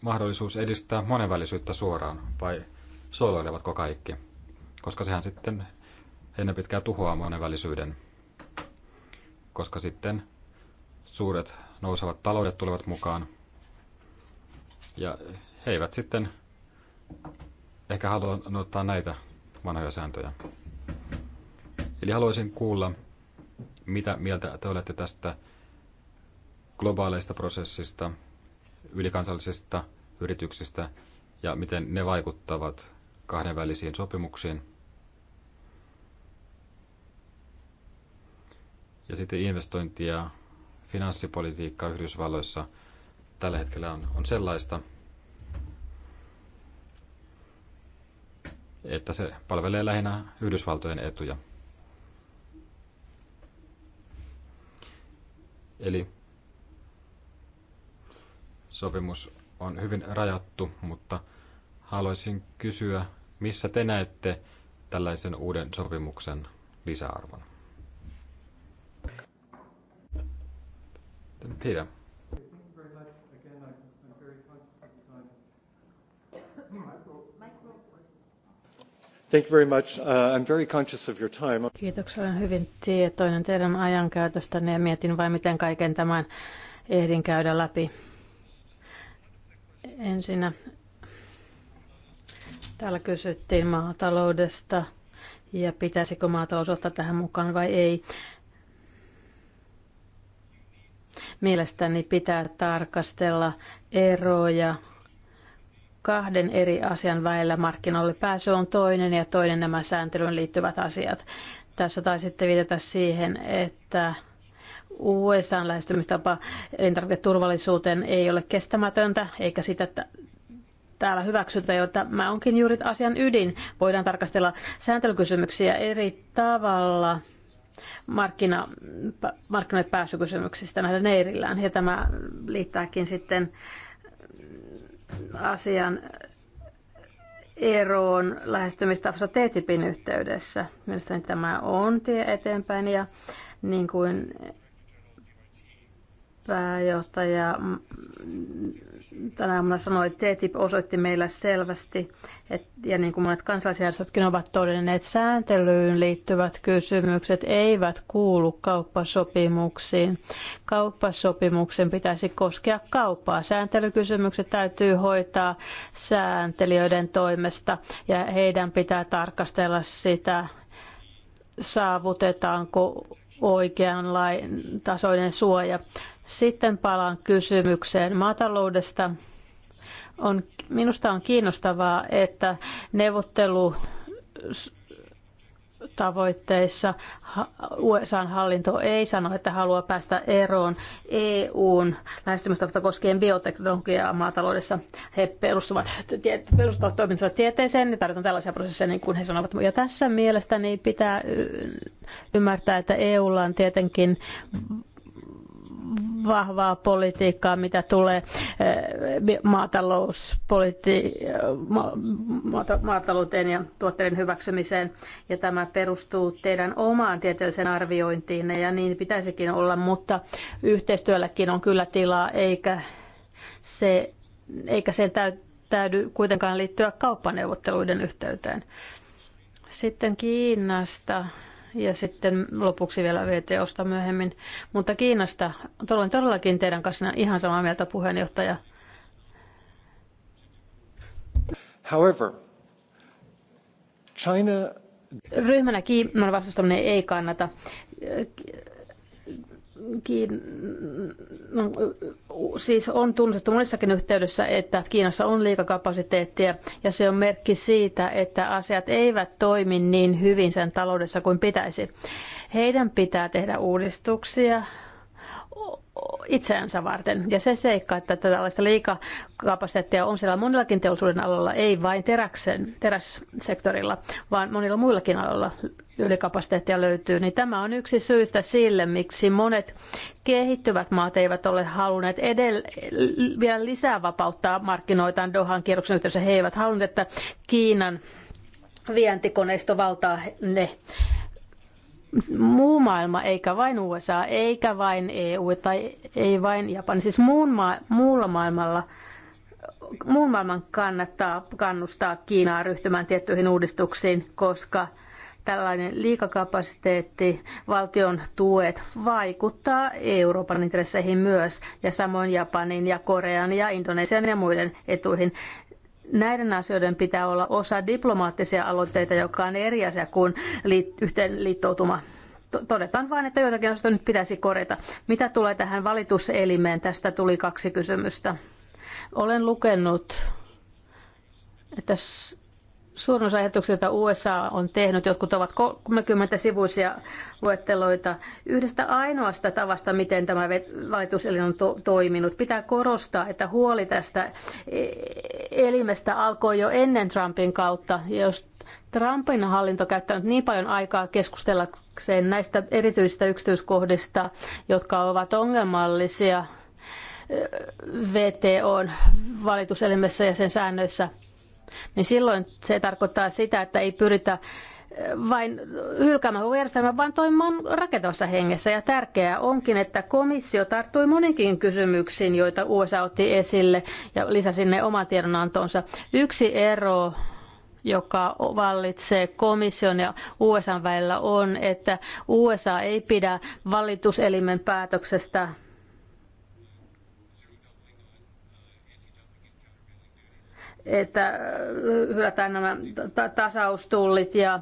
mahdollisuus edistää monenvälisyyttä suoraan vai sooloilevatko kaikki? Koska sehän sitten ennen pitkää tuhoaa monenvälisyyden. Koska sitten suuret nousevat taloudet tulevat mukaan. Ja he eivät sitten ehkä halua noittaa näitä vanhoja sääntöjä. Eli haluaisin kuulla, mitä mieltä te olette tästä globaaleista prosessista, ylikansallisista yrityksistä ja miten ne vaikuttavat kahdenvälisiin sopimuksiin. Ja sitten investointia finanssipolitiikka Yhdysvalloissa tällä hetkellä on, on sellaista, että se palvelee lähinnä Yhdysvaltojen etuja. Eli sopimus on hyvin rajattu, mutta haluaisin kysyä, missä te näette tällaisen uuden sopimuksen lisäarvon? then Peter. Thank you very much. Uh, I'm very conscious of your time. Kiitoksia. Olen hyvin tietoinen teidän ajankäytöstänne ja mietin vain, miten kaiken tämän ehdin käydä läpi. Ensinnä täällä kysyttiin maataloudesta ja pitäisikö maatalous ottaa tähän mukaan vai ei. Mielestäni pitää tarkastella eroja kahden eri asian välillä. Markkinoille pääsy on toinen ja toinen nämä sääntelyyn liittyvät asiat. Tässä taisitte viitata siihen, että USAn lähestymistapa elintarviketurvallisuuteen ei ole kestämätöntä, eikä sitä täällä hyväksytä, jo tämä onkin juuri asian ydin. Voidaan tarkastella sääntelykysymyksiä eri tavalla markkina, markkinoit pääsykysymyksistä näiden neirillään, Ja tämä liittääkin sitten asian eroon lähestymistavassa TTIPin yhteydessä. Mielestäni tämä on tie eteenpäin ja niin kuin pääjohtaja tänä aamuna sanoi, TTIP osoitti meillä selvästi, et, ja niin kuin monet kansalaisjärjestötkin ovat todenneet, sääntelyyn liittyvät kysymykset eivät kuulu kauppasopimuksiin. Kauppasopimuksen pitäisi koskea kauppaa. Sääntelykysymykset täytyy hoitaa sääntelijöiden toimesta, ja heidän pitää tarkastella sitä, saavutetaanko oikeanlainen tasoinen suoja. Sitten palaan kysymykseen maataloudesta. On, minusta on kiinnostavaa, että neuvottelu tavoitteissa. usa hallinto ei sano, että haluaa päästä eroon EUn lähestymistavasta koskien bioteknologiaa maataloudessa. He perustuvat, perustuvat toimintansa tieteeseen ja niin tarvitaan tällaisia prosesseja, niin kuin he sanovat. Ja tässä mielestäni pitää ymmärtää, että EUlla on tietenkin vahvaa politiikkaa, mitä tulee eh, maatalouspoliti- maatalouteen ja tuotteiden hyväksymiseen. Ja tämä perustuu teidän omaan tieteelliseen arviointiinne ja niin pitäisikin olla, mutta yhteistyölläkin on kyllä tilaa, eikä se, eikä se täydy kuitenkaan liittyä kauppaneuvotteluiden yhteyteen. Sitten Kiinasta ja sitten lopuksi vielä VTOsta myöhemmin. Mutta Kiinasta olen todellakin teidän kanssa ihan samaa mieltä puheenjohtaja. However, China... Ryhmänä Kiinan vastustaminen ei kannata. Kiin... No, siis on tunnustettu monissakin yhteydessä, että Kiinassa on liikakapasiteettia ja se on merkki siitä, että asiat eivät toimi niin hyvin sen taloudessa kuin pitäisi. Heidän pitää tehdä uudistuksia, itseänsä varten. Ja se seikka, että tällaista liikakapasiteettia on siellä monillakin teollisuuden alalla, ei vain teräksen, terässektorilla, vaan monilla muillakin aloilla ylikapasiteettia löytyy, niin tämä on yksi syystä sille, miksi monet kehittyvät maat eivät ole halunneet edell- vielä lisää vapauttaa markkinoitaan Dohan kierroksen yhteydessä. He eivät halunneet, että Kiinan vientikoneisto valtaa ne muu maailma, eikä vain USA, eikä vain EU tai ei vain Japani. Siis muun ma muulla maailmalla muun maailman kannattaa kannustaa Kiinaa ryhtymään tiettyihin uudistuksiin, koska tällainen liikakapasiteetti, valtion tuet vaikuttaa Euroopan intresseihin myös ja samoin Japanin ja Korean ja Indonesian ja muiden etuihin näiden asioiden pitää olla osa diplomaattisia aloitteita, jotka on eri asia kuin liit- yhteen liittoutuma. Todetaan vain, että joitakin asioita nyt pitäisi korjata. Mitä tulee tähän valituselimeen? Tästä tuli kaksi kysymystä. Olen lukenut, että Suurin osa joita USA on tehnyt, jotkut ovat 30 sivuisia luetteloita yhdestä ainoasta tavasta, miten tämä valituselin on to- toiminut. Pitää korostaa, että huoli tästä e- elimestä alkoi jo ennen Trumpin kautta. Ja jos Trumpin hallinto käyttänyt niin paljon aikaa keskustellakseen näistä erityisistä yksityiskohdista, jotka ovat ongelmallisia e- VTOn valituselimessä ja sen säännöissä – niin silloin se tarkoittaa sitä, että ei pyritä äh, vain hylkäämään koko järjestelmä, vaan toimimaan rakentavassa hengessä. Ja tärkeää onkin, että komissio tarttui moninkin kysymyksiin, joita USA otti esille ja lisäsi ne oman tiedonantonsa. Yksi ero joka vallitsee komission ja USA välillä on, että USA ei pidä valituselimen päätöksestä että hylätään nämä tasaustullit ja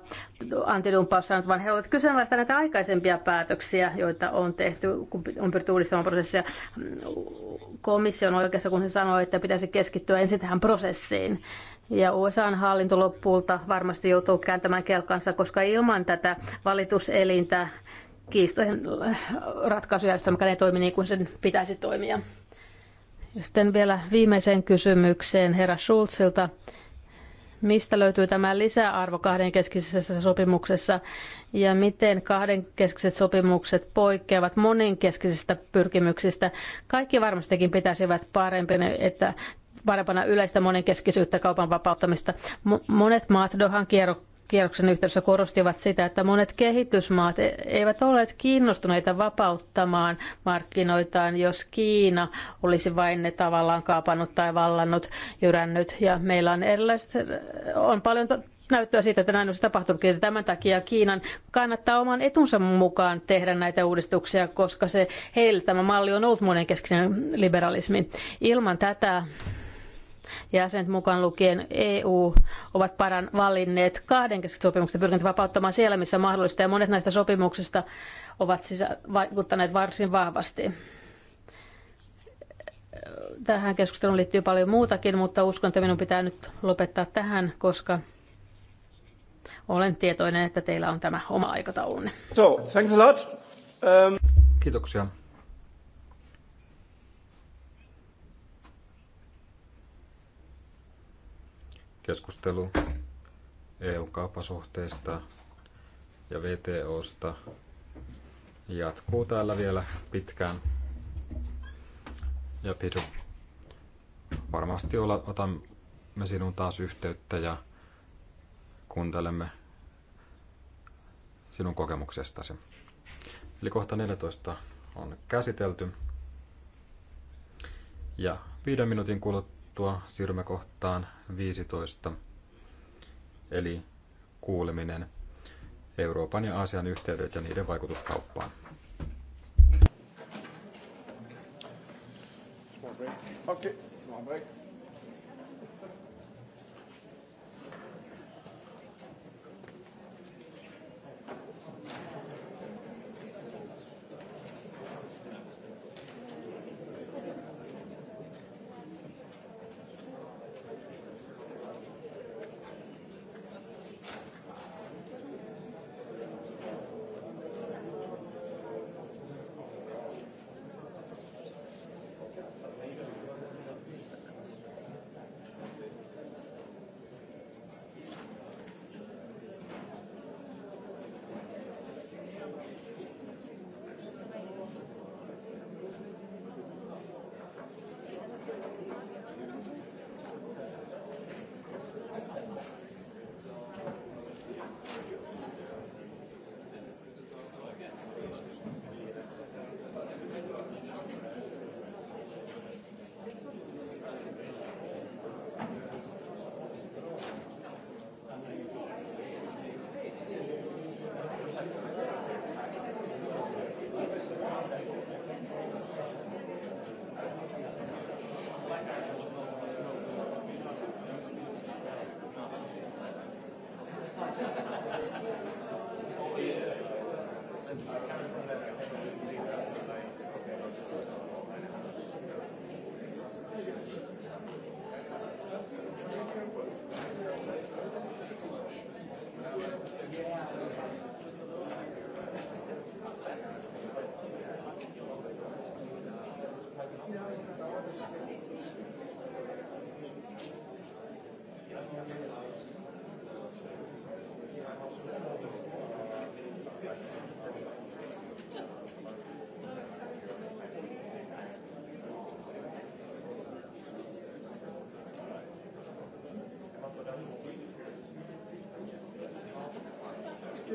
antidumppaussäännöt, vaan he ovat kyseenalaista näitä aikaisempia päätöksiä, joita on tehty, kun on pyritty uudistamaan prosessia. Komissio on oikeassa, kun se sanoi, että pitäisi keskittyä ensin tähän prosessiin. Ja USAn hallinto lopulta varmasti joutuu kääntämään kelkansa, koska ilman tätä valituselintä kiistojen ratkaisujärjestelmä ei toimi niin kuin sen pitäisi toimia. Sitten vielä viimeiseen kysymykseen herra Schulzilta. Mistä löytyy tämä lisäarvo kahdenkeskisessä sopimuksessa ja miten kahdenkeskiset sopimukset poikkeavat moninkeskisistä pyrkimyksistä? Kaikki varmastikin pitäisivät parempina, että parempana yleistä monenkeskisyyttä kaupan vapauttamista. Monet maat Dohan kierroksen yhteydessä korostivat sitä, että monet kehitysmaat e- eivät olleet kiinnostuneita vapauttamaan markkinoitaan, jos Kiina olisi vain ne tavallaan kaapannut tai vallannut, jyrännyt. Ja meillä on erilaiset, on paljon näyttöä siitä, että näin olisi tapahtunutkin. Tämän takia Kiinan kannattaa oman etunsa mukaan tehdä näitä uudistuksia, koska se heille tämä malli on ollut monenkeskinen liberalismi. Ilman tätä jäsenet mukaan lukien EU ovat paran valinneet kahdenkeskiset sopimukset ja pyrkineet vapauttamaan siellä, missä mahdollista. Ja monet näistä sopimuksista ovat sisä- vaikuttaneet varsin vahvasti. Tähän keskusteluun liittyy paljon muutakin, mutta uskon, että minun pitää nyt lopettaa tähän, koska olen tietoinen, että teillä on tämä oma aikataulunne. So, thanks a lot. Um... Kiitoksia. keskustelu EU-kauppasuhteista ja VTOsta jatkuu täällä vielä pitkään. Ja Pidu, varmasti otamme sinun taas yhteyttä ja kuuntelemme sinun kokemuksestasi. Eli kohta 14 on käsitelty. Ja viiden minuutin kuluttua kuluttua siirrymme kohtaan 15, eli kuuleminen Euroopan ja Aasian yhteydet ja niiden vaikutuskauppaan. Okay.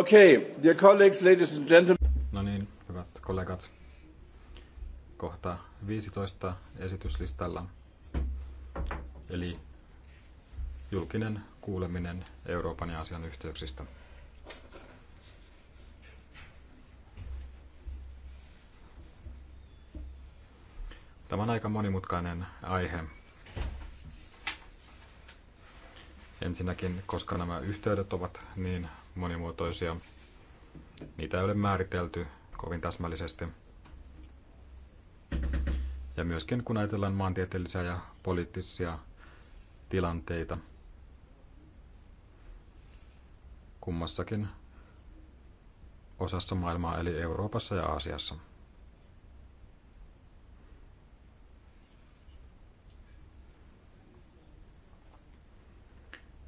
Okay, dear colleagues, ladies and gentlemen. No niin, hyvät kollegat. Kohta 15 esityslistalla. Eli julkinen kuuleminen Euroopan ja asian yhteyksistä. Tämä on aika monimutkainen aihe. Ensinnäkin, koska nämä yhteydet ovat niin monimuotoisia. Niitä ei ole määritelty kovin täsmällisesti. Ja myöskin kun ajatellaan maantieteellisiä ja poliittisia tilanteita, kummassakin osassa maailmaa, eli Euroopassa ja Aasiassa.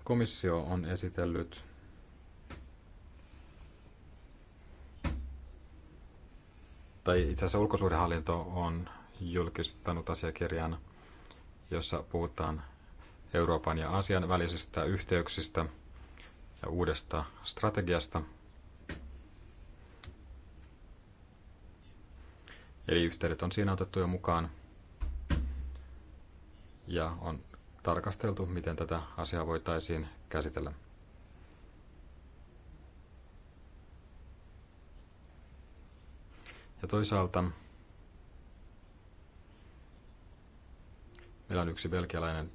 Komissio on esitellyt tai itse asiassa ulkosuhdehallinto on julkistanut asiakirjan, jossa puhutaan Euroopan ja Aasian välisistä yhteyksistä ja uudesta strategiasta. Eli yhteydet on siinä otettu jo mukaan ja on tarkasteltu, miten tätä asiaa voitaisiin käsitellä. Ja toisaalta meillä on yksi belgialainen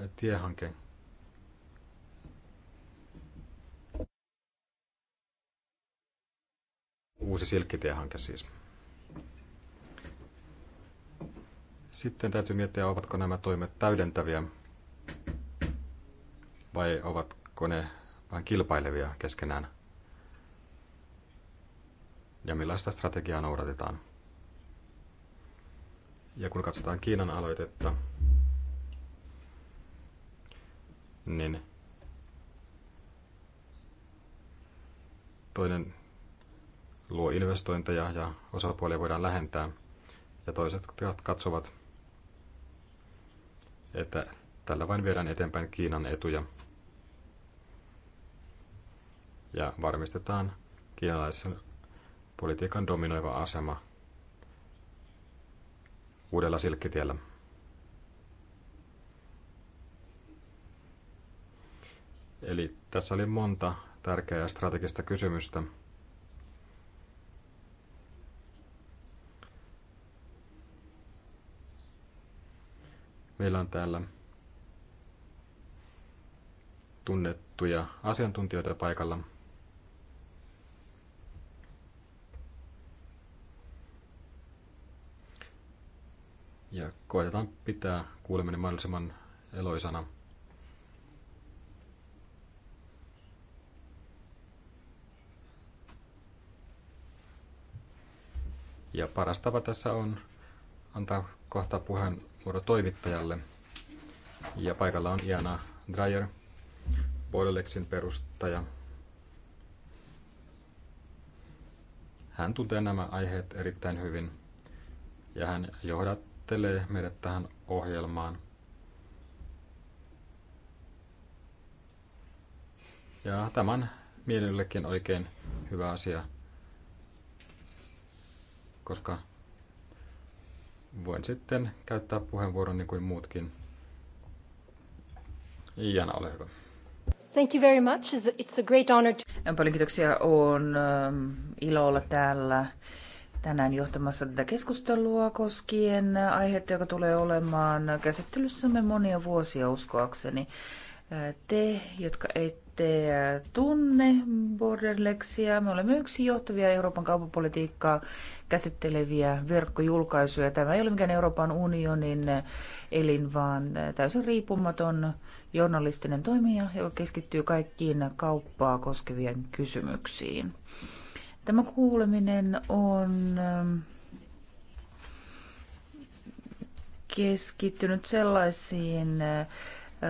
äh, tiehanke, uusi silkkitiehanke siis. Sitten täytyy miettiä, ovatko nämä toimet täydentäviä vai ovatko ne vähän kilpailevia keskenään ja millaista strategiaa noudatetaan. Ja kun katsotaan Kiinan aloitetta, niin toinen luo investointeja ja osapuolia voidaan lähentää, ja toiset katsovat, että tällä vain viedään eteenpäin Kiinan etuja ja varmistetaan kiinalaisen politiikan dominoiva asema uudella silkkitiellä. Eli tässä oli monta tärkeää strategista kysymystä. Meillä on täällä tunnettuja asiantuntijoita paikalla. ja koetetaan pitää kuuleminen mahdollisimman eloisana. Ja paras tapa tässä on antaa kohta puheenvuoro toimittajalle. Ja paikalla on Iana Dreyer, Boilerlexin perustaja. Hän tuntee nämä aiheet erittäin hyvin ja hän johdat, houkuttelee meidät tähän ohjelmaan. Ja tämän mielellekin oikein hyvä asia, koska voin sitten käyttää puheenvuoron niin kuin muutkin. Iana, ole hyvä. Thank you very much. It's a great honor to... Paljon kiitoksia. On ähm, ilo olla täällä tänään johtamassa tätä keskustelua koskien aihetta, joka tulee olemaan käsittelyssämme monia vuosia uskoakseni. Te, jotka ette tunne Borderlexia, me olemme yksi johtavia Euroopan kaupapolitiikkaa käsitteleviä verkkojulkaisuja. Tämä ei ole mikään Euroopan unionin elin, vaan täysin riippumaton journalistinen toimija, joka keskittyy kaikkiin kauppaa koskevien kysymyksiin. Tämä kuuleminen on ähm, keskittynyt sellaisiin äh,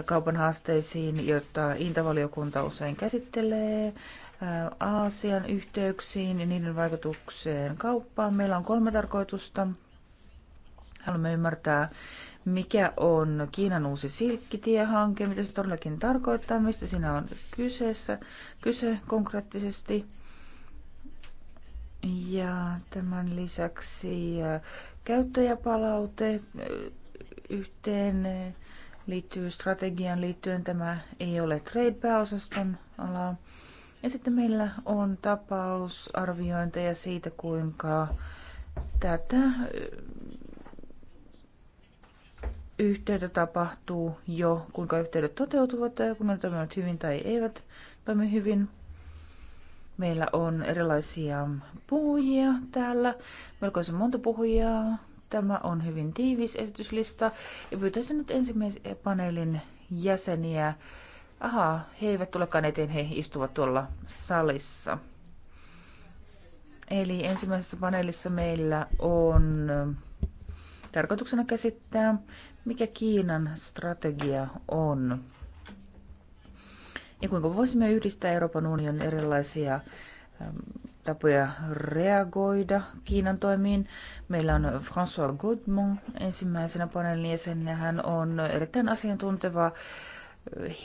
kaupan haasteisiin, joita Intavaliokunta usein käsittelee, äh, Aasian yhteyksiin ja niiden vaikutukseen kauppaan. Meillä on kolme tarkoitusta. Haluamme ymmärtää, mikä on Kiinan uusi silkkitiehanke, mitä se todellakin tarkoittaa, mistä siinä on kyseessä, kyse konkreettisesti – ja tämän lisäksi äh, käyttäjäpalaute äh, yhteen äh, liittyy strategian liittyen. Tämä ei ole trade-pääosaston alaa. Ja sitten meillä on tapausarviointeja siitä, kuinka tätä yhteyttä tapahtuu jo, kuinka yhteydet toteutuvat, kuinka ne toimivat hyvin tai eivät toimi hyvin. Meillä on erilaisia puhujia täällä, melkoisen monta puhujaa. Tämä on hyvin tiivis esityslista. Ja pyytäisin nyt ensimmäisen paneelin jäseniä. Aha, he eivät tulekaan eteen, he istuvat tuolla salissa. Eli ensimmäisessä paneelissa meillä on tarkoituksena käsittää, mikä Kiinan strategia on ja kuinka voisimme yhdistää Euroopan unionin erilaisia tapoja reagoida Kiinan toimiin. Meillä on François Godmon ensimmäisenä paneelin jäsenenä. Hän on erittäin asiantunteva äh,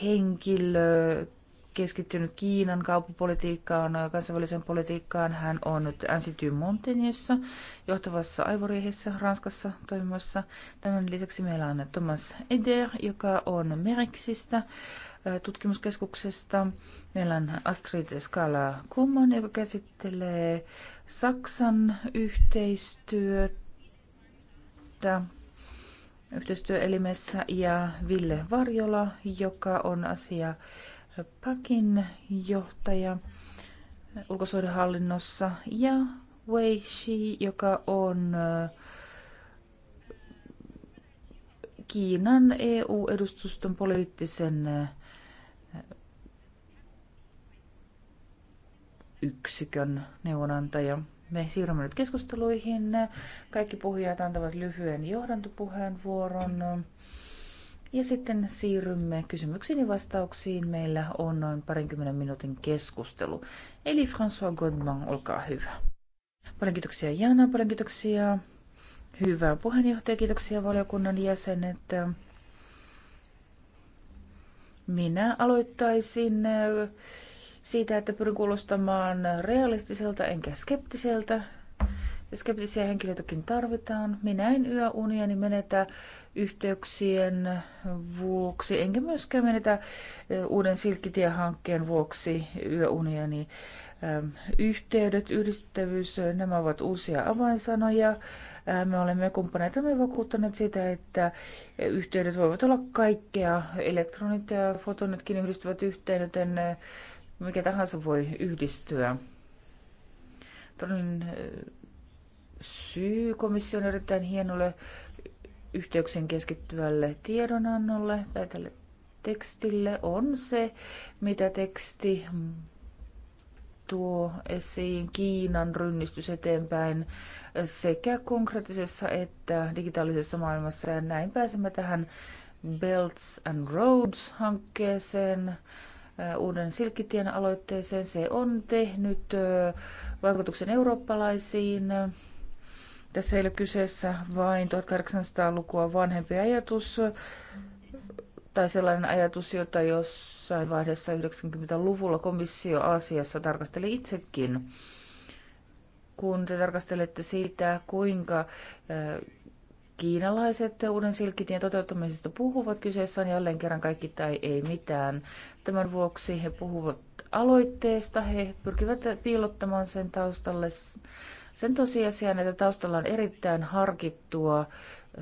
henkilö, keskittynyt Kiinan kauppapolitiikkaan, kansainväliseen politiikkaan. Hän on nyt Ansity Montaigneissa, johtavassa aivoriehessä Ranskassa toimimassa. Tämän lisäksi meillä on Thomas Eder, joka on Merexistä tutkimuskeskuksesta. Meillä on Astrid Skala Kumman, joka käsittelee Saksan yhteistyötä yhteistyöelimessä ja Ville Varjola, joka on asia PAKin johtaja ulkosuhdehallinnossa ja Wei Shi, joka on Kiinan EU-edustuston poliittisen yksikön neuvonantaja. Me siirrymme nyt keskusteluihin. Kaikki puhujat antavat lyhyen johdantopuheenvuoron. Ja sitten siirrymme kysymyksiin ja vastauksiin. Meillä on noin parinkymmenen minuutin keskustelu. Eli François Godman, olkaa hyvä. Paljon kiitoksia Jana, paljon kiitoksia hyvää puheenjohtaja, kiitoksia valiokunnan jäsenet. Minä aloittaisin siitä, että pyrin kuulostamaan realistiselta enkä skeptiseltä. Skeptisiä henkilöitäkin tarvitaan. Minä en niin menetä yhteyksien vuoksi, enkä myöskään menetä uuden silkkitiehankkeen vuoksi yöuniani. Yhteydet, yhdistettävyys, nämä ovat uusia avainsanoja. Me olemme kumppaneitamme vakuuttaneet sitä, että yhteydet voivat olla kaikkea. Elektronit ja fotonitkin yhdistyvät yhteen, joten mikä tahansa voi yhdistyä. Todellinen syy komission erittäin hienolle yhteyksen keskittyvälle tiedonannolle tai tälle tekstille on se, mitä teksti tuo esiin Kiinan rynnistys eteenpäin sekä konkreettisessa että digitaalisessa maailmassa. Ja näin pääsemme tähän Belts and Roads-hankkeeseen, uuden Silkkitien aloitteeseen. Se on tehnyt vaikutuksen eurooppalaisiin. Tässä ei ole kyseessä vain 1800-lukua vanhempi ajatus tai sellainen ajatus, jota jossain vaiheessa 90-luvulla komissio Aasiassa tarkasteli itsekin. Kun te tarkastelette siitä, kuinka kiinalaiset uuden silkkitien toteuttamisesta puhuvat. Kyseessä on jälleen kerran kaikki tai ei mitään. Tämän vuoksi he puhuvat aloitteesta. He pyrkivät piilottamaan sen taustalle sen tosiasian, että taustalla on erittäin harkittua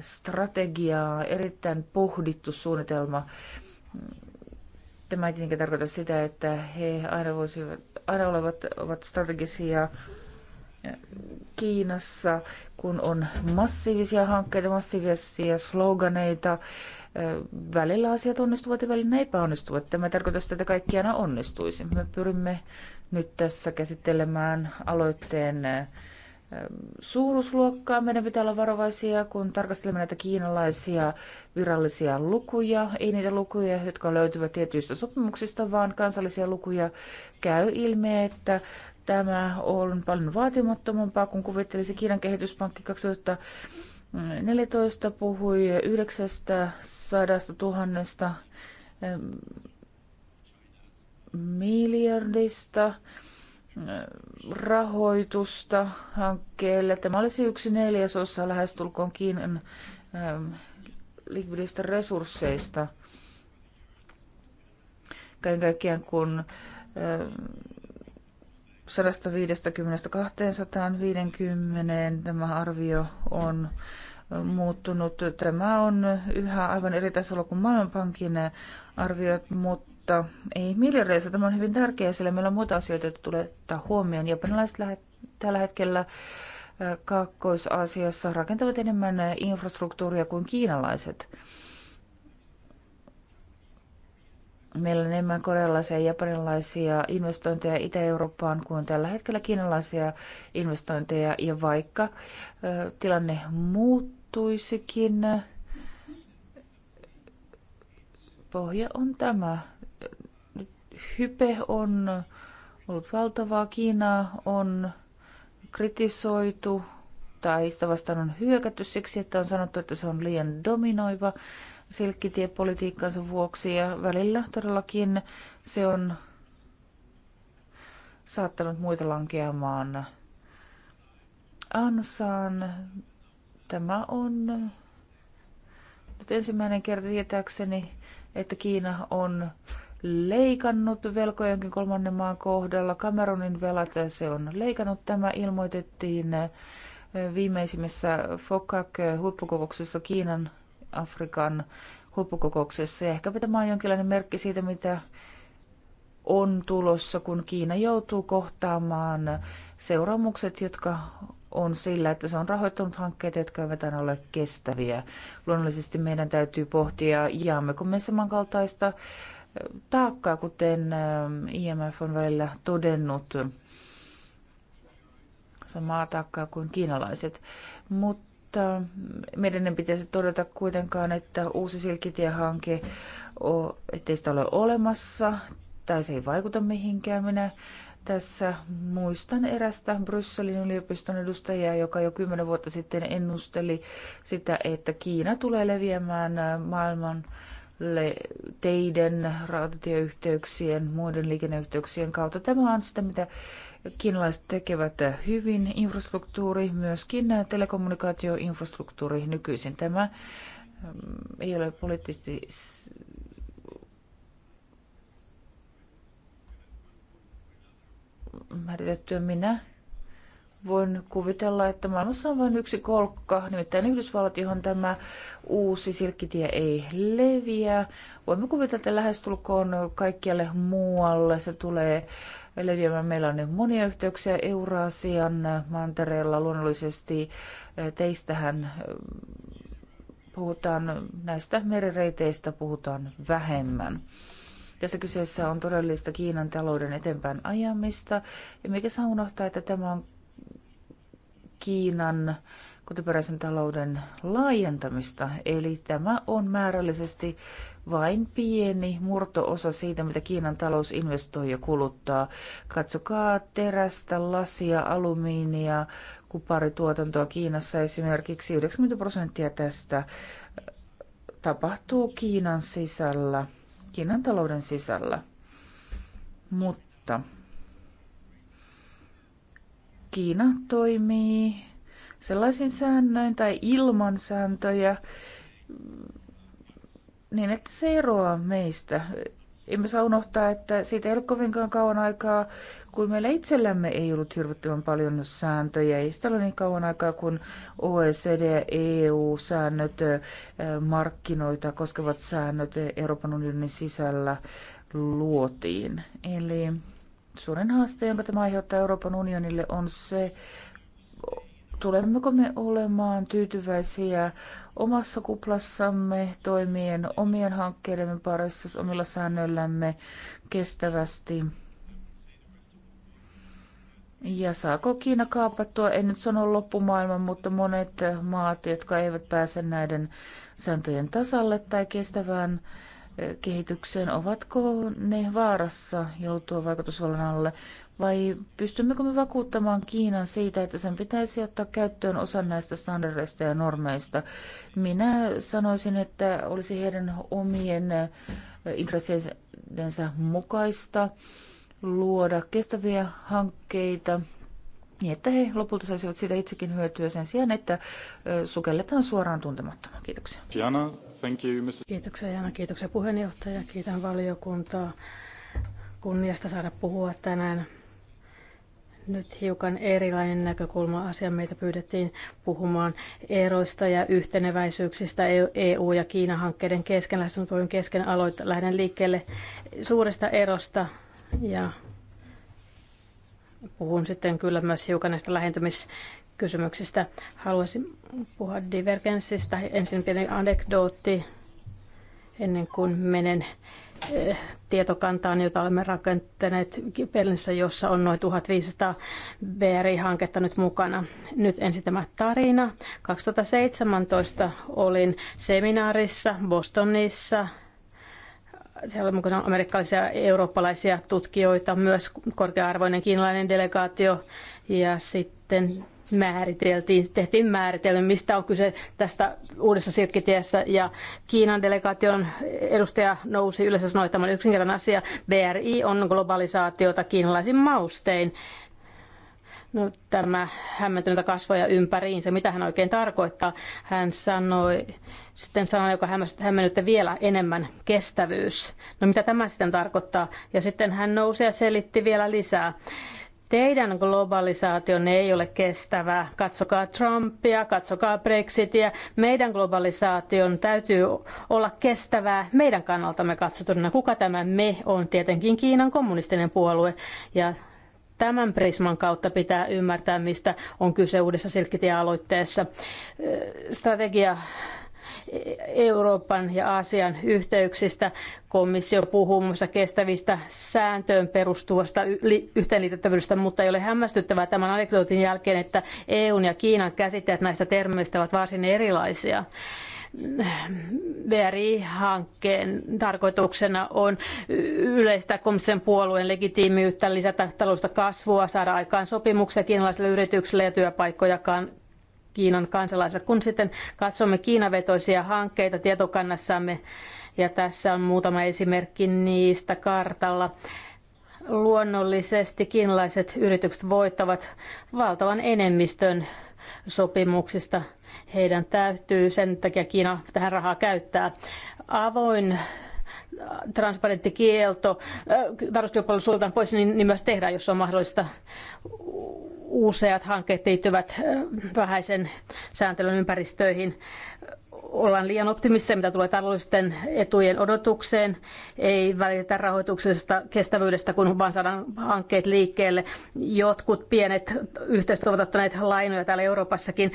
strategiaa, erittäin pohdittu suunnitelma. Tämä ei tietenkään tarkoita sitä, että he aina, voisivat, aina olevat, ovat strategisia Kiinassa, kun on massiivisia hankkeita, massiivisia sloganeita, välillä asiat onnistuvat ja välillä epäonnistuvat. Tämä tarkoittaa sitä, että kaikki aina onnistuisi. Me pyrimme nyt tässä käsittelemään aloitteen suuruusluokkaa. Meidän pitää olla varovaisia, kun tarkastelemme näitä kiinalaisia virallisia lukuja. Ei niitä lukuja, jotka löytyvät tietyistä sopimuksista, vaan kansallisia lukuja. Käy ilmi, että Tämä on paljon vaatimattomampaa, kun kuvittelisi Kiinan kehityspankki 2014 puhui 900 000 miljardista rahoitusta hankkeelle. Tämä olisi yksi neljäsosa lähestulkoon Kiinan likvidistä resursseista. Kaiken kaikkiaan kun 150-250 tämä arvio on muuttunut. Tämä on yhä aivan eri tasolla kuin Maailmanpankin arviot, mutta ei miljardeissa. Tämä on hyvin tärkeää, sillä meillä on muita asioita, joita tulee ottaa huomioon. Japanilaiset tällä hetkellä Kaakkois-Aasiassa rakentavat enemmän infrastruktuuria kuin kiinalaiset meillä on enemmän korealaisia ja japanilaisia investointeja Itä-Eurooppaan kuin tällä hetkellä kiinalaisia investointeja. Ja vaikka tilanne muuttuisikin, pohja on tämä. Hype on ollut valtavaa. Kiina on kritisoitu tai sitä vastaan on hyökätty siksi, että on sanottu, että se on liian dominoiva silkkitiepolitiikkansa vuoksi ja välillä todellakin se on saattanut muita lankeamaan ansaan. Tämä on nyt ensimmäinen kerta tietääkseni, että Kiina on leikannut velkoja jonkin kolmannen maan kohdalla. Kamerunin velat se on leikannut. Tämä ilmoitettiin viimeisimmässä FOCAC-huippukokouksessa Kiinan Afrikan huippukokouksessa. Ja ehkä tämä on jonkinlainen merkki siitä, mitä on tulossa, kun Kiina joutuu kohtaamaan seuraamukset, jotka on sillä, että se on rahoittanut hankkeita, jotka eivät aina ole kestäviä. Luonnollisesti meidän täytyy pohtia, jaammeko me samankaltaista taakkaa, kuten IMF on välillä todennut, samaa taakkaa kuin kiinalaiset. Mutta mutta meidän ei pitäisi todeta kuitenkaan, että uusi silkkitiehanke, ettei sitä ole olemassa tai se ei vaikuta mihinkään. Minä tässä muistan erästä Brysselin yliopiston edustajaa, joka jo kymmenen vuotta sitten ennusteli sitä, että Kiina tulee leviämään maailman teiden, rautatieyhteyksien, muiden liikenneyhteyksien kautta. Tämä on sitä, mitä kiinalaiset tekevät hyvin. Infrastruktuuri, myöskin telekommunikaatioinfrastruktuuri nykyisin. Tämä mm, ei ole poliittisesti määritettyä minä voin kuvitella, että maailmassa on vain yksi kolkka, nimittäin Yhdysvallat, johon tämä uusi silkkitie ei leviä. Voimme kuvitella, että lähestulkoon kaikkialle muualle se tulee leviämään. Meillä on monia yhteyksiä Euraasian mantereella luonnollisesti. Eh, teistähän eh, puhutaan, näistä merireiteistä puhutaan vähemmän. Tässä kyseessä on todellista Kiinan talouden eteenpäin ajamista, ja mikä saa unohtaa, että tämä on Kiinan kotiperäisen talouden laajentamista. Eli tämä on määrällisesti vain pieni murtoosa siitä, mitä Kiinan talous investoi ja kuluttaa. Katsokaa terästä, lasia, alumiinia, kuparituotantoa Kiinassa esimerkiksi 90 prosenttia tästä tapahtuu Kiinan sisällä, Kiinan talouden sisällä. Mutta Kiina toimii sellaisin säännöin tai ilman sääntöjä niin, että se eroaa meistä. Emme saa unohtaa, että siitä ei ole kovinkaan kauan aikaa, kun meillä itsellämme ei ollut hirvittävän paljon sääntöjä. Ei sitä ole niin kauan aikaa, kun OECD ja EU-säännöt, markkinoita koskevat säännöt Euroopan unionin sisällä luotiin. Eli suurin haaste, jonka tämä aiheuttaa Euroopan unionille, on se, tulemmeko me olemaan tyytyväisiä omassa kuplassamme toimien omien hankkeidemme parissa omilla säännöillämme kestävästi. Ja saako Kiina kaapattua, en nyt sano loppumaailman, mutta monet maat, jotka eivät pääse näiden sääntöjen tasalle tai kestävään kehitykseen, ovatko ne vaarassa joutua vaikutusvallan alle, vai pystymmekö me vakuuttamaan Kiinan siitä, että sen pitäisi ottaa käyttöön osa näistä standardeista ja normeista? Minä sanoisin, että olisi heidän omien äh, intressiensä mukaista luoda kestäviä hankkeita, niin että he lopulta saisivat siitä itsekin hyötyä sen sijaan, että äh, sukelletaan suoraan tuntemattomaan. Kiitoksia. Thank you, Mr. Kiitoksia Jana, kiitoksia puheenjohtaja, kiitän valiokuntaa kunniasta saada puhua tänään. Nyt hiukan erilainen näkökulma asia. Meitä pyydettiin puhumaan eroista ja yhteneväisyyksistä EU- e ja Kiina-hankkeiden kesken. Lähdin kesken aloit, lähden liikkeelle suuresta erosta ja puhun sitten kyllä myös hiukan näistä lähentymis- kysymyksistä. Haluaisin puhua divergenssistä. Ensin pieni anekdootti ennen kuin menen eh, tietokantaan, jota olemme rakentaneet Berliinissä, jossa on noin 1500 BRI-hanketta nyt mukana. Nyt ensin tämä tarina. 2017 olin seminaarissa Bostonissa. Siellä oli amerikkalaisia ja eurooppalaisia tutkijoita, myös korkea-arvoinen kiinalainen delegaatio ja sitten määriteltiin, tehtiin määritelmä, mistä on kyse tästä uudessa sirkkitiessä. Ja Kiinan delegaation edustaja nousi yleensä sanoi, että tämä yksinkertainen asia. BRI on globalisaatiota kiinalaisin maustein. No, tämä hämmentynyt kasvoja ympäriinsä, mitä hän oikein tarkoittaa. Hän sanoi, sitten sanoi, joka hämmennyttä vielä enemmän, kestävyys. No mitä tämä sitten tarkoittaa? Ja sitten hän nousi ja selitti vielä lisää. Teidän globalisaation ei ole kestävää. Katsokaa Trumpia, katsokaa Brexitia. Meidän globalisaation täytyy olla kestävää meidän kannaltamme katsotuna. Kuka tämä me on? Tietenkin Kiinan kommunistinen puolue. Ja tämän prisman kautta pitää ymmärtää, mistä on kyse uudessa Silkkitie-aloitteessa. Strategia Euroopan ja Aasian yhteyksistä. Komissio puhuu muun muassa kestävistä sääntöön perustuvasta yhteenliitettävyydestä, mutta ei ole hämmästyttävää tämän anekdootin jälkeen, että EUn ja Kiinan käsitteet näistä termeistä ovat varsin erilaisia. BRI-hankkeen tarkoituksena on yleistä komission puolueen legitiimiyttä, lisätä talousta kasvua, saada aikaan sopimuksia kiinalaisille yrityksille ja työpaikkoja Kiinan kansalaiset. Kun sitten katsomme Kiinavetoisia hankkeita tietokannassamme, ja tässä on muutama esimerkki niistä kartalla, luonnollisesti kiinalaiset yritykset voittavat valtavan enemmistön sopimuksista. Heidän täytyy sen takia Kiina tähän rahaa käyttää. Avoin transparentti kielto, tarjouskilpailun suljetaan pois, niin, niin myös tehdään, jos on mahdollista. Useat hankkeet liittyvät vähäisen sääntelyn ympäristöihin ollaan liian optimistisia, mitä tulee taloudellisten etujen odotukseen, ei välitetä rahoituksesta kestävyydestä, kun vaan saadaan hankkeet liikkeelle. Jotkut pienet yhteisöt ovat ottaneet lainoja täällä Euroopassakin,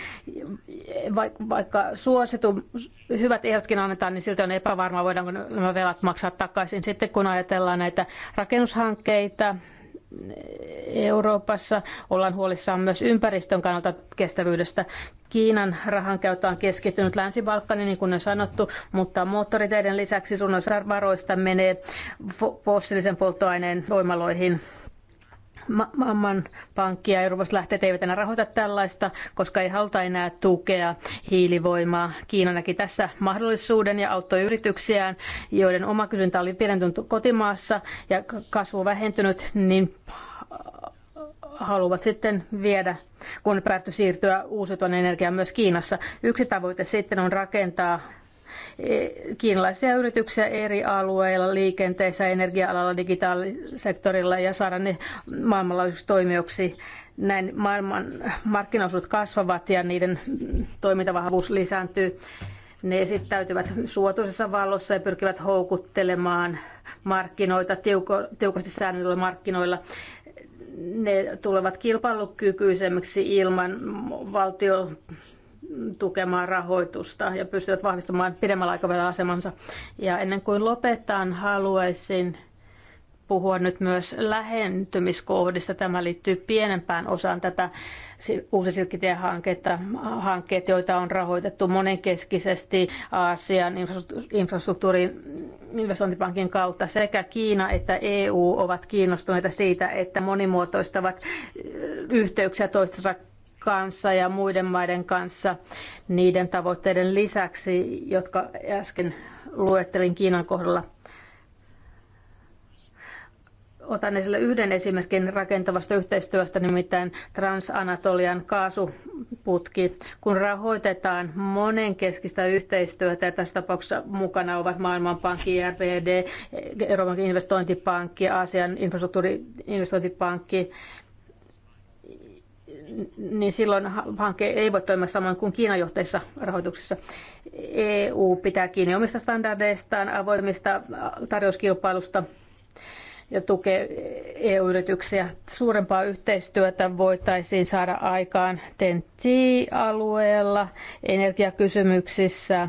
vaikka suositu hyvät ehdotkin annetaan, niin silti on epävarmaa, voidaanko nämä velat maksaa takaisin. Sitten kun ajatellaan näitä rakennushankkeita, Euroopassa. Ollaan huolissaan myös ympäristön kannalta kestävyydestä. Kiinan rahankäyttö on keskittynyt Länsi-Balkaniin, niin kuin on sanottu, mutta moottoriteiden lisäksi sun varoista menee fossiilisen polttoaineen voimaloihin maailman maailmanpankki ja Euroopassa lähteet eivät enää rahoita tällaista, koska ei haluta enää tukea hiilivoimaa. Kiina näki tässä mahdollisuuden ja auttoi yrityksiään, joiden oma kysyntä oli pienentynyt kotimaassa ja kasvu vähentynyt, niin haluavat sitten viedä, kun päätty siirtyä uusiutuvan energiaan myös Kiinassa. Yksi tavoite sitten on rakentaa kiinalaisia yrityksiä eri alueilla, liikenteessä, energia-alalla, digitaalisektorilla ja saada ne maailmanlaajuisiksi toimijoiksi. Näin maailman markkinaosuudet kasvavat ja niiden toimintavahvuus lisääntyy. Ne esittäytyvät suotuisessa vallossa ja pyrkivät houkuttelemaan markkinoita tiuko, tiukasti säännöillä markkinoilla ne tulevat kilpailukykyisemmiksi ilman valtio tukemaan rahoitusta ja pystyvät vahvistamaan pidemmällä aikavälillä asemansa. Ja ennen kuin lopetan, haluaisin puhua nyt myös lähentymiskohdista. Tämä liittyy pienempään osaan tätä Uusi Silkkitien-hanketta, hankkeet, joita on rahoitettu monenkeskisesti Aasian infrastruktuurin investointipankin kautta. Sekä Kiina että EU ovat kiinnostuneita siitä, että monimuotoistavat yhteyksiä toistensa kanssa ja muiden maiden kanssa niiden tavoitteiden lisäksi, jotka äsken luettelin Kiinan kohdalla. Otan esille yhden esimerkin rakentavasta yhteistyöstä, nimittäin Transanatolian kaasuputki. Kun rahoitetaan monenkeskistä yhteistyötä, ja tässä tapauksessa mukana ovat Maailmanpankki, RVD, Euroopan investointipankki, Aasian infrastruktuuriinvestointipankki, niin silloin hanke ei voi toimia samoin kuin Kiinan johteissa rahoituksissa. EU pitää kiinni omista standardeistaan, avoimista tarjouskilpailusta ja tukee EU-yrityksiä. Suurempaa yhteistyötä voitaisiin saada aikaan ten alueella energiakysymyksissä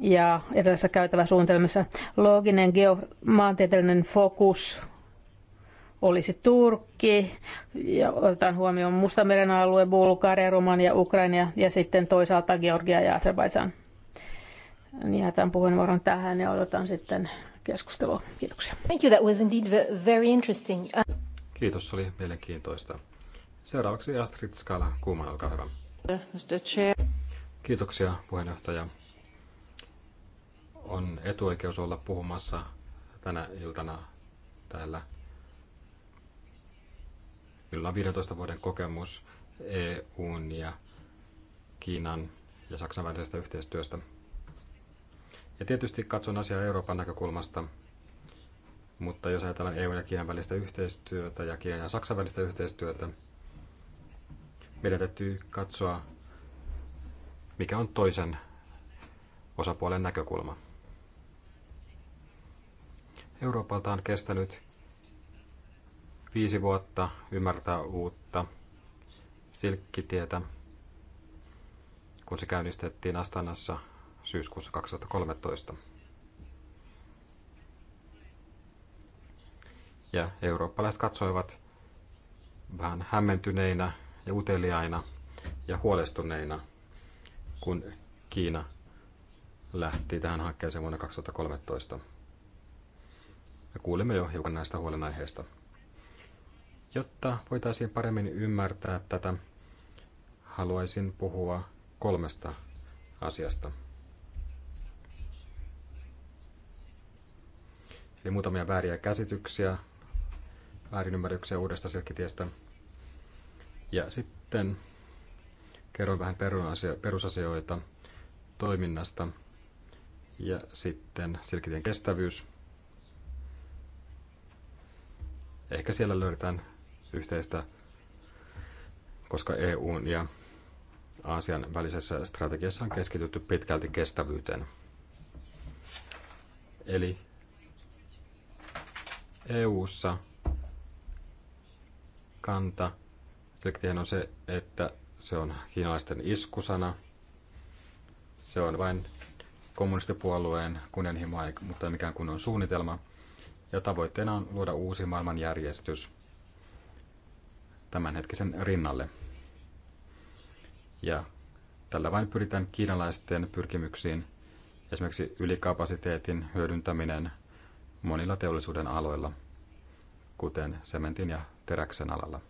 ja erilaisissa käytävä suunnitelmissa. Looginen geomaantieteellinen fokus olisi Turkki, ja otetaan huomioon Mustameren alue, Bulgaria, Romania, Ukraina ja sitten toisaalta Georgia ja Azerbaidžan. Niin jätän puheenvuoron tähän ja odotan sitten keskustelua. Kiitoksia. Thank you, that was indeed very interesting. Uh, Kiitos, se oli mielenkiintoista. Seuraavaksi Astrid Skala, Kuuman, olkaa hyvä. Mr. Chair. Kiitoksia puheenjohtaja. On etuoikeus olla puhumassa tänä iltana täällä Minulla on 15 vuoden kokemus EUn ja Kiinan ja Saksan välisestä yhteistyöstä. Ja tietysti katson asiaa Euroopan näkökulmasta, mutta jos ajatellaan EUn ja Kiinan välistä yhteistyötä ja Kiinan ja Saksan välistä yhteistyötä, meidän täytyy katsoa, mikä on toisen osapuolen näkökulma. Euroopalta on kestänyt viisi vuotta ymmärtää uutta silkkitietä, kun se käynnistettiin Astanassa syyskuussa 2013. Ja eurooppalaiset katsoivat vähän hämmentyneinä ja uteliaina ja huolestuneina, kun Kiina lähti tähän hankkeeseen vuonna 2013. Me kuulimme jo hiukan näistä huolenaiheista. Jotta voitaisiin paremmin ymmärtää tätä, haluaisin puhua kolmesta asiasta. Eli muutamia vääriä käsityksiä, väärinymmärryksiä uudesta selkkitiestä. Ja sitten kerron vähän perusasioita toiminnasta ja sitten selkitien kestävyys. Ehkä siellä löydetään yhteistä, koska EUn ja Aasian välisessä strategiassa on keskitytty pitkälti kestävyyteen. Eli EUssa kanta sektihän on se, että se on kiinalaisten iskusana. Se on vain kommunistipuolueen kunnianhimoa, mutta mikään kunnon suunnitelma. Ja tavoitteena on luoda uusi maailmanjärjestys, tämänhetkisen rinnalle. Ja tällä vain pyritään kiinalaisten pyrkimyksiin, esimerkiksi ylikapasiteetin hyödyntäminen monilla teollisuuden aloilla, kuten sementin ja teräksen alalla.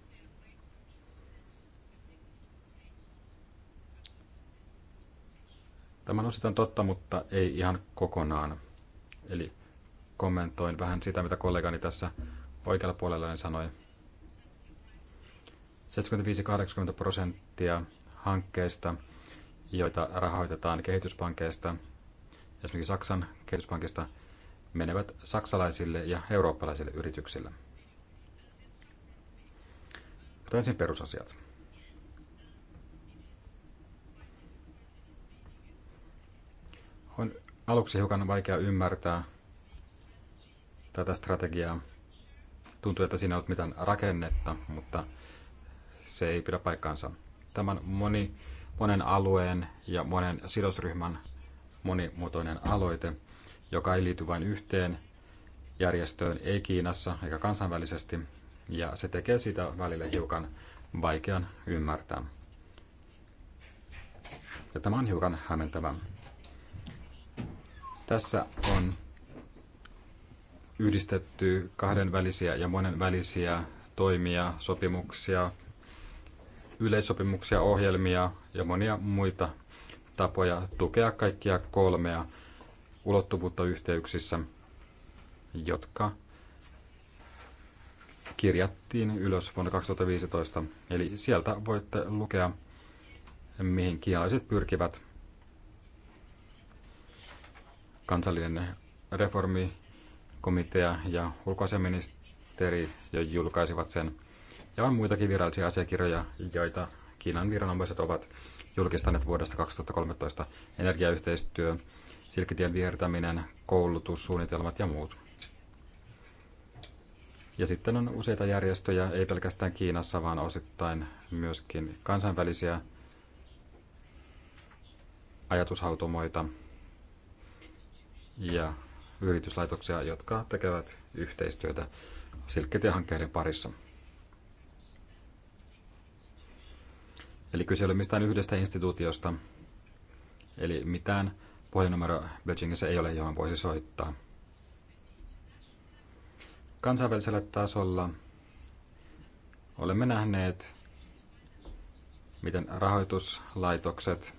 Tämä on sitten totta, mutta ei ihan kokonaan. Eli kommentoin vähän sitä, mitä kollegani tässä oikealla puolellani niin sanoi. 75-80 prosenttia hankkeista, joita rahoitetaan kehityspankeista, esimerkiksi Saksan kehityspankista, menevät saksalaisille ja eurooppalaisille yrityksille. Mutta ensin perusasiat. On aluksi hiukan vaikea ymmärtää tätä strategiaa. Tuntuu, että siinä ei ollut mitään rakennetta, mutta se ei pidä paikkaansa. Tämän moni, monen alueen ja monen sidosryhmän monimuotoinen aloite, joka ei liity vain yhteen järjestöön, ei Kiinassa eikä kansainvälisesti, ja se tekee sitä välille hiukan vaikean ymmärtää. Ja tämä on hiukan hämmentävää. Tässä on yhdistetty kahdenvälisiä ja monenvälisiä toimia, sopimuksia, yleissopimuksia, ohjelmia ja monia muita tapoja tukea kaikkia kolmea ulottuvuutta yhteyksissä, jotka kirjattiin ylös vuonna 2015. Eli sieltä voitte lukea, mihin kiinalaiset pyrkivät. Kansallinen reformikomitea ja ulkoasiaministeri jo julkaisivat sen. Ja on muitakin virallisia asiakirjoja, joita Kiinan viranomaiset ovat julkistaneet vuodesta 2013 energiayhteistyö, silkkitien vihertäminen, koulutussuunnitelmat ja muut. Ja sitten on useita järjestöjä, ei pelkästään Kiinassa, vaan osittain myöskin kansainvälisiä ajatushautomoita ja yrityslaitoksia, jotka tekevät yhteistyötä silkkitiehankkeiden parissa. Eli kyse ei ole mistään yhdestä instituutiosta, eli mitään puhelinnumero Beijingissä ei ole, johon voisi soittaa. Kansainvälisellä tasolla olemme nähneet, miten rahoituslaitokset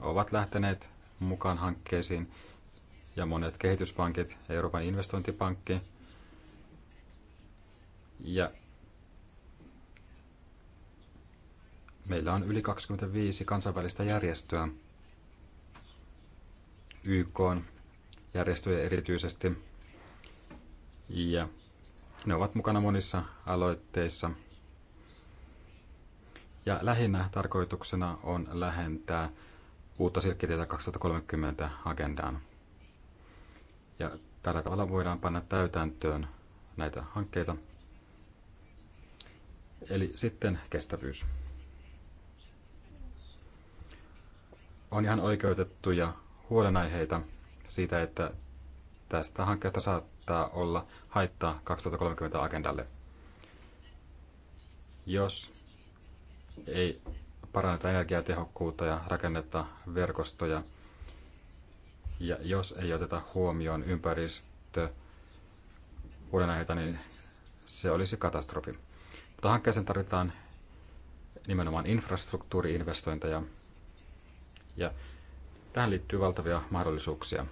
ovat lähteneet mukaan hankkeisiin ja monet kehityspankit, Euroopan investointipankki ja Meillä on yli 25 kansainvälistä järjestöä, YK järjestöjä erityisesti, ja ne ovat mukana monissa aloitteissa. Ja lähinnä tarkoituksena on lähentää uutta Silkkitietä 2030 agendaan. Ja tällä tavalla voidaan panna täytäntöön näitä hankkeita. Eli sitten kestävyys. on ihan oikeutettuja huolenaiheita siitä, että tästä hankkeesta saattaa olla haittaa 2030 agendalle. Jos ei paranneta energiatehokkuutta ja rakennetta verkostoja, ja jos ei oteta huomioon ympäristö huolenaiheita, niin se olisi katastrofi. Mutta hankkeeseen tarvitaan nimenomaan infrastruktuuriinvestointeja, ja tähän liittyy valtavia mahdollisuuksia.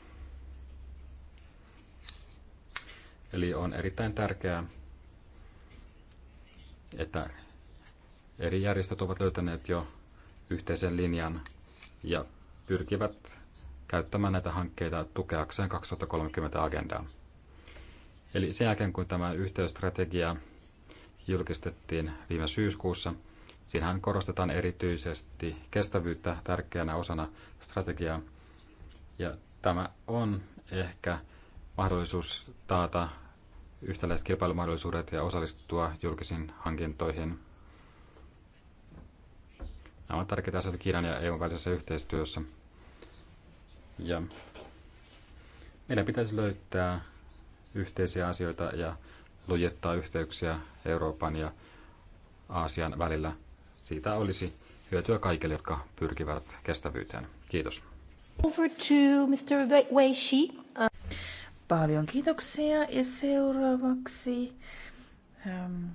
Eli on erittäin tärkeää, että eri järjestöt ovat löytäneet jo yhteisen linjan ja pyrkivät käyttämään näitä hankkeita tukeakseen 2030-agendaa. Eli sen jälkeen, kun tämä yhteysstrategia julkistettiin viime syyskuussa – Siinähän korostetaan erityisesti kestävyyttä tärkeänä osana strategiaa. Ja tämä on ehkä mahdollisuus taata yhtäläiset kilpailumahdollisuudet ja osallistua julkisiin hankintoihin. Nämä ovat tärkeitä asioita Kiinan ja EUn välisessä yhteistyössä. Ja meidän pitäisi löytää yhteisiä asioita ja lujettaa yhteyksiä Euroopan ja Aasian välillä – siitä olisi hyötyä kaikille, jotka pyrkivät kestävyyteen. Kiitos. Over to Mr. Weishi. Paljon kiitoksia ja seuraavaksi um,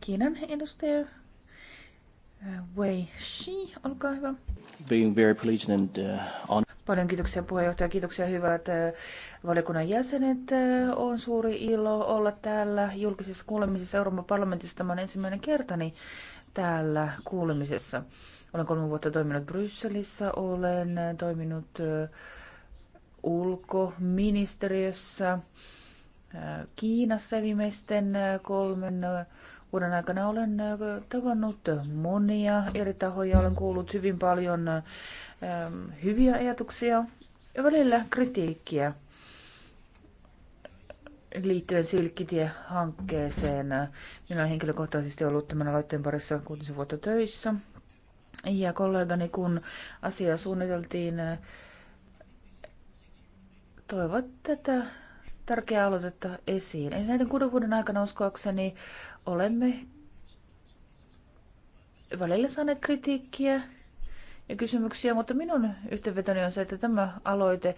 Kiinan edustaja äh, Wei Shi, olkaa hyvä. Being very pleased and uh, on. Paljon kiitoksia puheenjohtaja, kiitoksia hyvät äh, valiokunnan jäsenet. Äh, on suuri ilo olla täällä julkisessa kuulemisessa Euroopan parlamentissa. Tämä on ensimmäinen kertani täällä kuulemisessa. Olen kolme vuotta toiminut Brysselissä, olen toiminut ulkoministeriössä Kiinassa viimeisten kolmen vuoden aikana olen tavannut monia eri tahoja, olen kuullut hyvin paljon hyviä ajatuksia ja välillä kritiikkiä liittyen Silkkitie-hankkeeseen. Minä olen henkilökohtaisesti ollut tämän aloitteen parissa kuutisen vuotta töissä. Ja kollegani, kun asiaa suunniteltiin, toivat tätä tärkeää aloitetta esiin. Eli näiden kuuden vuoden aikana uskoakseni olemme välillä saaneet kritiikkiä ja kysymyksiä, mutta minun yhteenvetoni on se, että tämä aloite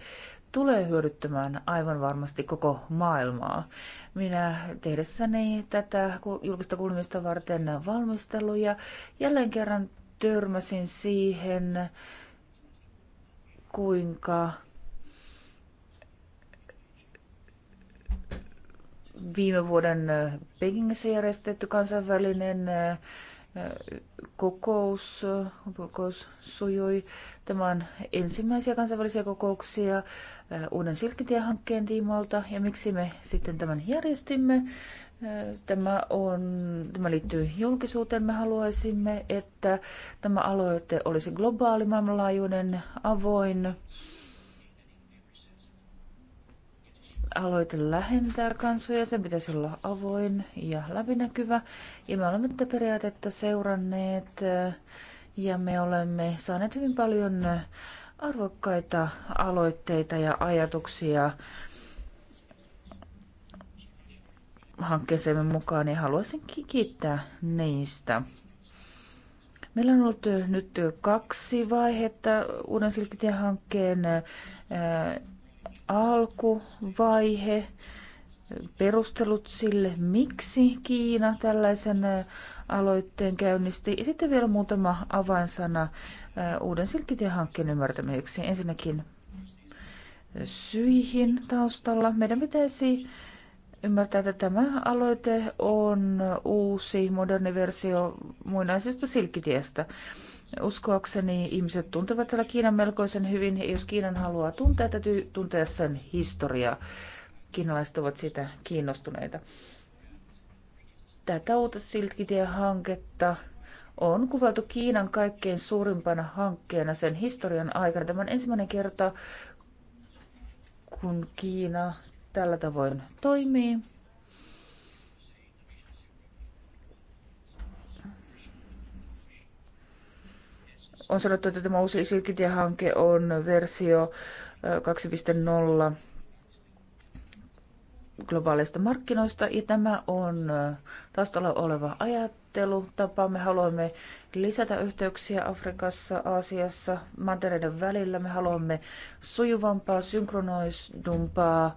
tulee hyödyttämään aivan varmasti koko maailmaa. Minä tehdessäni tätä julkista kuulemista varten valmisteluja jälleen kerran törmäsin siihen, kuinka viime vuoden Pekingissä järjestetty kansainvälinen kokous, kokous sujui. Tämä on ensimmäisiä kansainvälisiä kokouksia äh, uuden silkkitiehankkeen tiimoilta. Ja miksi me sitten tämän järjestimme? Äh, tämä, on, tämä liittyy julkisuuteen. Me haluaisimme, että tämä aloite olisi globaali, maailmanlaajuinen, avoin aloite lähentää kansoja, sen pitäisi olla avoin ja läpinäkyvä. Ja me olemme tätä periaatetta seuranneet eh, ja me olemme saaneet hyvin paljon eh, arvokkaita aloitteita ja ajatuksia hankkeeseemme mukaan ja haluaisin kiittää niistä. Meillä on ollut eh, nyt kaksi vaihetta Uuden Silkkitien hankkeen alkuvaihe, perustelut sille, miksi Kiina tällaisen aloitteen käynnisti. Ja sitten vielä muutama avainsana uuden hankkeen ymmärtämiseksi. Ensinnäkin syihin taustalla. Meidän pitäisi ymmärtää, että tämä aloite on uusi, moderni versio muinaisesta silkkitiestä. Uskoakseni ihmiset tuntevat täällä Kiinan melkoisen hyvin, ja jos Kiinan haluaa tuntea, täytyy tuntea sen historiaa. Kiinalaiset ovat siitä kiinnostuneita. Tätä uutta Silkkitie-hanketta on kuvattu Kiinan kaikkein suurimpana hankkeena sen historian aikana. Tämä on ensimmäinen kerta, kun Kiina tällä tavoin toimii. on sanottu, että tämä uusi Silkitie-hanke on versio 2.0 globaaleista markkinoista, ja tämä on taustalla oleva ajattelutapa. Me haluamme lisätä yhteyksiä Afrikassa, Aasiassa, mantereiden välillä. Me haluamme sujuvampaa, synkronoidumpaa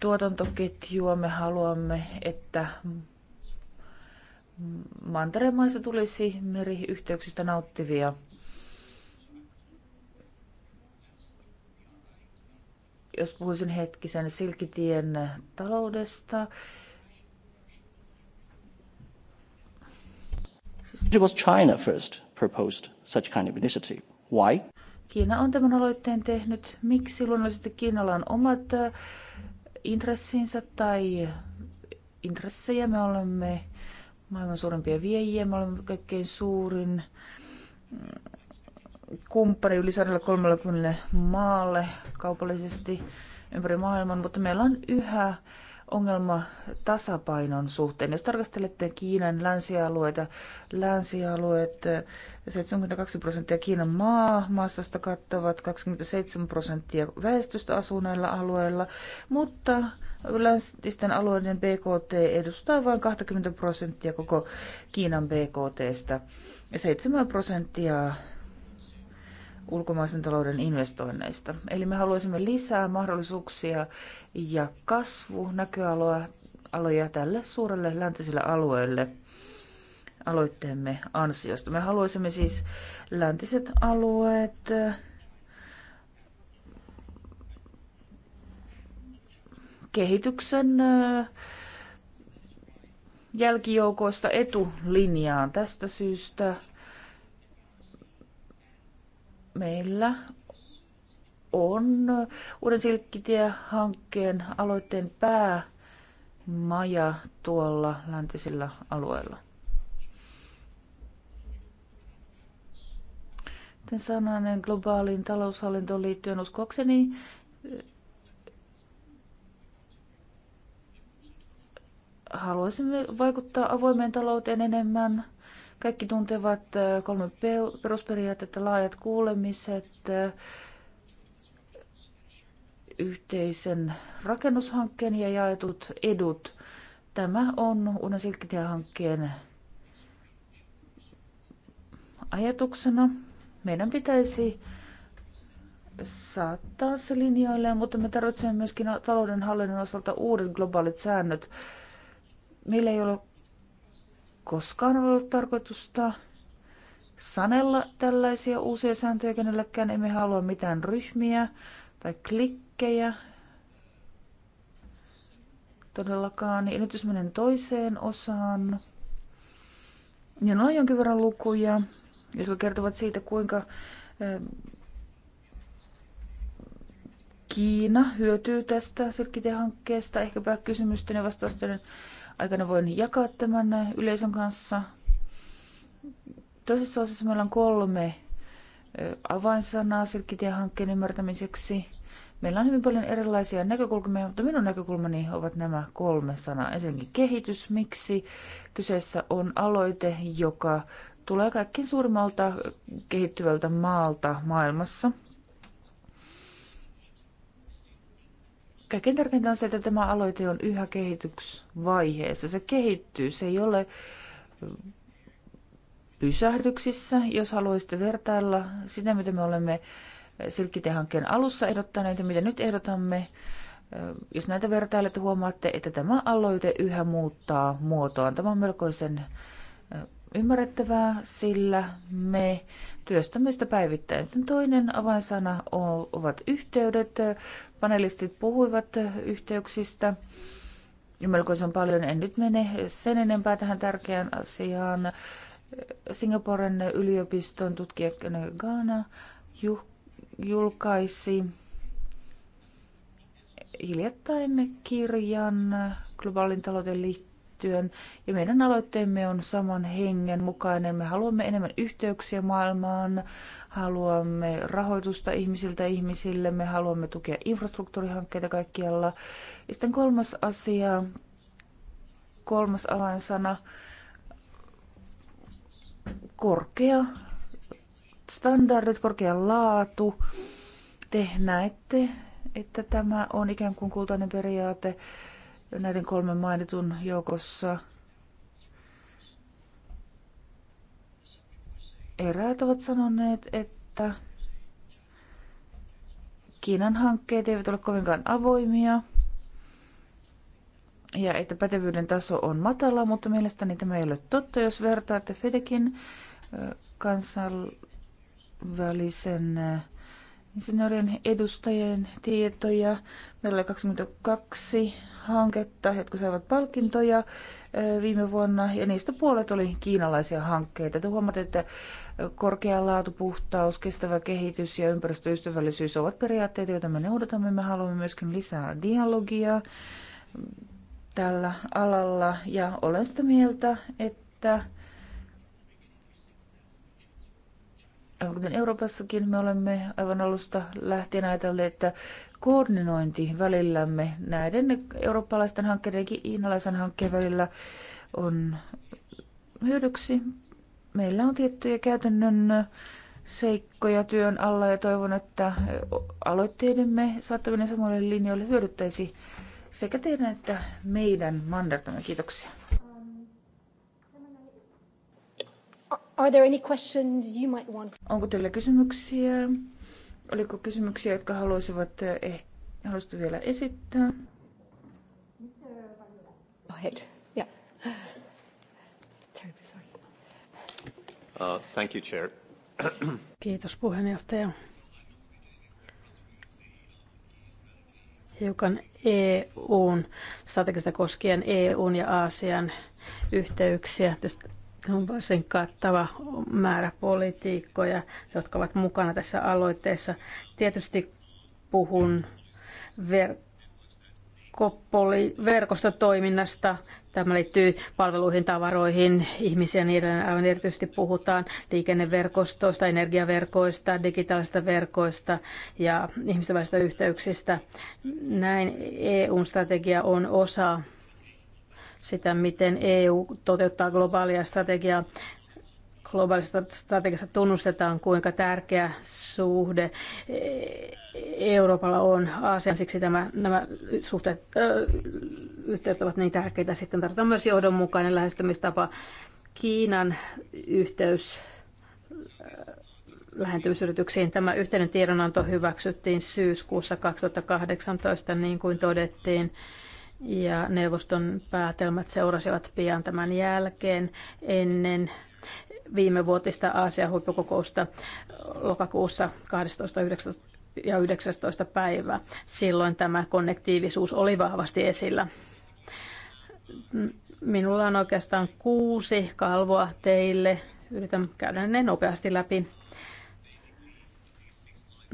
tuotantoketjua. Me haluamme, että manteremaissa tulisi meriyhteyksistä nauttivia. Jos puhuisin hetkisen Silkitien taloudesta, It was China first proposed such kind of initiative. Why? Kiina on tämän aloitteen tehnyt. Miksi luonnollisesti Kiinalla on omat äh, intressinsä tai intressejä? Me olemme maailman suurimpia viejiä. Me olemme kaikkein suurin mm, kumppani yli 130 maalle kaupallisesti ympäri maailman, mutta meillä on yhä ongelma tasapainon suhteen. Jos tarkastelette Kiinan länsialueita, länsialueet 72 prosenttia Kiinan maa, maassasta kattavat 27 prosenttia väestöstä asuu näillä alueilla, mutta läntisten alueiden BKT edustaa vain 20 prosenttia koko Kiinan BKTstä ja 7 prosenttia ulkomaisen talouden investoinneista. Eli me haluaisimme lisää mahdollisuuksia ja kasvu aloja tälle suurelle läntiselle alueelle aloitteemme ansiosta. Me haluaisimme siis läntiset alueet kehityksen jälkijoukoista etulinjaan. Tästä syystä meillä on Uuden Silkkitie-hankkeen aloitteen päämaja tuolla läntisillä alueilla. Sitten sananen globaaliin taloushallintoon liittyen uskoakseni haluaisimme vaikuttaa avoimeen talouteen enemmän. Kaikki tuntevat äh, kolme perusperiaatetta, laajat kuulemiset, äh, yhteisen rakennushankkeen ja jaetut edut. Tämä on Uuden Silkkitie-hankkeen ajatuksena. Meidän pitäisi saattaa se linjoille, mutta me tarvitsemme myöskin talouden hallinnon osalta uudet globaalit säännöt Meillä ei ole koskaan ollut tarkoitusta sanella tällaisia uusia sääntöjä kenellekään. Emme halua mitään ryhmiä tai klikkejä todellakaan. Ja nyt jos menen toiseen osaan, niin on jonkin verran lukuja, jotka kertovat siitä, kuinka Kiina hyötyy tästä silkkitehankkeesta. Ehkäpä kysymysten ja vastausten aikana voin jakaa tämän yleisön kanssa. Toisessa osassa meillä on kolme avainsanaa hankkeen ymmärtämiseksi. Meillä on hyvin paljon erilaisia näkökulmia, mutta minun näkökulmani ovat nämä kolme sanaa. Ensinnäkin kehitys, miksi kyseessä on aloite, joka tulee kaikkein suurimmalta kehittyvältä maalta maailmassa. Kaikkein tärkeintä on se, että tämä aloite on yhä kehityksvaiheessa. Se kehittyy, se ei ole pysähdyksissä. Jos haluaisitte vertailla sitä, mitä me olemme Silkkitehankkeen alussa ehdottaneet ja mitä nyt ehdotamme, jos näitä vertailette, huomaatte, että tämä aloite yhä muuttaa muotoaan. Tämä on melkoisen ymmärrettävää, sillä me työstämistä päivittäin. Sen toinen avainsana ovat yhteydet. Panelistit puhuivat yhteyksistä melkoisen paljon. En nyt mene sen enempää tähän tärkeään asiaan. Singaporen yliopiston tutkija Ghana julkaisi hiljattain kirjan globaalin talouden liittyen yhteistyön Ja meidän aloitteemme on saman hengen mukainen. Me haluamme enemmän yhteyksiä maailmaan, haluamme rahoitusta ihmisiltä ihmisille, me haluamme tukea infrastruktuurihankkeita kaikkialla. Ja sitten kolmas asia, kolmas avainsana, korkea standardit, korkea laatu. Te näette, että tämä on ikään kuin kultainen periaate näiden kolmen mainitun joukossa eräät ovat sanoneet, että Kiinan hankkeet eivät ole kovinkaan avoimia ja että pätevyyden taso on matala, mutta mielestäni tämä ei ole totta, jos vertaatte Fedekin kansainvälisen insinöörien edustajien tietoja. Meillä oli 22 hanketta, jotka saivat palkintoja viime vuonna, ja niistä puolet oli kiinalaisia hankkeita. Te huomaatte, että korkea laatu, puhtaus, kestävä kehitys ja ympäristöystävällisyys ovat periaatteita, joita me noudatamme. Me haluamme myöskin lisää dialogia tällä alalla, ja olen sitä mieltä, että aivan kuten Euroopassakin me olemme aivan alusta lähtien ajatelleet, että koordinointi välillämme näiden eurooppalaisten hankkeiden ja kiinalaisen hankkeen välillä on hyödyksi. Meillä on tiettyjä käytännön seikkoja työn alla ja toivon, että aloitteidemme saattaminen samoille linjoille hyödyttäisi sekä teidän että meidän mandartamme. Kiitoksia. Are there any questions you might want? Onko teillä kysymyksiä? Oliko kysymyksiä, jotka haluaisivat eh, eh haluaisitte vielä esittää? Go ahead. Yeah. Terribly sorry. Uh, thank you, Chair. Kiitos puheenjohtaja. hiukan EUn strategista koskien EUn ja Aasian yhteyksiä. Tietysti on varsin kattava määrä politiikkoja, jotka ovat mukana tässä aloitteessa. Tietysti puhun verkkopoli, verkostotoiminnasta. Tämä liittyy palveluihin, tavaroihin, ihmisiä ja niin edelleen. Aivan erityisesti puhutaan liikenneverkostoista, energiaverkoista, digitaalisista verkoista ja ihmisten välisistä yhteyksistä. Näin EU-strategia on osa sitä, miten EU toteuttaa globaalia strategiaa. Globaalista strategiasta tunnustetaan, kuinka tärkeä suhde Euroopalla on Aasian. Siksi tämä, nämä suhteet, yhteydet ovat niin tärkeitä. Sitten tarvitaan myös johdonmukainen lähestymistapa. Kiinan yhteys lähentymisyrityksiin. Tämä yhteinen tiedonanto hyväksyttiin syyskuussa 2018, niin kuin todettiin ja neuvoston päätelmät seurasivat pian tämän jälkeen ennen viime vuotista Aasian huippukokousta lokakuussa 12. 19 ja 19. päivä. Silloin tämä konnektiivisuus oli vahvasti esillä. Minulla on oikeastaan kuusi kalvoa teille. Yritän käydä ne nopeasti läpi.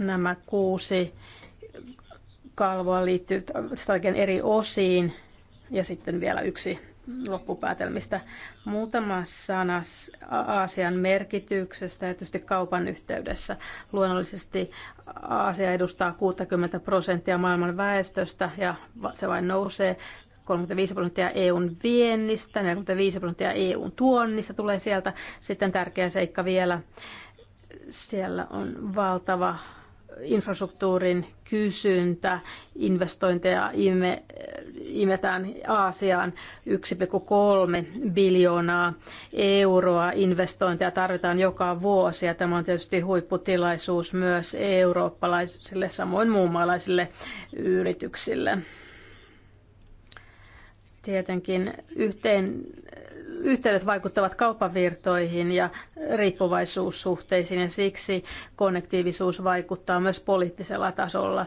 Nämä kuusi kalvoa liittyy strategian eri osiin ja sitten vielä yksi loppupäätelmistä. Muutama sana Aasian merkityksestä ja tietysti kaupan yhteydessä. Luonnollisesti Aasia edustaa 60 prosenttia maailman väestöstä ja se vain nousee. 35 prosenttia EUn viennistä, 45 prosenttia EUn tuonnista tulee sieltä. Sitten tärkeä seikka vielä, siellä on valtava infrastruktuurin kysyntä, investointeja ime, imetään Aasiaan 1,3 biljoonaa euroa investointeja tarvitaan joka vuosi ja tämä on tietysti huipputilaisuus myös eurooppalaisille samoin muunmaalaisille yrityksille. Tietenkin yhteen yhteydet vaikuttavat kaupavirtoihin ja riippuvaisuussuhteisiin ja siksi konnektiivisuus vaikuttaa myös poliittisella tasolla.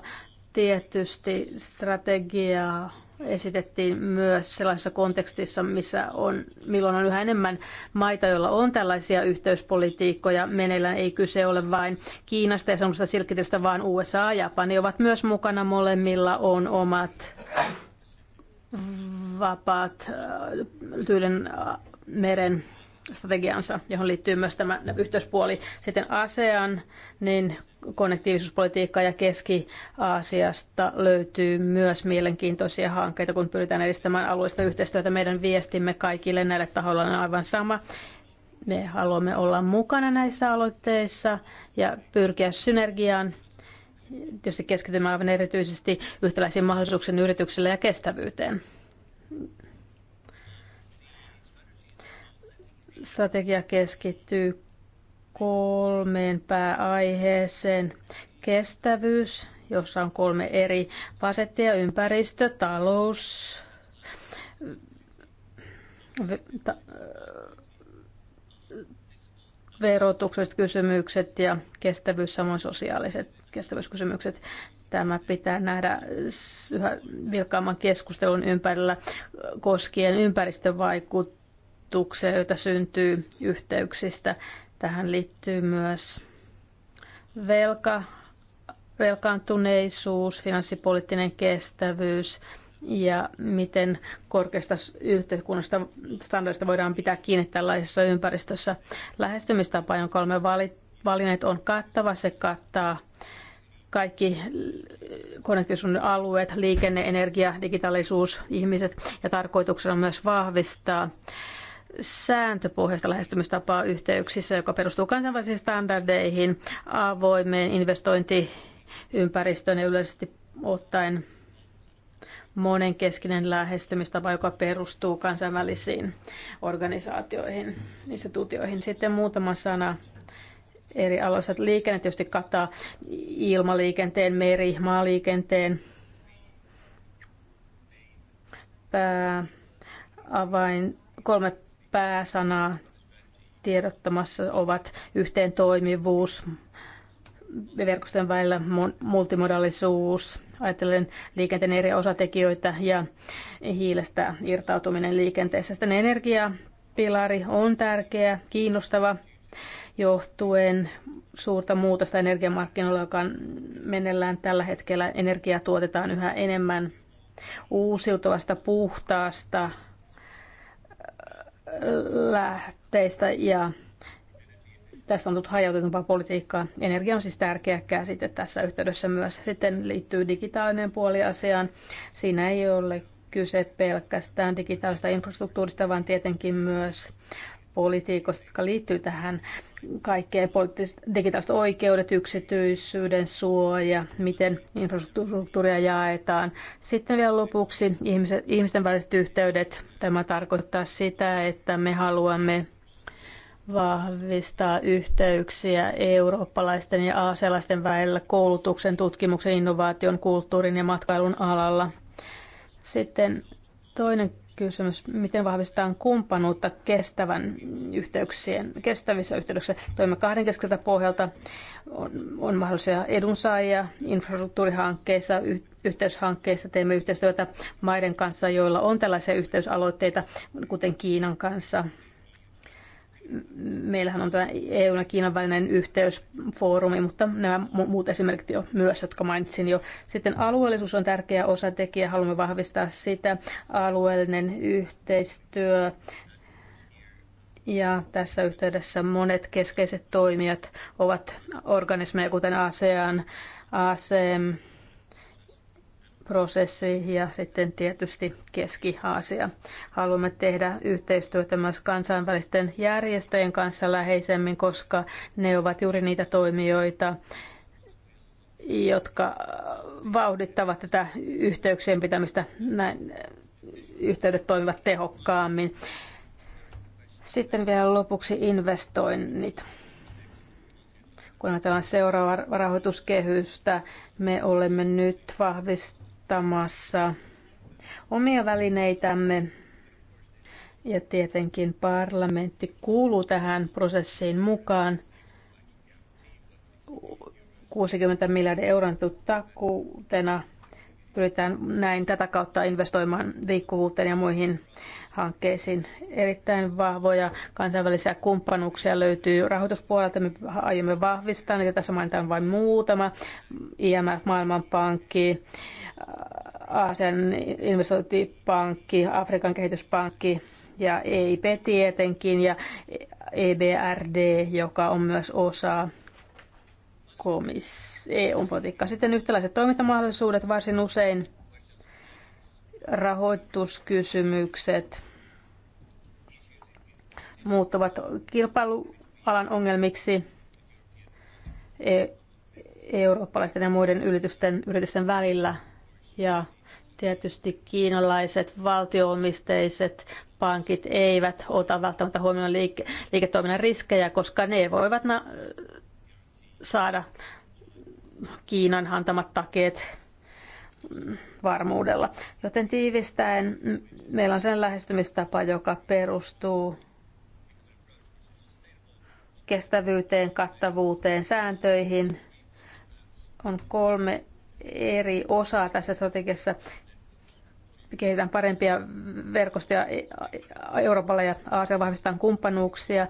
Tietysti strategiaa esitettiin myös sellaisessa kontekstissa, missä on, milloin on yhä enemmän maita, joilla on tällaisia yhteyspolitiikkoja. Meneillään ei kyse ole vain Kiinasta ja semmoista silkkitestä, vaan USA ja Japani ovat myös mukana. Molemmilla on omat vapaat tyyden äh, äh, meren strategiansa, johon liittyy myös tämä yhteyspuoli. Sitten ASEAN, niin konnektiivisuuspolitiikka ja Keski-Aasiasta löytyy myös mielenkiintoisia hankkeita, kun pyritään edistämään alueellista yhteistyötä. Meidän viestimme kaikille näille tahoille on aivan sama. Me haluamme olla mukana näissä aloitteissa ja pyrkiä synergiaan tietysti keskitymme aivan erityisesti yhtäläisiin mahdollisuuksiin yrityksille ja kestävyyteen. Strategia keskittyy kolmeen pääaiheeseen. Kestävyys, jossa on kolme eri fasettia, ympäristö, talous, verotukselliset kysymykset ja kestävyys samoin sosiaaliset kestävyyskysymykset. Tämä pitää nähdä yhä vilkkaamman keskustelun ympärillä koskien ympäristövaikutuksia, joita syntyy yhteyksistä. Tähän liittyy myös velka, velkaantuneisuus, finanssipoliittinen kestävyys ja miten korkeasta yhteiskunnasta standardista voidaan pitää kiinni tällaisessa ympäristössä. Lähestymistapa, jonka olemme valinneet, on kattava. Se kattaa kaikki konnektiivisuuden alueet, liikenne, energia, digitaalisuus, ihmiset ja tarkoituksena myös vahvistaa sääntöpohjaista lähestymistapaa yhteyksissä, joka perustuu kansainvälisiin standardeihin, avoimeen investointiympäristöön ja yleisesti ottaen monenkeskinen lähestymistapa, joka perustuu kansainvälisiin organisaatioihin, instituutioihin. Sitten muutama sana eri aloissa. Liikenne tietysti kattaa ilmaliikenteen, meri, maaliikenteen, pää, avain, kolme pääsanaa tiedottamassa ovat yhteen toimivuus, verkostojen välillä multimodaalisuus, ajatellen liikenteen eri osatekijöitä ja hiilestä irtautuminen liikenteessä. Sitten energiapilari on tärkeä, kiinnostava johtuen suurta muutosta energiamarkkinoilla, joka on tällä hetkellä. Energiaa tuotetaan yhä enemmän uusiutuvasta, puhtaasta äh, lähteistä ja tästä on tullut hajautetumpaa politiikkaa. Energia on siis tärkeä käsite tässä yhteydessä myös. Sitten liittyy digitaalinen puoli asiaan. Siinä ei ole kyse pelkästään digitaalista infrastruktuurista, vaan tietenkin myös politiikosta, jotka liittyy tähän kaikkea poliittiset digitaaliset oikeudet, yksityisyyden suoja, miten infrastruktuuria jaetaan. Sitten vielä lopuksi ihmiset, ihmisten väliset yhteydet. Tämä tarkoittaa sitä, että me haluamme vahvistaa yhteyksiä eurooppalaisten ja aasialaisten välillä koulutuksen, tutkimuksen, innovaation, kulttuurin ja matkailun alalla. Sitten toinen kysymys, miten vahvistetaan kumppanuutta kestävän yhteyksien, kestävissä yhteyksissä. Toimme kahden keskeltä pohjalta, on, on mahdollisia edunsaajia infrastruktuurihankkeissa, y- yhteyshankkeissa. Teemme yhteistyötä maiden kanssa, joilla on tällaisia yhteysaloitteita, kuten Kiinan kanssa, meillähän on tämä EU- ja Kiinan välinen yhteysfoorumi, mutta nämä muut esimerkit jo myös, jotka mainitsin jo. Sitten alueellisuus on tärkeä osa tekijä, haluamme vahvistaa sitä, alueellinen yhteistyö. Ja tässä yhteydessä monet keskeiset toimijat ovat organismeja, kuten ASEAN, ASEM, prosesseihin ja sitten tietysti Keski-Aasia. Haluamme tehdä yhteistyötä myös kansainvälisten järjestöjen kanssa läheisemmin, koska ne ovat juuri niitä toimijoita, jotka vauhdittavat tätä yhteyksien pitämistä. Näin eh, yhteydet toimivat tehokkaammin. Sitten vielä lopuksi investoinnit kun ajatellaan seuraava rahoituskehystä, me olemme nyt vahvist, ostamassa omia välineitämme ja tietenkin parlamentti kuuluu tähän prosessiin mukaan. 60 miljardin euron takuutena pyritään näin tätä kautta investoimaan liikkuvuuteen ja muihin hankkeisiin. Erittäin vahvoja kansainvälisiä kumppanuuksia löytyy rahoituspuolelta. Me aiomme vahvistaa niitä. Tässä mainitaan vain muutama. IMF, Maailmanpankki, Aasian investointipankki, Afrikan kehityspankki ja EIP tietenkin ja EBRD, joka on myös osa EU-politiikkaa. Sitten yhtäläiset toimintamahdollisuudet varsin usein rahoituskysymykset muuttuvat kilpailualan ongelmiksi e- eurooppalaisten ja muiden yritysten, yritysten välillä ja tietysti kiinalaiset valtioomisteiset pankit eivät ota välttämättä huomioon liike- liiketoiminnan riskejä, koska ne voivat na- saada Kiinan antamat takeet varmuudella. Joten tiivistäen meillä on sen lähestymistapa, joka perustuu kestävyyteen, kattavuuteen, sääntöihin. On kolme eri osaa tässä strategiassa. Kehitetään parempia verkostoja e- Euroopalla ja Aasialla, vahvistetaan kumppanuuksia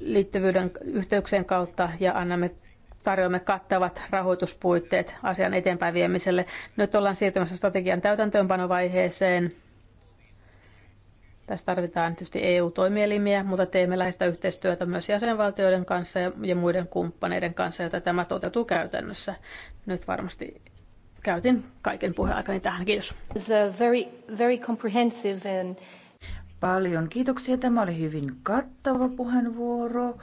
liittyvyyden yhteyksien kautta ja annamme tarjoamme kattavat rahoituspuitteet asian eteenpäin viemiselle. Nyt ollaan siirtymässä strategian täytäntöönpanovaiheeseen tässä tarvitaan tietysti EU-toimielimiä, mutta teemme läheistä yhteistyötä myös jäsenvaltioiden kanssa ja muiden kumppaneiden kanssa, jotta tämä toteutuu käytännössä. Nyt varmasti käytin kaiken puheaikani tähän. Kiitos. Very, very comprehensive and... Paljon kiitoksia. Tämä oli hyvin kattava puheenvuoro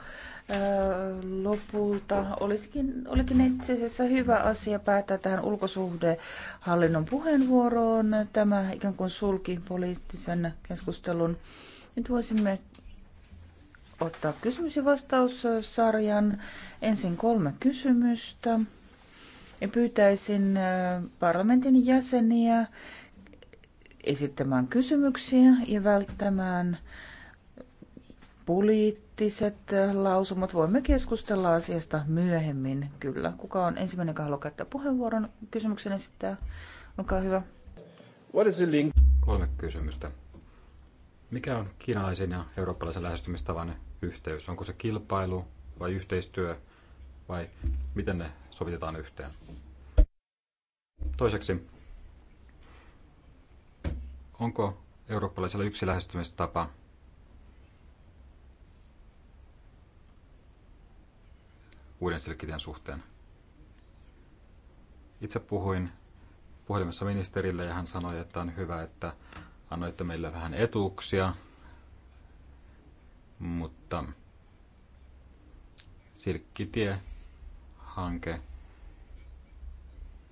lopulta olisikin, olikin itse asiassa hyvä asia päättää tähän ulkosuhdehallinnon puheenvuoroon. Tämä ikään kuin sulki poliittisen keskustelun. Nyt voisimme ottaa kysymys- ja vastaussarjan. Ensin kolme kysymystä. Ja pyytäisin parlamentin jäseniä esittämään kysymyksiä ja välttämään pulit poliittiset eh, lausumat. Voimme keskustella asiasta myöhemmin, kyllä. Kuka on ensimmäinen, joka haluaa käyttää puheenvuoron? Kysymyksen esittää. Olkaa hyvä. What is the link? Kolme kysymystä. Mikä on kiinalaisen ja eurooppalaisen lähestymistavan yhteys? Onko se kilpailu vai yhteistyö vai miten ne sovitetaan yhteen? Toiseksi, onko eurooppalaisella yksi lähestymistapa – uuden silkkitien suhteen. Itse puhuin puhelimessa ministerille ja hän sanoi, että on hyvä, että annoitte meille vähän etuuksia, mutta Silkkitie-hanke,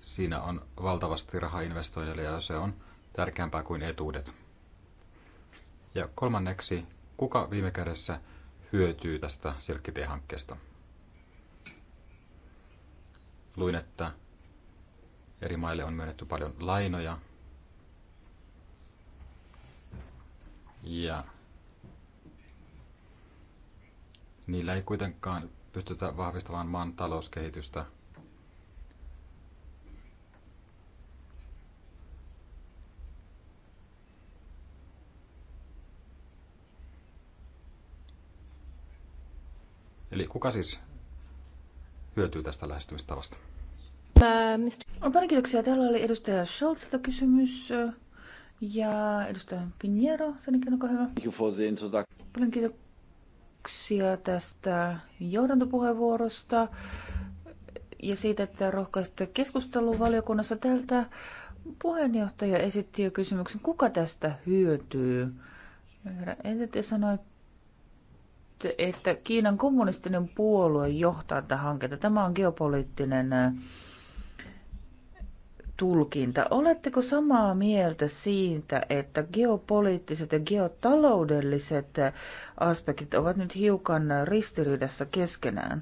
siinä on valtavasti rahaa investoijille ja se on tärkeämpää kuin etuudet. Ja kolmanneksi, kuka viime kädessä hyötyy tästä Silkkitie-hankkeesta? Luin, että eri maille on myönnetty paljon lainoja. Ja niillä ei kuitenkaan pystytä vahvistamaan maan talouskehitystä. Eli kuka siis hyötyy tästä lähestymistavasta. On paljon kiitoksia. Täällä oli edustaja Scholzilta kysymys ja edustaja Pinheiro, sen jälkeen olkaa hyvä. Paljon kiitoksia tästä johdantopuheenvuorosta ja siitä, että rohkaisitte keskustelua valiokunnassa. Täältä puheenjohtaja esitti jo kysymyksen, kuka tästä hyötyy? Ensin te sanoi, että Kiinan kommunistinen puolue johtaa tätä hanketta. Tämä on geopoliittinen äh, tulkinta. Oletteko samaa mieltä siitä, että geopoliittiset ja geotaloudelliset äh, aspektit ovat nyt hiukan ristiriidassa keskenään?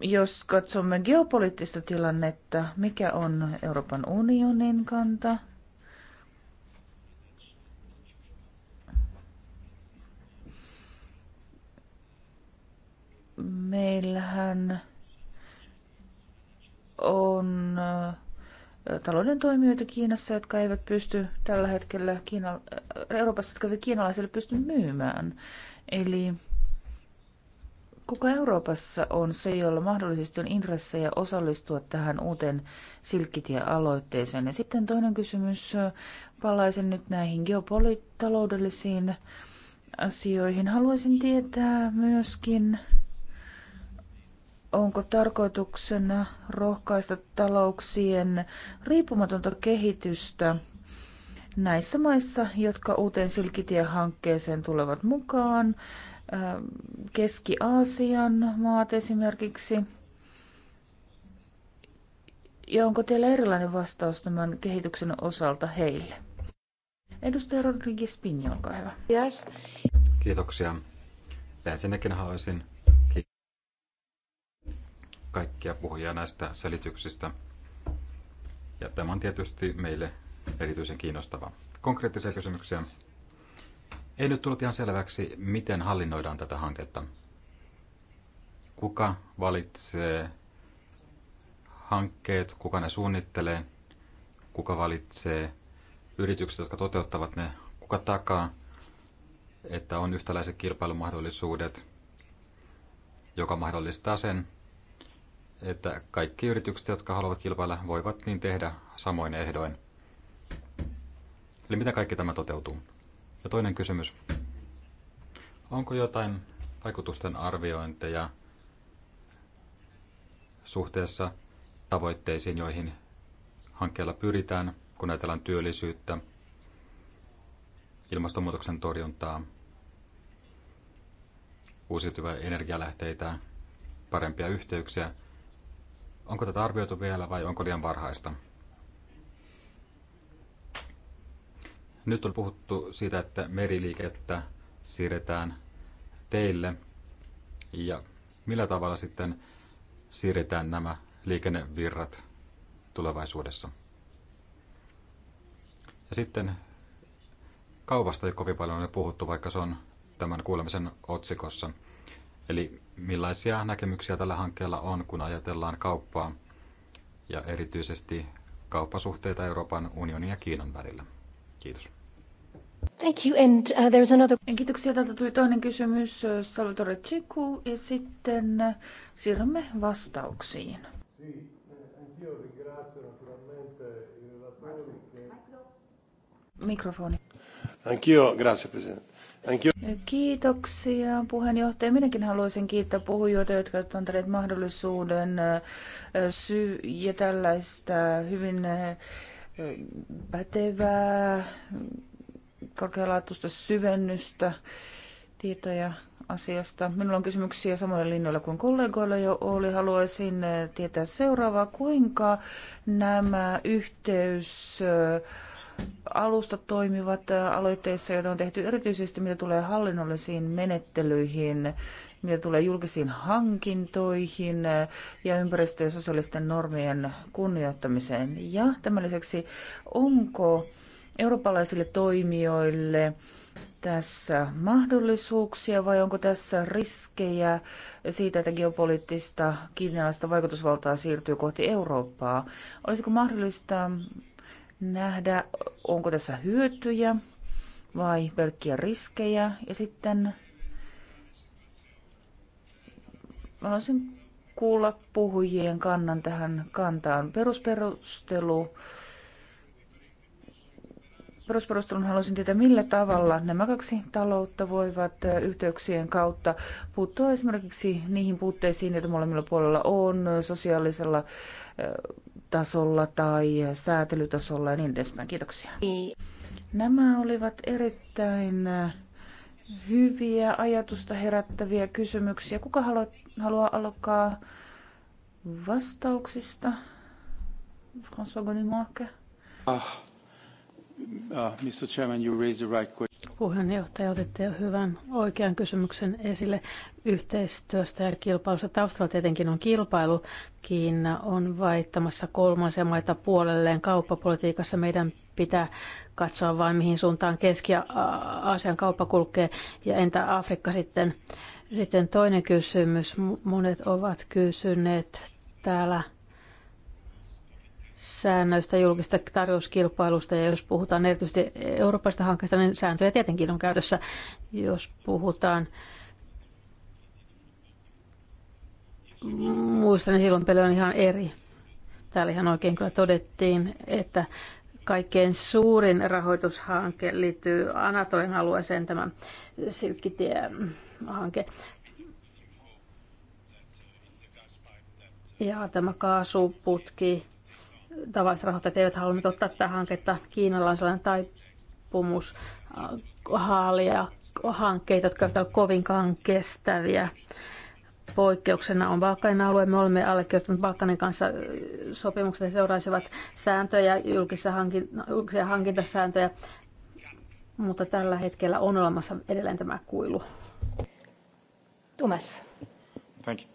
Jos katsomme geopoliittista tilannetta, mikä on Euroopan unionin kanta? meillähän on talouden toimijoita Kiinassa, jotka eivät pysty tällä hetkellä Kiina, Euroopassa, jotka eivät kiinalaisille pysty myymään. Eli kuka Euroopassa on se, jolla mahdollisesti on intressejä osallistua tähän uuteen silkkitiealoitteeseen? aloitteeseen Ja sitten toinen kysymys, palaisin nyt näihin geopolitaloudellisiin asioihin. Haluaisin tietää myöskin, onko tarkoituksena rohkaista talouksien riippumatonta kehitystä näissä maissa, jotka uuteen Silkitie-hankkeeseen tulevat mukaan, äh, Keski-Aasian maat esimerkiksi. Ja onko teillä erilainen vastaus tämän kehityksen osalta heille? Edustaja Rodriguez Pinjo, olkaa hyvä. Yes. Kiitoksia. ensinnäkin haluaisin kaikkia puhujia näistä selityksistä. Ja tämä on tietysti meille erityisen kiinnostava. Konkreettisia kysymyksiä. Ei nyt tullut ihan selväksi, miten hallinnoidaan tätä hanketta. Kuka valitsee hankkeet, kuka ne suunnittelee, kuka valitsee yritykset, jotka toteuttavat ne, kuka takaa, että on yhtäläiset kilpailumahdollisuudet, joka mahdollistaa sen, että kaikki yritykset, jotka haluavat kilpailla, voivat niin tehdä samoin ehdoin. Eli mitä kaikki tämä toteutuu? Ja toinen kysymys. Onko jotain vaikutusten arviointeja suhteessa tavoitteisiin, joihin hankkeella pyritään, kun ajatellaan työllisyyttä, ilmastonmuutoksen torjuntaa, uusiutuvia energialähteitä, parempia yhteyksiä Onko tätä arvioitu vielä vai onko liian varhaista? Nyt on puhuttu siitä, että meriliikettä siirretään teille ja millä tavalla sitten siirretään nämä liikennevirrat tulevaisuudessa. Ja sitten kaupasta ei kovin paljon ole puhuttu, vaikka se on tämän kuulemisen otsikossa. Eli millaisia näkemyksiä tällä hankkeella on, kun ajatellaan kauppaa ja erityisesti kauppasuhteita Euroopan unionin ja Kiinan välillä. Kiitos. Thank you. And uh, there's another... Kiitoksia. Täältä tuli toinen kysymys uh, Salvatore Cicu ja sitten uh, siirrymme vastauksiin. Mikrofoni. Anch'io, grazie Presidente. Thank you. Kiitoksia puheenjohtaja. Minäkin haluaisin kiittää puhujoita, jotka ovat antaneet mahdollisuuden syy ja tällaista hyvin pätevää korkealaatuista syvennystä tietoja asiasta. Minulla on kysymyksiä samoilla linjoilla kuin kollegoilla jo oli. Haluaisin tietää seuraavaa, kuinka nämä yhteys äh, alustat toimivat aloitteissa, joita on tehty erityisesti, mitä tulee hallinnollisiin menettelyihin, mitä tulee julkisiin hankintoihin ja ympäristö- ja sosiaalisten normien kunnioittamiseen. Ja tämän lisäksi, onko eurooppalaisille toimijoille tässä mahdollisuuksia vai onko tässä riskejä siitä, että geopoliittista kiinalaista vaikutusvaltaa siirtyy kohti Eurooppaa? Olisiko mahdollista nähdä, onko tässä hyötyjä vai pelkkiä riskejä. Ja sitten haluaisin kuulla puhujien kannan tähän kantaan. Perusperustelu, perusperustelun haluaisin tietää, millä tavalla nämä kaksi taloutta voivat eh, yhteyksien kautta puuttua esimerkiksi niihin puutteisiin, joita molemmilla puolella on sosiaalisella tasolla tai säätelytasolla ja niin edespäin. Kiitoksia. Nämä olivat erittäin hyviä ajatusta herättäviä kysymyksiä. Kuka haluaa, haluaa alkaa vastauksista? François Gonimoake. Ah. Uh, Puheenjohtaja, otitte hyvän oikean kysymyksen esille yhteistyöstä ja kilpailusta. Taustalla tietenkin on kilpailu. Kiina on vaihtamassa kolmansia maita puolelleen kauppapolitiikassa. Meidän pitää katsoa vain, mihin suuntaan Keski-Aasian kauppa kulkee ja entä Afrikka sitten. Sitten toinen kysymys. Monet ovat kysyneet täällä säännöistä julkista tarjouskilpailusta ja jos puhutaan erityisesti Euroopasta hankkeista, niin sääntöjä tietenkin on käytössä. Jos puhutaan muista, niin silloin peli on ihan eri. Täällä ihan oikein kyllä todettiin, että kaikkein suurin rahoitushanke liittyy Anatolian alueeseen, tämä Silkkitie-hanke. Ja tämä kaasuputki, tavalliset rahoittajat eivät halunneet ottaa tätä hanketta. Kiinalla on sellainen taipumus äh, haalia hankkeita, jotka ovat kovinkaan kestäviä. Poikkeuksena on Balkanin alue. Me olemme allekirjoittaneet Balkanin kanssa äh, sopimukset ja seuraisivat sääntöjä, julkisia, hankin, hankintasääntöjä, mutta tällä hetkellä on olemassa edelleen tämä kuilu. Tumas. Thank you.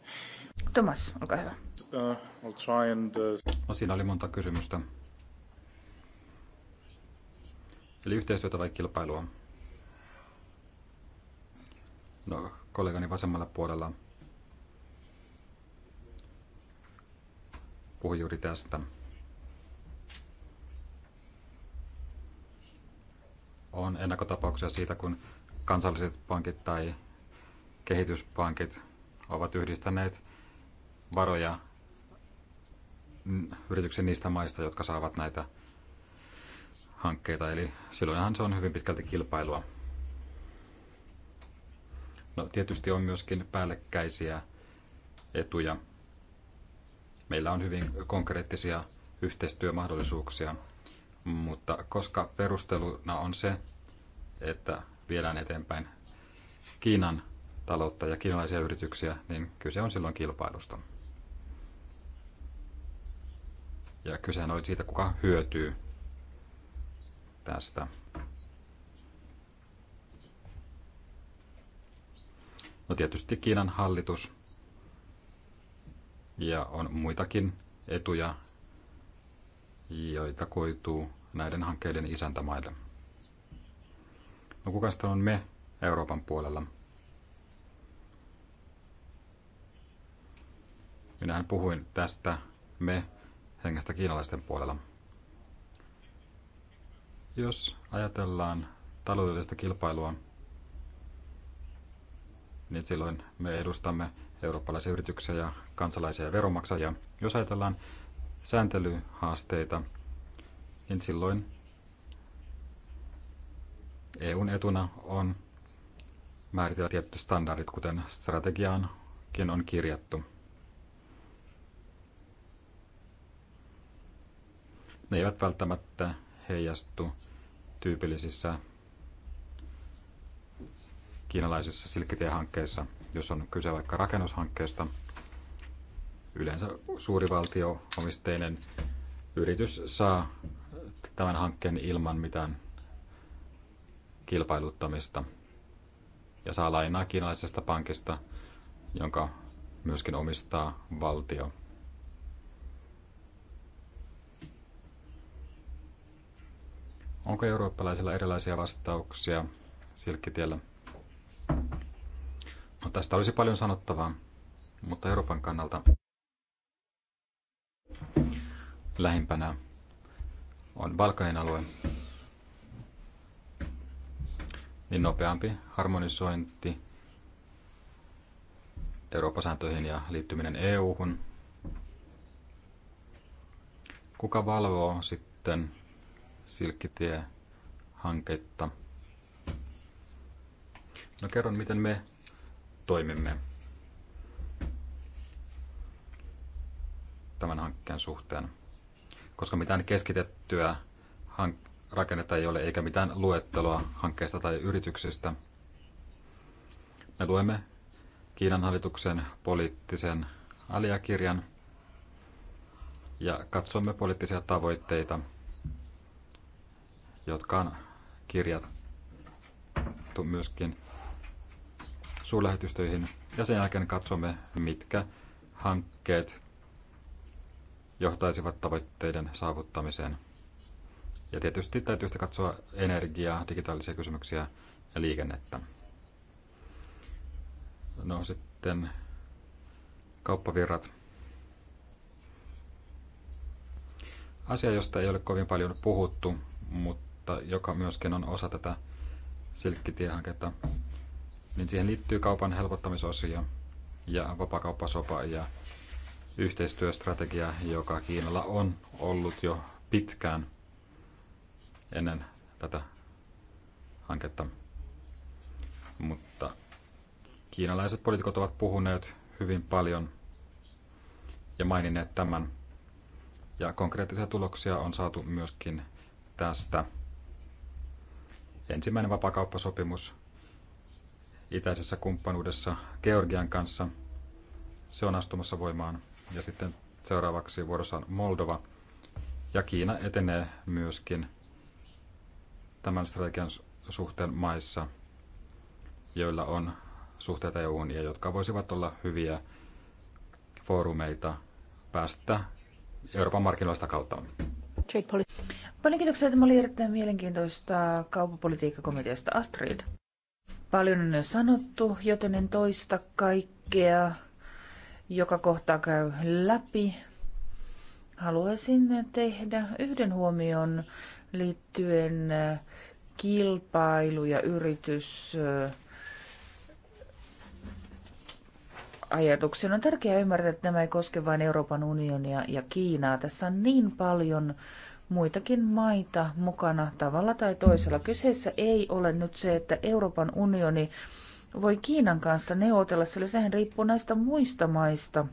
Tumas, olkaa hyvä. Uh, I'll try and, uh... No siinä oli monta kysymystä. Eli yhteistyötä vai kilpailua? No, kollegani vasemmalla puolella puhui juuri tästä. On ennakkotapauksia siitä, kun kansalliset pankit tai kehityspankit ovat yhdistäneet varoja Mm, yrityksiä niistä maista, jotka saavat näitä hankkeita. Eli silloinhan se on hyvin pitkälti kilpailua. No, tietysti on myöskin päällekkäisiä etuja. Meillä on hyvin konkreettisia yhteistyömahdollisuuksia, mutta koska perusteluna on se, että viedään eteenpäin Kiinan taloutta ja kiinalaisia yrityksiä, niin kyse on silloin kilpailusta. Ja kysehän oli siitä, kuka hyötyy tästä. No tietysti Kiinan hallitus ja on muitakin etuja, joita koituu näiden hankkeiden isäntämaille. No kuka sitä on me Euroopan puolella? Minähän puhuin tästä me hengestä kiinalaisten puolella. Jos ajatellaan taloudellista kilpailua, niin silloin me edustamme eurooppalaisia yrityksiä ja kansalaisia ja veronmaksajia. Jos ajatellaan sääntelyhaasteita, niin silloin EUn etuna on määritellä tietty standardit, kuten strategiaankin on kirjattu. ne eivät välttämättä heijastu tyypillisissä kiinalaisissa silkkitiehankkeissa, jos on kyse vaikka rakennushankkeesta. Yleensä suuri valtioomisteinen yritys saa tämän hankkeen ilman mitään kilpailuttamista ja saa lainaa kiinalaisesta pankista, jonka myöskin omistaa valtio. Onko eurooppalaisilla erilaisia vastauksia silkkitiellä? No, tästä olisi paljon sanottavaa, mutta Euroopan kannalta lähimpänä on Balkanin alue. Niin nopeampi harmonisointi Euroopan sääntöihin ja liittyminen EU-hun. Kuka valvoo sitten silkkitie-hanketta. No kerron, miten me toimimme tämän hankkeen suhteen. Koska mitään keskitettyä hank- rakennetta ei ole, eikä mitään luetteloa hankkeista tai yrityksistä, me luemme Kiinan hallituksen poliittisen aliakirjan ja katsomme poliittisia tavoitteita – jotka on kirjattu myöskin suurlähetystöihin. Ja sen jälkeen katsomme, mitkä hankkeet johtaisivat tavoitteiden saavuttamiseen. Ja tietysti täytyy sitten katsoa energiaa, digitaalisia kysymyksiä ja liikennettä. No sitten kauppavirrat. Asia, josta ei ole kovin paljon puhuttu, mutta mutta joka myöskin on osa tätä silkkitiehanketta, niin siihen liittyy kaupan helpottamisosia ja vapakauppasopa ja yhteistyöstrategia, joka Kiinalla on ollut jo pitkään ennen tätä hanketta. Mutta kiinalaiset poliitikot ovat puhuneet hyvin paljon ja maininneet tämän. Ja konkreettisia tuloksia on saatu myöskin tästä ensimmäinen vapakauppasopimus itäisessä kumppanuudessa Georgian kanssa. Se on astumassa voimaan. Ja sitten seuraavaksi vuorossa on Moldova. Ja Kiina etenee myöskin tämän strategian suhteen maissa, joilla on suhteita eu ja jotka voisivat olla hyviä foorumeita päästä Euroopan markkinoista kautta trade policy. Paljon kiitoksia. Tämä oli erittäin mielenkiintoista kauppapolitiikkakomiteasta Astrid. Paljon on jo sanottu, joten en toista kaikkea, joka kohtaa käy läpi. Haluaisin tehdä yhden huomion liittyen kilpailu- ja yritys ajatuksen. On tärkeää ymmärtää, että nämä ei koske vain Euroopan unionia ja Kiinaa. Tässä on niin paljon muitakin maita mukana tavalla tai toisella. Kyseessä ei ole nyt se, että Euroopan unioni voi Kiinan kanssa neuvotella, sillä sehän riippuu näistä muista maista.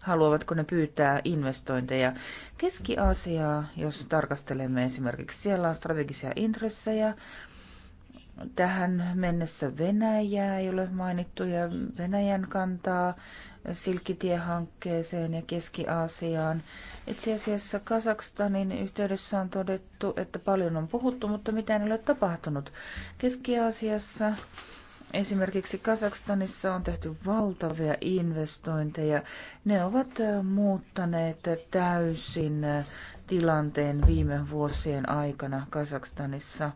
Haluavatko ne pyytää investointeja? Keski-Aasiaa, jos tarkastelemme esimerkiksi, siellä on strategisia intressejä, Tähän mennessä Venäjää ei ole mainittu ja Venäjän kantaa Silkkitiehankkeeseen ja Keski-Aasiaan. Itse asiassa Kazakstanin yhteydessä on todettu, että paljon on puhuttu, mutta mitään ei ole tapahtunut. Keski-Aasiassa Esimerkiksi Kazakstanissa on tehty valtavia investointeja. Ne ovat muuttaneet täysin tilanteen viime vuosien aikana Kazakstanissa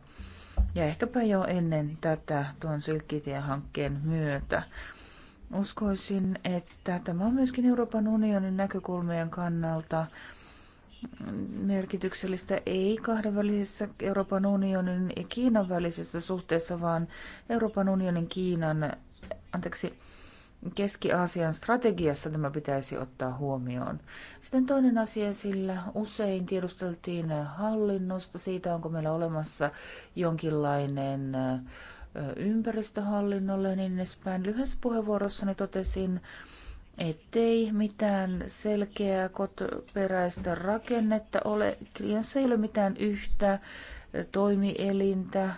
ja ehkäpä jo ennen tätä tuon silkkitie hankkeen myötä. Uskoisin, että tämä on myöskin Euroopan unionin näkökulmien kannalta merkityksellistä ei kahdenvälisessä Euroopan unionin ja Kiinan välisessä suhteessa, vaan Euroopan unionin Kiinan, anteeksi, Keski-Aasian strategiassa tämä pitäisi ottaa huomioon. Sitten toinen asia, sillä usein tiedusteltiin hallinnosta siitä, onko meillä olemassa jonkinlainen ympäristöhallinnolle ja niin edespäin. Lyhyessä puheenvuorossani totesin, ettei mitään selkeää kotoperäistä rakennetta ole. Klienssä ei ole mitään yhtä toimielintä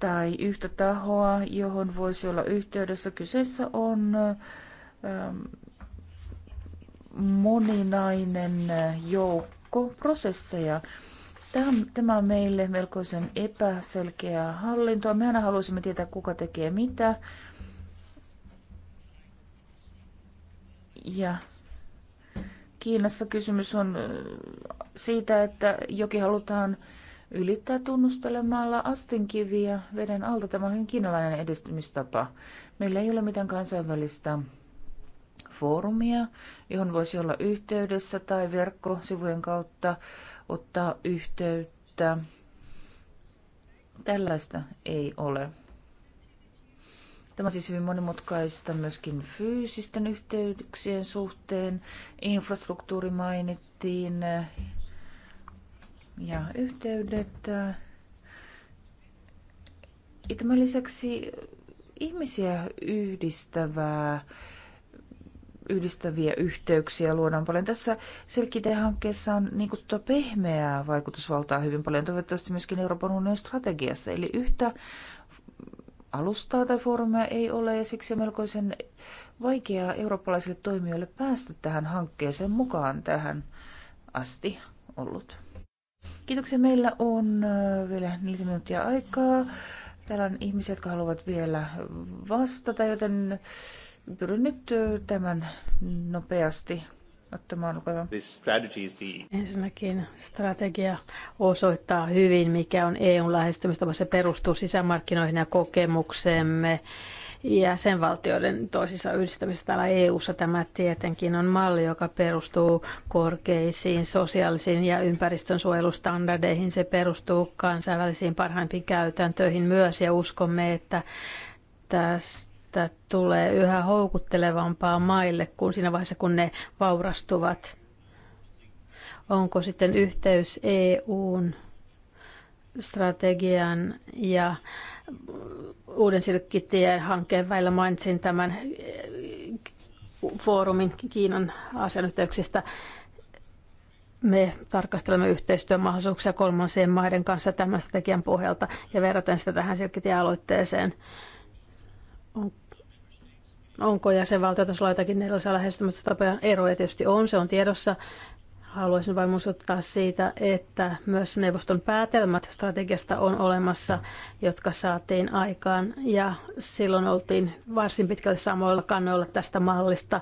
tai yhtä tahoa, johon voisi olla yhteydessä. Kyseessä on ähm, moninainen joukko prosesseja. Tämä on meille melkoisen epäselkeä hallintoa. Me aina haluaisimme tietää, kuka tekee mitä. Ja Kiinassa kysymys on äh, siitä, että jokin halutaan äh, ylittää tunnustelemalla astinkiviä veden alta. Tämä on kiinalainen edistymistapa. Meillä ei ole mitään kansainvälistä foorumia, johon voisi olla yhteydessä tai verkkosivujen kautta ottaa yhteyttä. Tällaista ei ole. Tämä on siis hyvin monimutkaista myöskin fyysisten yhteyksien suhteen. Infrastruktuuri mainittiin, ja yhteydet. Äh, ja tämän lisäksi ihmisiä yhdistävää yhdistäviä yhteyksiä luodaan paljon. Tässä Selkite-hankkeessa on niin kutsuttua pehmeää vaikutusvaltaa hyvin paljon, toivottavasti myöskin Euroopan unionin strategiassa. Eli yhtä alustaa tai foorumia ei ole ja siksi on melkoisen vaikeaa eurooppalaisille toimijoille päästä tähän hankkeeseen mukaan tähän asti ollut. Kiitoksia. Meillä on vielä neljä minuuttia aikaa. Täällä on ihmisiä, jotka haluavat vielä vastata, joten pyrin nyt tämän nopeasti ottamaan lukevan. Ensinnäkin strategia osoittaa hyvin, mikä on EUn lähestymistapa. Se perustuu sisämarkkinoihin ja kokemukseemme ja sen valtioiden toisissa yhdistämistä täällä EU-ssa. Tämä tietenkin on malli, joka perustuu korkeisiin sosiaalisiin ja ympäristönsuojelustandardeihin. Se perustuu kansainvälisiin parhaimpiin käytäntöihin myös ja uskomme, että tästä tulee yhä houkuttelevampaa maille kuin siinä vaiheessa, kun ne vaurastuvat. Onko sitten yhteys EUn strategian ja Uuden Silkkitien hankkeen väillä mainitsin tämän eh, foorumin Kiinan Aasian yhteyksistä. Me tarkastelemme yhteistyömahdollisuuksia kolmansien maiden kanssa tämän strategian pohjalta ja verraten sitä tähän Silkkitie-aloitteeseen. On onko jäsenvaltioita sulla jotakin erilaisia lähestymistapoja. Eroja tietysti on, se on tiedossa. Haluaisin vain muistuttaa siitä, että myös neuvoston päätelmät strategiasta on olemassa, jotka saatiin aikaan ja silloin oltiin varsin pitkälle samoilla kannoilla tästä mallista,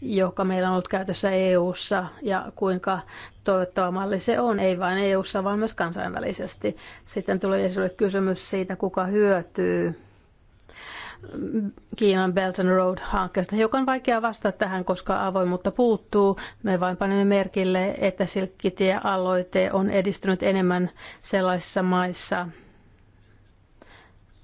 joka meillä on ollut käytössä EU:ssa ja kuinka toivottava malli se on, ei vain EU:ssa vaan myös kansainvälisesti. Sitten tulee esille kysymys siitä, kuka hyötyy Kiinan Belt and Road-hankkeesta. Hiukan vaikea vastata tähän, koska avoimuutta puuttuu. Me vain panemme merkille, että silkkitie-aloite on edistynyt enemmän sellaisissa maissa,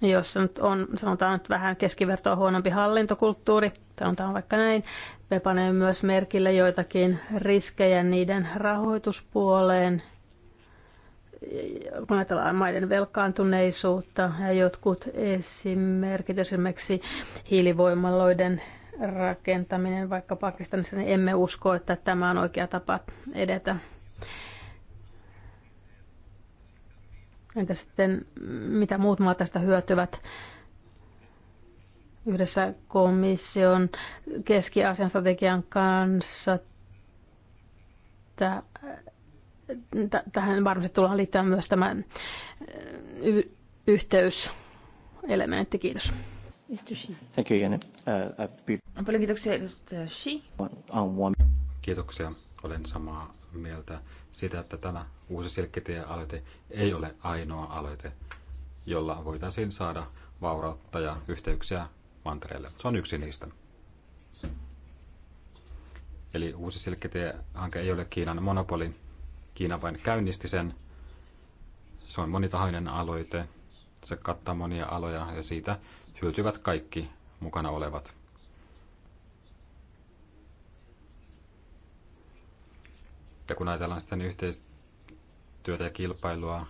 jossa nyt on, sanotaan nyt vähän keskivertoa huonompi hallintokulttuuri, sanotaan vaikka näin. Me panemme myös merkille joitakin riskejä niiden rahoituspuoleen, kun ajatellaan maiden velkaantuneisuutta ja jotkut esimerkit, esimerkiksi hiilivoimaloiden rakentaminen vaikka Pakistanissa, niin emme usko, että tämä on oikea tapa edetä. Entä sitten, mitä muut maat tästä hyötyvät? Yhdessä komission keski-Aasian strategian kanssa tähän varmasti tullaan liittämään myös tämä äh, y- yhteyselementti. Kiitos. Thank you, Jenny. Uh, no, Paljon kiitoksia edustaja Xi. Kiitoksia. Olen samaa mieltä siitä, että tämä uusi silkkitie-aloite ei ole ainoa aloite, jolla voitaisiin saada vaurautta ja yhteyksiä mantereelle. Se on yksi niistä. Eli uusi silkkitie-hanke ei ole Kiinan monopoli, Kiina vain käynnisti sen. Se on monitahoinen aloite, se kattaa monia aloja ja siitä hyötyvät kaikki mukana olevat. Ja kun ajatellaan sitten yhteistyötä ja kilpailua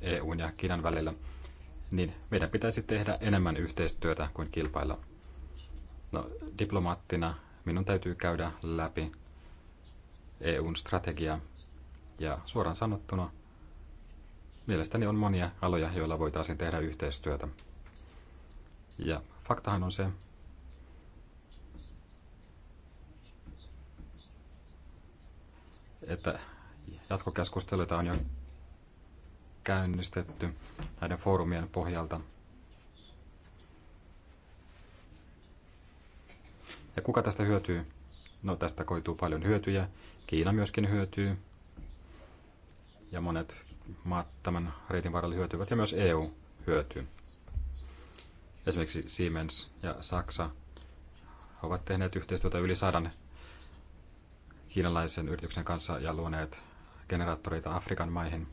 EUn ja Kiinan välillä, niin meidän pitäisi tehdä enemmän yhteistyötä kuin kilpailla. No, diplomaattina minun täytyy käydä läpi EUn strategia. Ja suoraan sanottuna, mielestäni on monia aloja, joilla voitaisiin tehdä yhteistyötä. Ja faktahan on se, että jatkokeskusteluita on jo käynnistetty näiden foorumien pohjalta. Ja kuka tästä hyötyy? No tästä koituu paljon hyötyjä. Kiina myöskin hyötyy ja monet maat tämän reitin varrella hyötyvät ja myös EU hyötyy. Esimerkiksi Siemens ja Saksa ovat tehneet yhteistyötä yli sadan kiinalaisen yrityksen kanssa ja luoneet generaattoreita Afrikan maihin.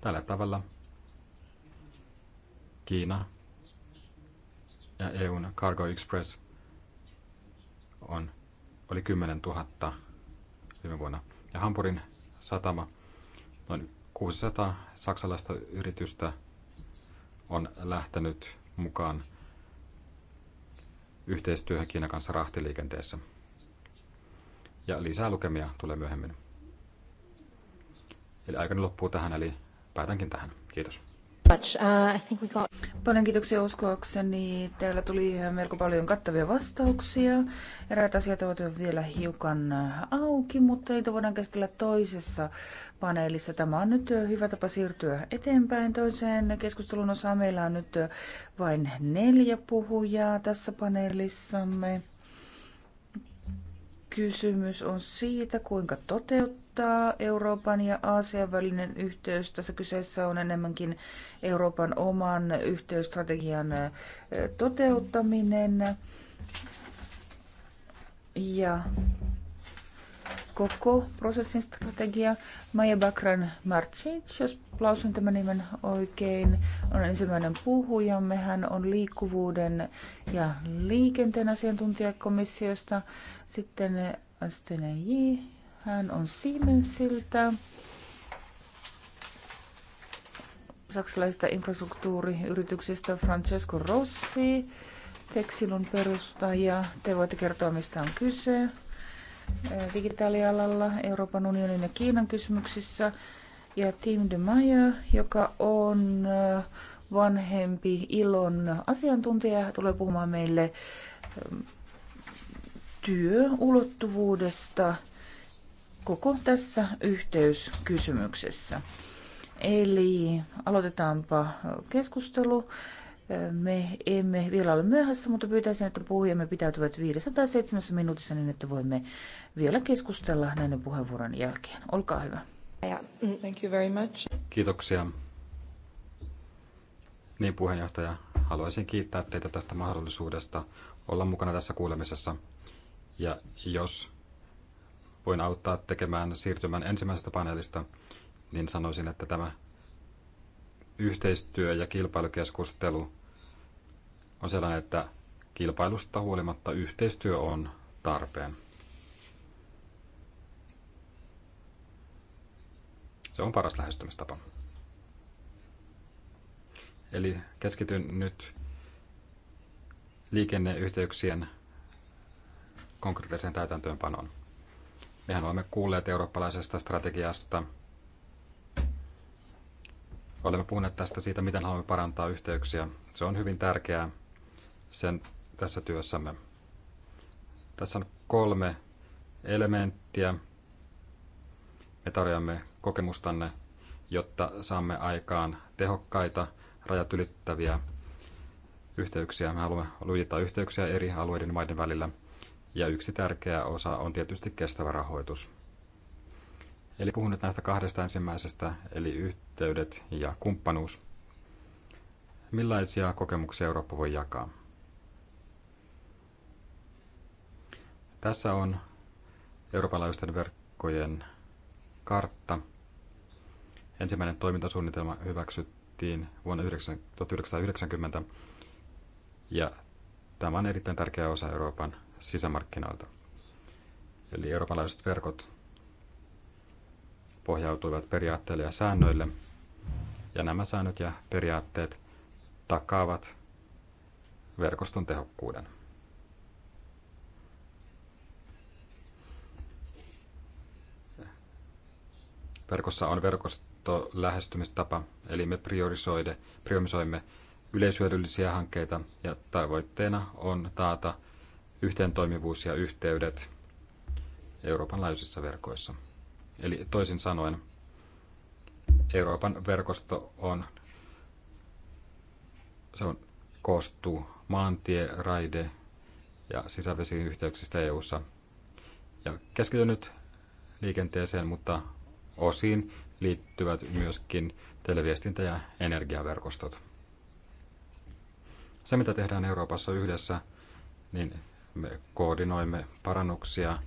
Tällä tavalla Kiina ja EUn Cargo Express on, oli 10 000 viime vuonna. Ja Hampurin satama, noin 600 saksalaista yritystä on lähtenyt mukaan yhteistyöhön Kiinan kanssa rahtiliikenteessä. Ja lisää lukemia tulee myöhemmin. Eli aikani loppuu tähän, eli päätänkin tähän. Kiitos. Uh, paljon kiitoksia uskoakseni. Täällä tuli melko paljon kattavia vastauksia. Eräät asiat ovat vielä hiukan auki, mutta niitä voidaan käsitellä toisessa paneelissa. Tämä on nyt hyvä tapa siirtyä eteenpäin toiseen keskustelun osaan. Meillä on nyt vain neljä puhujaa tässä paneelissamme. Kysymys on siitä, kuinka toteuttaa Euroopan ja Aasian välinen yhteys. Tässä kyseessä on enemmänkin Euroopan oman yhteysstrategian toteuttaminen. Ja koko prosessin strategia. Maja Bakran Marcic, jos lausun tämän nimen oikein, on ensimmäinen puhujamme. Hän on liikkuvuuden ja liikenteen asiantuntijakomissiosta. Sitten Astene J. Hän on Siemensiltä. saksalaisista infrastruktuuriyrityksistä Francesco Rossi. Texilun perustaja. Te voitte kertoa, mistä on kyse digitaalialalla Euroopan unionin ja Kiinan kysymyksissä. Ja Tim de Meyer, joka on vanhempi Ilon asiantuntija, tulee puhumaan meille työulottuvuudesta koko tässä yhteyskysymyksessä. Eli aloitetaanpa keskustelu. Me emme vielä ole myöhässä, mutta pyytäisin, että puhujamme pitäytyvät 507 minuutissa niin, että voimme vielä keskustella näiden puheenvuoron jälkeen. Olkaa hyvä. Mm, thank you very much. Kiitoksia. Niin puheenjohtaja, haluaisin kiittää teitä tästä mahdollisuudesta olla mukana tässä kuulemisessa. Ja jos voin auttaa tekemään siirtymän ensimmäisestä paneelista, niin sanoisin, että tämä yhteistyö- ja kilpailukeskustelu on sellainen, että kilpailusta huolimatta yhteistyö on tarpeen. Se on paras lähestymistapa. Eli keskityn nyt liikenneyhteyksien konkreettiseen täytäntöönpanoon. Mehän olemme kuulleet eurooppalaisesta strategiasta. Olemme puhuneet tästä siitä, miten haluamme parantaa yhteyksiä. Se on hyvin tärkeää sen tässä työssämme. Tässä on kolme elementtiä. Me tarjoamme kokemustanne, jotta saamme aikaan tehokkaita, rajat ylittäviä yhteyksiä. Me haluamme lujittaa yhteyksiä eri alueiden maiden välillä. Ja yksi tärkeä osa on tietysti kestävä rahoitus. Eli puhun nyt näistä kahdesta ensimmäisestä, eli yhteydet ja kumppanuus. Millaisia kokemuksia Eurooppa voi jakaa? Tässä on Euroopan laajuisten verkkojen kartta. Ensimmäinen toimintasuunnitelma hyväksyttiin vuonna 1990 ja tämä on erittäin tärkeä osa Euroopan sisämarkkinoilta. Eli eurooppalaiset verkot pohjautuivat periaatteille ja säännöille, ja nämä säännöt ja periaatteet takaavat verkoston tehokkuuden. Verkossa on verkostolähestymistapa, eli me priorisoimme yleishyödyllisiä hankkeita ja tavoitteena on taata yhteentoimivuus ja yhteydet Euroopan laajuisissa verkoissa. Eli toisin sanoen, Euroopan verkosto on, se on, koostuu maantie, raide ja sisävesiyhteyksistä EU-ssa. Ja keskityn nyt liikenteeseen, mutta osiin liittyvät myöskin televiestintä- ja energiaverkostot. Se, mitä tehdään Euroopassa yhdessä, niin me koordinoimme parannuksia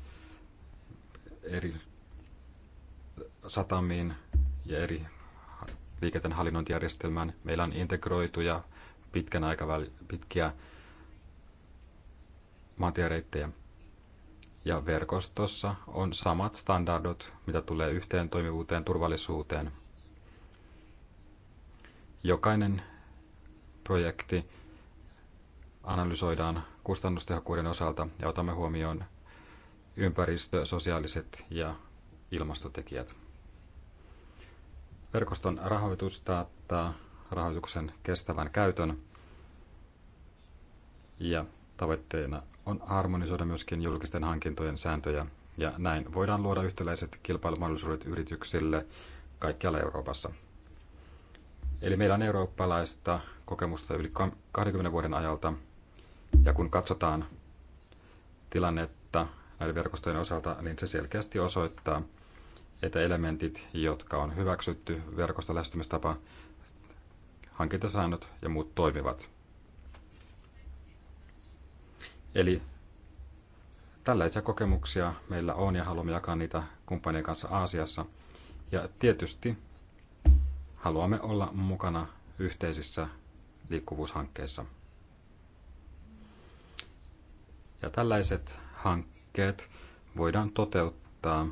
eri satamiin ja eri liikenteen hallinnointijärjestelmään. Meillä on integroituja pitkän aikavälin pitkiä maantiereittejä. Ja verkostossa on samat standardit, mitä tulee yhteen toimivuuteen, turvallisuuteen. Jokainen projekti analysoidaan kustannustehokkuuden osalta ja otamme huomioon ympäristö, sosiaaliset ja ilmastotekijät. Verkoston rahoitus taattaa rahoituksen kestävän käytön ja tavoitteena on harmonisoida myöskin julkisten hankintojen sääntöjä, ja näin voidaan luoda yhtäläiset kilpailumahdollisuudet yrityksille kaikkialla Euroopassa. Eli meillä on eurooppalaista kokemusta yli 20 vuoden ajalta, ja kun katsotaan tilannetta näiden verkostojen osalta, niin se selkeästi osoittaa, että elementit, jotka on hyväksytty, verkostolähestymistapa, hankintasäännöt ja muut toimivat – Eli tällaisia kokemuksia meillä on ja haluamme jakaa niitä kumppanien kanssa Aasiassa. Ja tietysti haluamme olla mukana yhteisissä liikkuvuushankkeissa. Ja tällaiset hankkeet voidaan toteuttaa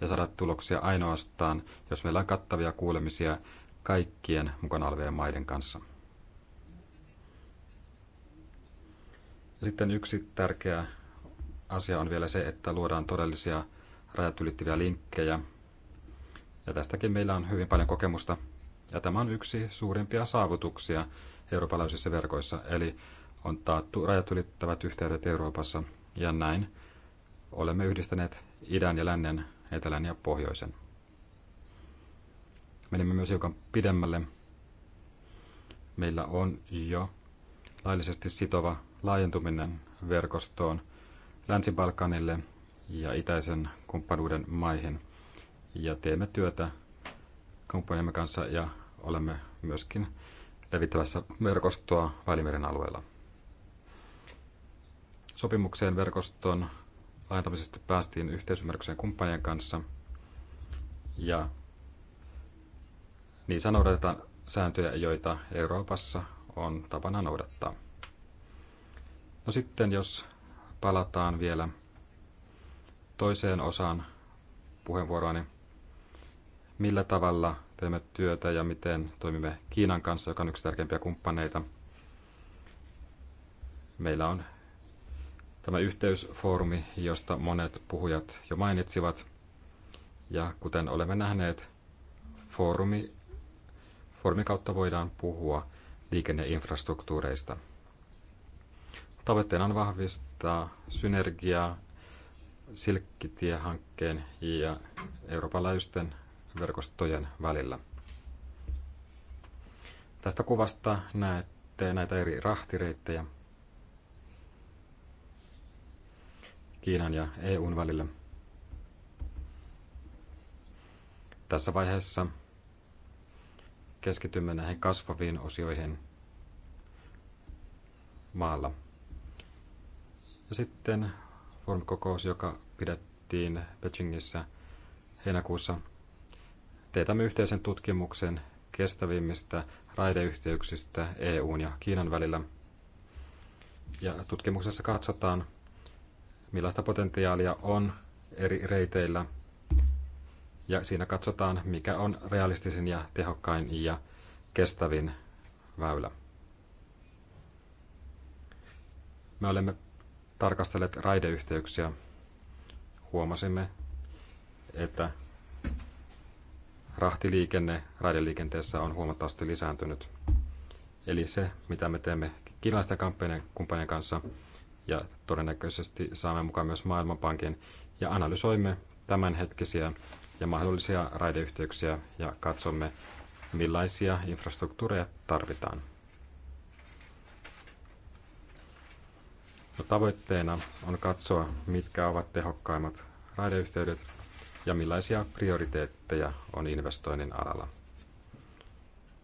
ja saada tuloksia ainoastaan, jos meillä on kattavia kuulemisia kaikkien mukana olevien maiden kanssa. Ja sitten yksi tärkeä asia on vielä se, että luodaan todellisia rajat ylittäviä linkkejä. Ja tästäkin meillä on hyvin paljon kokemusta. Ja tämä on yksi suurimpia saavutuksia eurooppalaisissa verkoissa, eli on taattu rajat ylittävät yhteydet Euroopassa, ja näin olemme yhdistäneet idän ja lännen, etelän ja pohjoisen. Menemme myös hiukan pidemmälle. Meillä on jo laillisesti sitova laajentuminen verkostoon Länsi-Balkanille ja itäisen kumppanuuden maihin. Ja teemme työtä kumppaniemme kanssa ja olemme myöskin levittävässä verkostoa Välimeren alueella. Sopimukseen verkoston laajentamisesta päästiin yhteisymmärrykseen kumppanien kanssa ja niissä noudatetaan sääntöjä, joita Euroopassa on tapana noudattaa. No sitten jos palataan vielä toiseen osaan puheenvuoroani, millä tavalla teemme työtä ja miten toimimme Kiinan kanssa, joka on yksi tärkeimpiä kumppaneita. Meillä on tämä yhteysfoorumi, josta monet puhujat jo mainitsivat. Ja kuten olemme nähneet, foorumi, foorumin kautta voidaan puhua liikenneinfrastruktuureista – Tavoitteena on vahvistaa synergiaa Silkkitiehankkeen ja Euroopan laajuisten verkostojen välillä. Tästä kuvasta näette näitä eri rahtireittejä Kiinan ja EUn välillä. Tässä vaiheessa keskitymme näihin kasvaviin osioihin maalla. Ja sitten foorumikokous, joka pidettiin Pekingissä heinäkuussa. Teetämme yhteisen tutkimuksen kestävimmistä raideyhteyksistä EUn ja Kiinan välillä. Ja tutkimuksessa katsotaan, millaista potentiaalia on eri reiteillä. Ja siinä katsotaan, mikä on realistisin ja tehokkain ja kestävin väylä. Me olemme tarkastelleet raideyhteyksiä, huomasimme, että rahtiliikenne raideliikenteessä on huomattavasti lisääntynyt. Eli se, mitä me teemme kiinalaisten kumppanien kanssa, ja todennäköisesti saamme mukaan myös Maailmanpankin, ja analysoimme tämänhetkisiä ja mahdollisia raideyhteyksiä ja katsomme, millaisia infrastruktuureja tarvitaan. No, tavoitteena on katsoa, mitkä ovat tehokkaimmat raideyhteydet ja millaisia prioriteetteja on investoinnin alalla.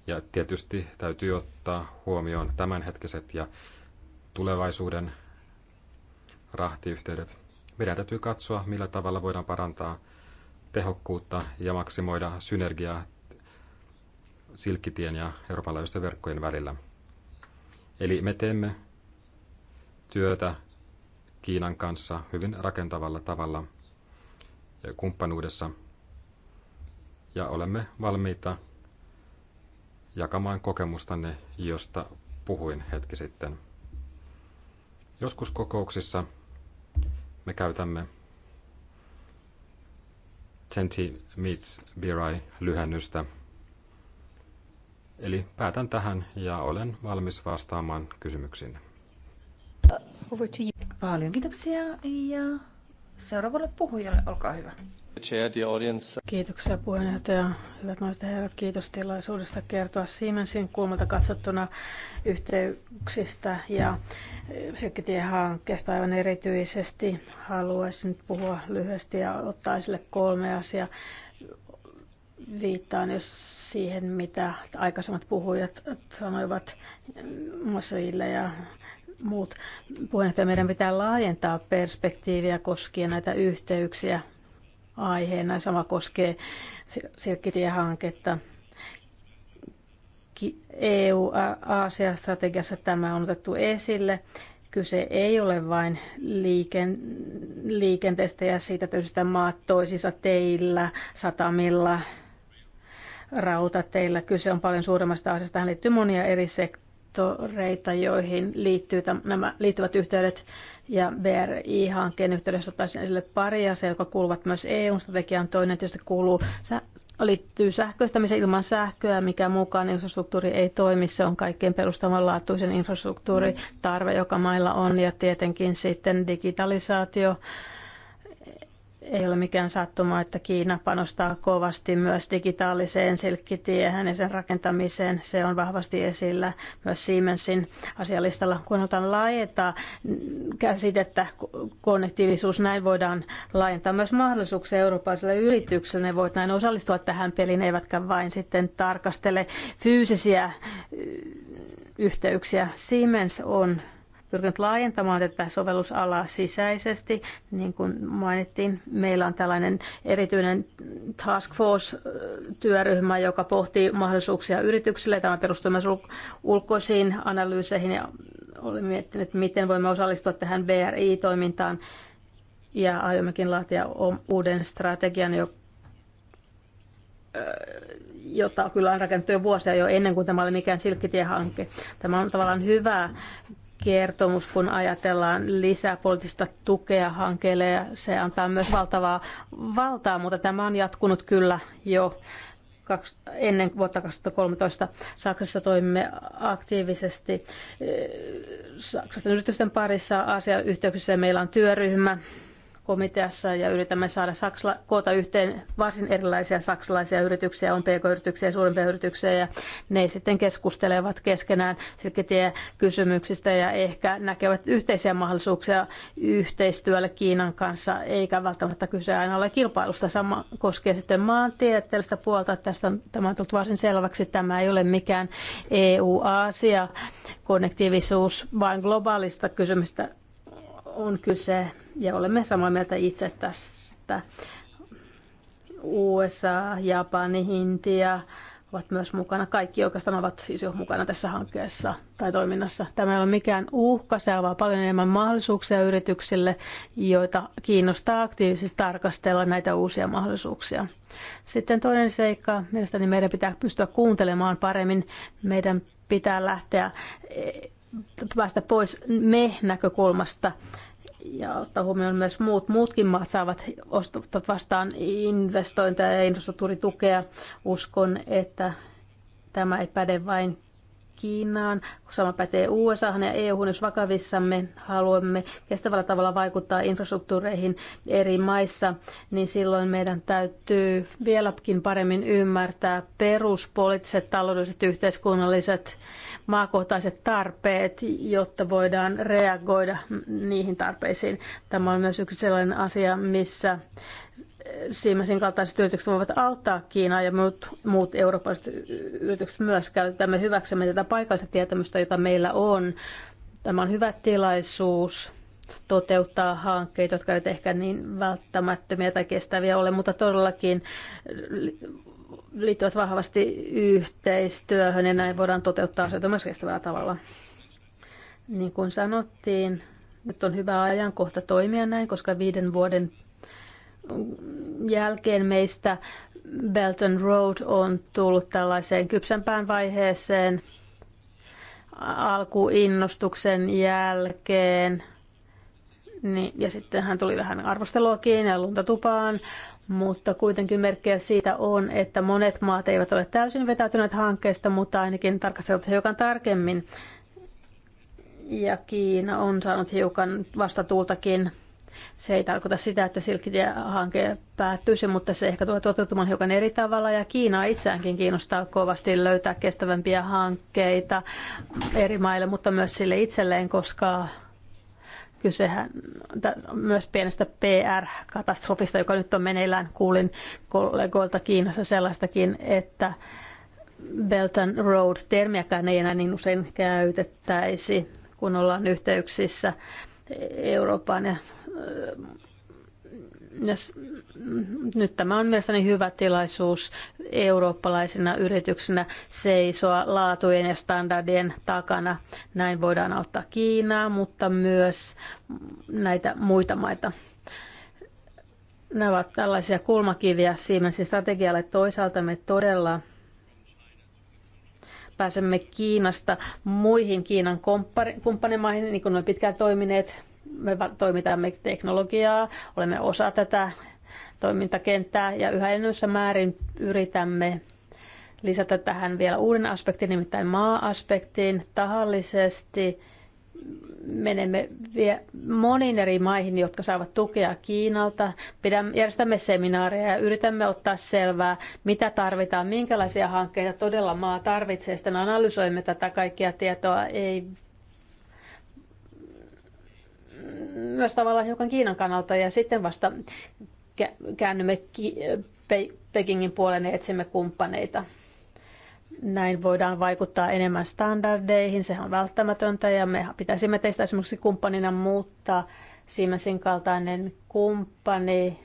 Ja tietysti täytyy ottaa huomioon tämänhetkiset ja tulevaisuuden rahtiyhteydet. Meidän täytyy katsoa, millä tavalla voidaan parantaa tehokkuutta ja maksimoida synergiaa Silkkitien ja Euroopan laajuisten verkkojen välillä. Eli me teemme työtä Kiinan kanssa hyvin rakentavalla tavalla kumppanuudessa. Ja olemme valmiita jakamaan kokemustanne, josta puhuin hetki sitten. Joskus kokouksissa me käytämme Tenti meets birai lyhennystä Eli päätän tähän ja olen valmis vastaamaan kysymyksiin. Over to you. Paljon kiitoksia ja seuraavalle puhujalle, olkaa hyvä. Chair, the audience. Kiitoksia puheenjohtaja. Hyvät naiset ja herrat, kiitos tilaisuudesta kertoa Siemensin kulmalta katsottuna yhteyksistä ja Silkkitiehankkeesta aivan erityisesti. Haluaisin nyt puhua lyhyesti ja ottaa esille kolme asiaa viittaan jos siihen, mitä aikaisemmat puhujat sanoivat muassa ja muut puheenjohtaja, meidän pitää laajentaa perspektiiviä koskien näitä yhteyksiä aiheena. Sama koskee Silkkitiehanketta. EU-Aasia-strategiassa tämä on otettu esille. Kyse ei ole vain liiken, liikenteestä ja siitä, että maat toisissa teillä, satamilla, rautateillä. Kyse on paljon suuremmasta asiasta. Tähän liittyy monia eri sektoreita sektoreita, joihin liittyy tämän, nämä liittyvät yhteydet ja BRI-hankkeen yhteydessä ottaisin esille pari asiaa, jotka kuuluvat myös EU-strategiaan. Toinen tietysti kuuluu, liittyy sähköistämiseen ilman sähköä, mikä mukaan infrastruktuuri ei toimi. Se on kaikkein perustavanlaatuisen infrastruktuuritarve, joka mailla on ja tietenkin sitten digitalisaatio ei ole mikään sattuma, että Kiina panostaa kovasti myös digitaaliseen silkkitiehän ja sen rakentamiseen. Se on vahvasti esillä myös Siemensin asialistalla. Kun otan laajentaa käsitettä konnektiivisuus, näin voidaan laajentaa myös mahdollisuuksia eurooppalaisille yrityksille. Ne voivat näin osallistua tähän peliin, eivätkä vain sitten tarkastele fyysisiä yhteyksiä. Siemens on pyrkinyt laajentamaan tätä sovellusalaa sisäisesti. Niin kuin mainittiin, meillä on tällainen erityinen task force-työryhmä, joka pohtii mahdollisuuksia yrityksille. Tämä perustuu myös ulkoisiin analyyseihin ja olen miettinyt, miten voimme osallistua tähän BRI-toimintaan ja aiommekin laatia uuden strategian, jo jota kyllä on rakennettu jo vuosia jo ennen kuin tämä oli mikään silkkitiehanke. Tämä on tavallaan hyvää kertomus, kun ajatellaan lisää poliittista tukea hankkeelle ja se antaa myös valtavaa valtaa, mutta tämä on jatkunut kyllä jo ennen vuotta 2013 Saksassa toimimme aktiivisesti eh, Saksan yritysten parissa asiayhteyksissä. Meillä on työryhmä, komiteassa ja yritämme saada Saksla, koota yhteen varsin erilaisia saksalaisia yrityksiä, on pk-yrityksiä ja suurempia yrityksiä ja ne sitten keskustelevat keskenään selkeä kysymyksistä ja ehkä näkevät yhteisiä mahdollisuuksia yhteistyölle Kiinan kanssa, eikä välttämättä kyse aina ole kilpailusta. Sama koskee sitten maantieteellistä puolta, tästä on, tämä on tullut varsin selväksi, tämä ei ole mikään EU-Aasia konnektiivisuus, vaan globaalista kysymystä on kyse, ja olemme samaa mieltä itse tästä. USA, Japani, Intia ovat myös mukana. Kaikki oikeastaan ovat siis jo mukana tässä hankkeessa tai toiminnassa. Tämä ei ole mikään uhka, se avaa paljon enemmän mahdollisuuksia yrityksille, joita kiinnostaa aktiivisesti tarkastella näitä uusia mahdollisuuksia. Sitten toinen seikka, mielestäni meidän pitää pystyä kuuntelemaan paremmin. Meidän pitää lähteä eh, päästä pois me-näkökulmasta ja ottaa huomioon myös muut. Muutkin maat saavat ostavat vastaan investointeja ja infrastruktuuritukea. Uskon, että tämä ei päde vain Kiinaan, sama pätee USAhan ja EU, jos vakavissamme haluamme kestävällä tavalla vaikuttaa infrastruktuureihin eri maissa, niin silloin meidän täytyy vieläkin paremmin ymmärtää peruspoliittiset, taloudelliset, yhteiskunnalliset, maakohtaiset tarpeet, jotta voidaan reagoida niihin tarpeisiin. Tämä on myös yksi sellainen asia, missä Siemensin kaltaiset yritykset voivat auttaa Kiinaa ja muut, muut eurooppalaiset yritykset myös käytämme hyväksemme tätä paikallista tietämystä, jota meillä on. Tämä on hyvä tilaisuus toteuttaa hankkeita, jotka eivät ehkä niin välttämättömiä tai kestäviä ole, mutta todellakin liittyvät vahvasti yhteistyöhön ja näin voidaan toteuttaa asioita myös kestävällä tavalla. Niin kuin sanottiin, nyt on hyvä ajankohta toimia näin, koska viiden vuoden jälkeen meistä Belt and Road on tullut tällaiseen kypsempään vaiheeseen alkuinnostuksen jälkeen. Niin, ja sitten hän tuli vähän arvosteluakin ja luntatupaan, mutta kuitenkin merkkejä siitä on, että monet maat eivät ole täysin vetäytyneet hankkeesta, mutta ainakin tarkastelut hiukan tarkemmin. Ja Kiina on saanut hiukan vastatuultakin se ei tarkoita sitä, että Silkkitie-hanke päättyisi, mutta se ehkä tulee toteutumaan hiukan eri tavalla. Ja Kiinaa itseäänkin kiinnostaa kovasti löytää kestävämpiä hankkeita eri maille, mutta myös sille itselleen, koska kysehän myös pienestä PR-katastrofista, joka nyt on meneillään. Kuulin kollegoilta Kiinassa sellaistakin, että Belt and Road-termiäkään ei enää niin usein käytettäisi, kun ollaan yhteyksissä Eurooppaan ja nyt tämä on mielestäni hyvä tilaisuus eurooppalaisena yrityksenä seisoa laatujen ja standardien takana. Näin voidaan auttaa Kiinaa, mutta myös näitä muita maita. Nämä ovat tällaisia kulmakiviä Siemensin strategialle. Toisaalta me todella pääsemme Kiinasta muihin Kiinan kumppanimaihin, niin kuin ne pitkään toimineet. Me toimitamme teknologiaa, olemme osa tätä toimintakenttää ja yhä enemmän määrin yritämme lisätä tähän vielä uuden aspektin, nimittäin maa-aspektiin tahallisesti – menemme vie moniin eri maihin, jotka saavat tukea Kiinalta. Pidämme, järjestämme seminaareja ja yritämme ottaa selvää, mitä tarvitaan, minkälaisia hankkeita todella maa tarvitsee. Sitten analysoimme tätä kaikkia tietoa. Ei myös tavallaan hiukan Kiinan kannalta ja sitten vasta käännymme Pekingin puoleen ja etsimme kumppaneita. Näin voidaan vaikuttaa enemmän standardeihin, sehän on välttämätöntä ja me pitäisimme teistä esimerkiksi kumppanina, muuttaa Siemensin kaltainen kumppani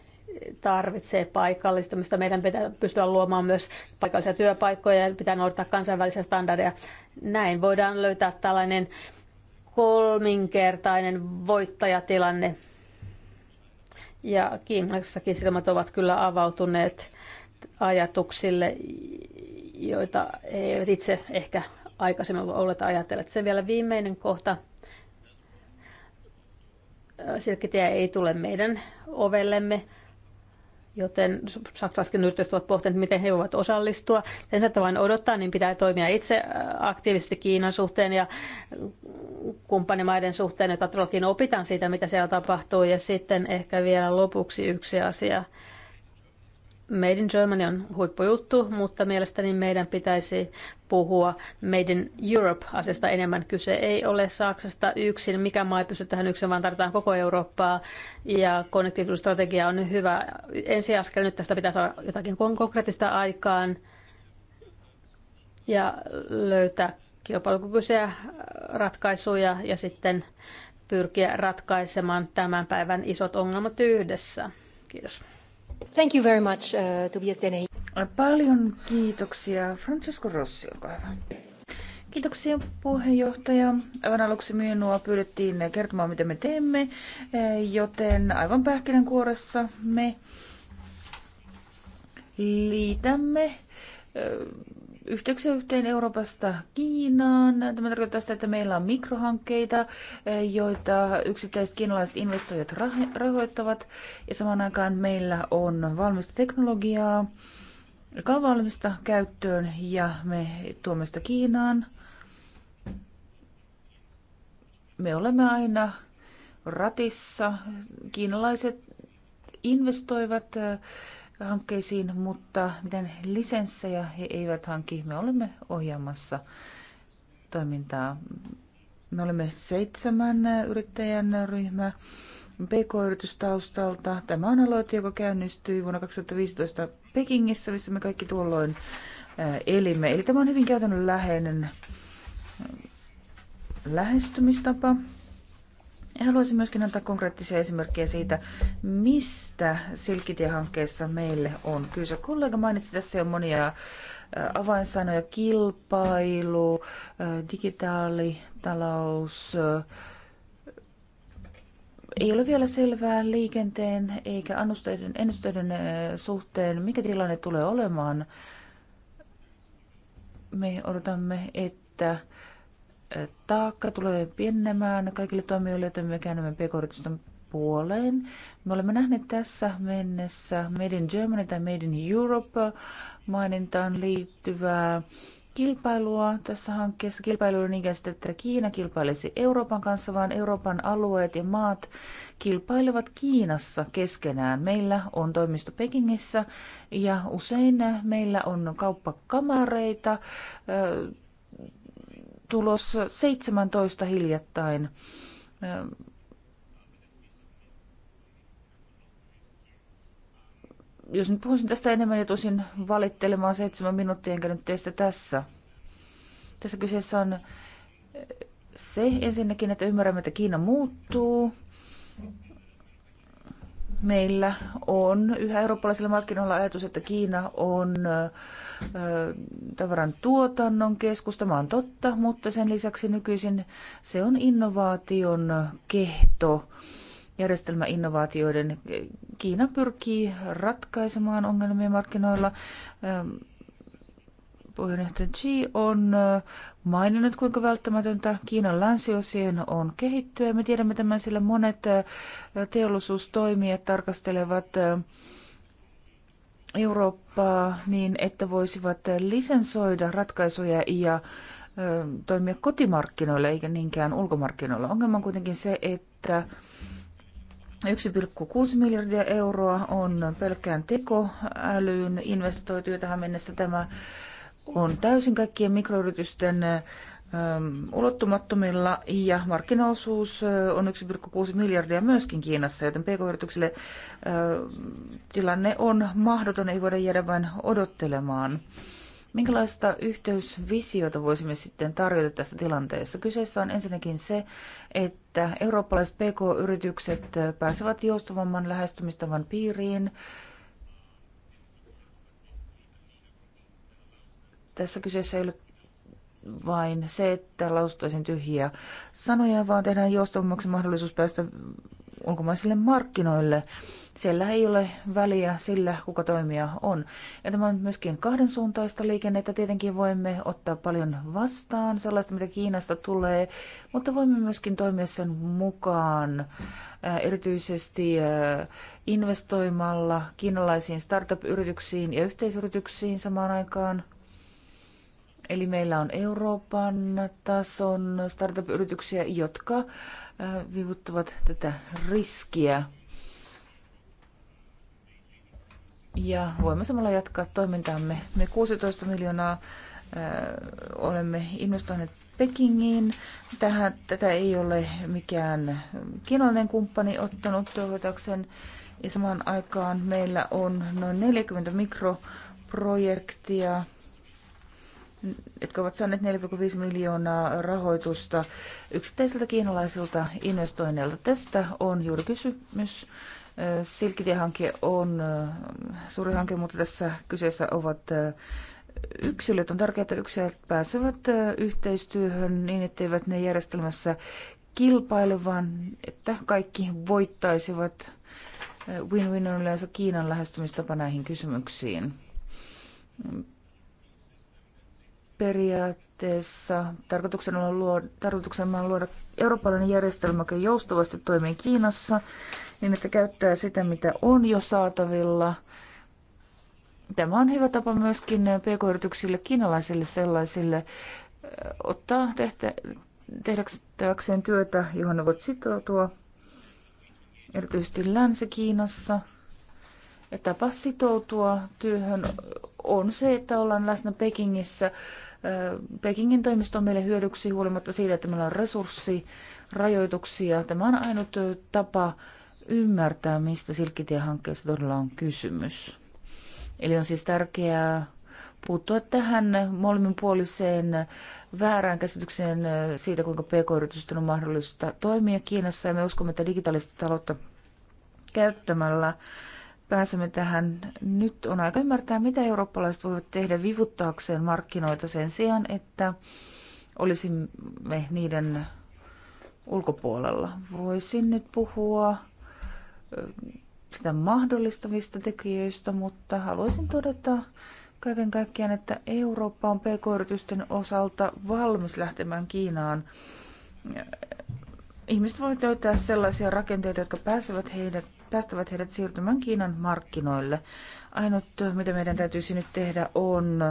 tarvitsee paikallistamista. Meidän pitää pystyä luomaan myös paikallisia työpaikkoja ja pitää noudattaa kansainvälisiä standardeja. Näin voidaan löytää tällainen kolminkertainen voittajatilanne. Ja Kiinassakin silmät ovat kyllä avautuneet ajatuksille, joita ei itse ehkä aikaisemmin olleet ajatella. Se vielä viimeinen kohta. Silkkitie ei tule meidän ovellemme, joten saksalaisetkin yritykset ovat pohtineet, miten he voivat osallistua. Sen sijaan, vain odottaa, niin pitää toimia itse äh, aktiivisesti Kiinan suhteen ja kumppanimaiden suhteen, jota todellakin opitaan siitä, mitä siellä tapahtuu. Ja sitten ehkä vielä lopuksi yksi asia, Made in Germany on huippujuttu, mutta mielestäni meidän pitäisi puhua Made in Europe-asiasta enemmän. Kyse ei ole Saksasta yksin, mikä maa ei pysty tähän yksin, vaan tarvitaan koko Eurooppaa. Ja konnektiivisuusstrategia on hyvä ensiaskel. Nyt tästä pitää saada jotakin konkreettista aikaan ja löytää kilpailukykyisiä ratkaisuja ja sitten pyrkiä ratkaisemaan tämän päivän isot ongelmat yhdessä. Kiitos. Thank you very much, uh, Tobias Paljon kiitoksia. Francesco Rossi, olkaa hyvä. Kiitoksia puheenjohtaja. Aivan aluksi minua pyydettiin kertomaan, mitä me teemme, joten aivan pähkinänkuoressa me liitämme yhteyksiä yhteen Euroopasta Kiinaan. Tämä tarkoittaa sitä, että meillä on mikrohankkeita, eh, joita yksittäiset kiinalaiset investoijat rahoittavat. Ja samaan aikaan meillä on valmista teknologiaa, joka on valmista käyttöön ja me tuomme sitä Kiinaan. Me olemme aina ratissa. Kiinalaiset investoivat eh, hankkeisiin, mutta miten lisenssejä he eivät hanki, me olemme ohjaamassa toimintaa. Me olemme seitsemän yrittäjän ryhmä PK-yritystaustalta. Tämä on aloite, joka käynnistyi vuonna 2015 Pekingissä, missä me kaikki tuolloin elimme. Eli tämä on hyvin käytännönläheinen lähestymistapa. Haluaisin myöskin antaa konkreettisia esimerkkejä siitä, mistä hankkeessa meille on kyse. Kollega mainitsi tässä jo monia äh, avainsanoja, kilpailu, äh, digitaalitalous. Äh. Ei ole vielä selvää liikenteen eikä ennusteiden suhteen, mikä tilanne tulee olemaan. Me odotamme, että taakka tulee pienemään kaikille toimijoille, joten me käännämme pk puoleen. Me olemme nähneet tässä mennessä Made in Germany tai Made in Europe mainintaan liittyvää kilpailua tässä hankkeessa. Kilpailu on niinkään sitä, että Kiina kilpailisi Euroopan kanssa, vaan Euroopan alueet ja maat kilpailevat Kiinassa keskenään. Meillä on toimisto Pekingissä ja usein meillä on kauppakamareita, tulos 17 hiljattain. Jos nyt puhuisin tästä enemmän, niin tosin valittelemaan seitsemän minuuttia, enkä nyt teistä tässä. Tässä kyseessä on se ensinnäkin, että ymmärrämme, että Kiina muuttuu meillä on yhä eurooppalaisilla markkinoilla ajatus, että Kiina on tavaran tuotannon keskus. Tämä on totta, mutta sen lisäksi nykyisin se on innovaation kehto. Järjestelmäinnovaatioiden Kiina pyrkii ratkaisemaan ongelmia markkinoilla puheenjohtaja Xi on maininnut, kuinka välttämätöntä Kiinan länsiosien on kehittyä. Me tiedämme tämän, sillä monet teollisuustoimijat tarkastelevat Eurooppaa niin, että voisivat lisensoida ratkaisuja ja toimia kotimarkkinoilla eikä niinkään ulkomarkkinoilla. Ongelma on kuitenkin se, että 1,6 miljardia euroa on pelkään tekoälyyn investoitu, tähän mennessä tämä on täysin kaikkien mikroyritysten ulottumattomilla ja markkinaosuus on 1,6 miljardia myöskin Kiinassa, joten pk-yrityksille tilanne on mahdoton, ei voida jäädä vain odottelemaan. Minkälaista yhteysvisiota voisimme sitten tarjota tässä tilanteessa? Kyseessä on ensinnäkin se, että eurooppalaiset pk-yritykset pääsevät joustavamman lähestymistavan piiriin tässä kyseessä ei ole vain se, että lausuttaisiin tyhjiä sanoja, vaan tehdään joustavammaksi mahdollisuus päästä ulkomaisille markkinoille. Siellä ei ole väliä sillä, kuka toimija on. Ja tämä on myöskin kahden suuntaista liikennettä. Tietenkin voimme ottaa paljon vastaan sellaista, mitä Kiinasta tulee, mutta voimme myöskin toimia sen mukaan äh, erityisesti äh, investoimalla kiinalaisiin startup-yrityksiin ja yhteisyrityksiin samaan aikaan Eli meillä on Euroopan tason startup-yrityksiä, jotka vivuttavat tätä riskiä. Ja voimme samalla jatkaa toimintaamme. Me 16 miljoonaa olemme investoineet Pekingiin. Tähän, tätä ei ole mikään kiinalainen kumppani ottanut hoitakseen. Ja samaan aikaan meillä on noin 40 mikroprojektia jotka ovat saaneet 4,5 miljoonaa rahoitusta yksittäisiltä kiinalaisilta investoinneilta. Tästä on juuri kysymys. Silkkitiehanke on äh, suuri hanke, mutta tässä kyseessä ovat äh, yksilöt. On tärkeää, että yksilöt pääsevät äh, yhteistyöhön niin, etteivät ne järjestelmässä kilpaile, vaan että kaikki voittaisivat. Win-win on yleensä Kiinan lähestymistapa näihin kysymyksiin periaatteessa tarkoituksena on luoda, tarkoituksena on luoda eurooppalainen järjestelmä, joka joustavasti toimii Kiinassa, niin että käyttää sitä, mitä on jo saatavilla. Tämä on hyvä tapa myöskin pk-yrityksille, kiinalaisille sellaisille, ottaa tehtä, tehdäkseen työtä, johon ne voivat sitoutua, erityisesti Länsi-Kiinassa – tapa sitoutua työhön on se, että ollaan läsnä Pekingissä. Pekingin toimisto on meille hyödyksi huolimatta siitä, että meillä on resurssi, rajoituksia. Tämä on ainut tapa ymmärtää, mistä Silkkitie-hankkeessa todella on kysymys. Eli on siis tärkeää puuttua tähän molemminpuoliseen väärään käsitykseen siitä, kuinka pk-yritysten on mahdollista toimia Kiinassa. Ja me uskomme, että digitaalista taloutta käyttämällä pääsemme tähän. Nyt on aika ymmärtää, mitä eurooppalaiset voivat tehdä vivuttaakseen markkinoita sen sijaan, että olisimme niiden ulkopuolella. Voisin nyt puhua sitä mahdollistavista tekijöistä, mutta haluaisin todeta kaiken kaikkiaan, että Eurooppa on pk-yritysten osalta valmis lähtemään Kiinaan. Ihmiset voivat löytää sellaisia rakenteita, jotka pääsevät heidät päästävät heidät siirtymään Kiinan markkinoille. Ainut, mitä meidän täytyisi nyt tehdä, on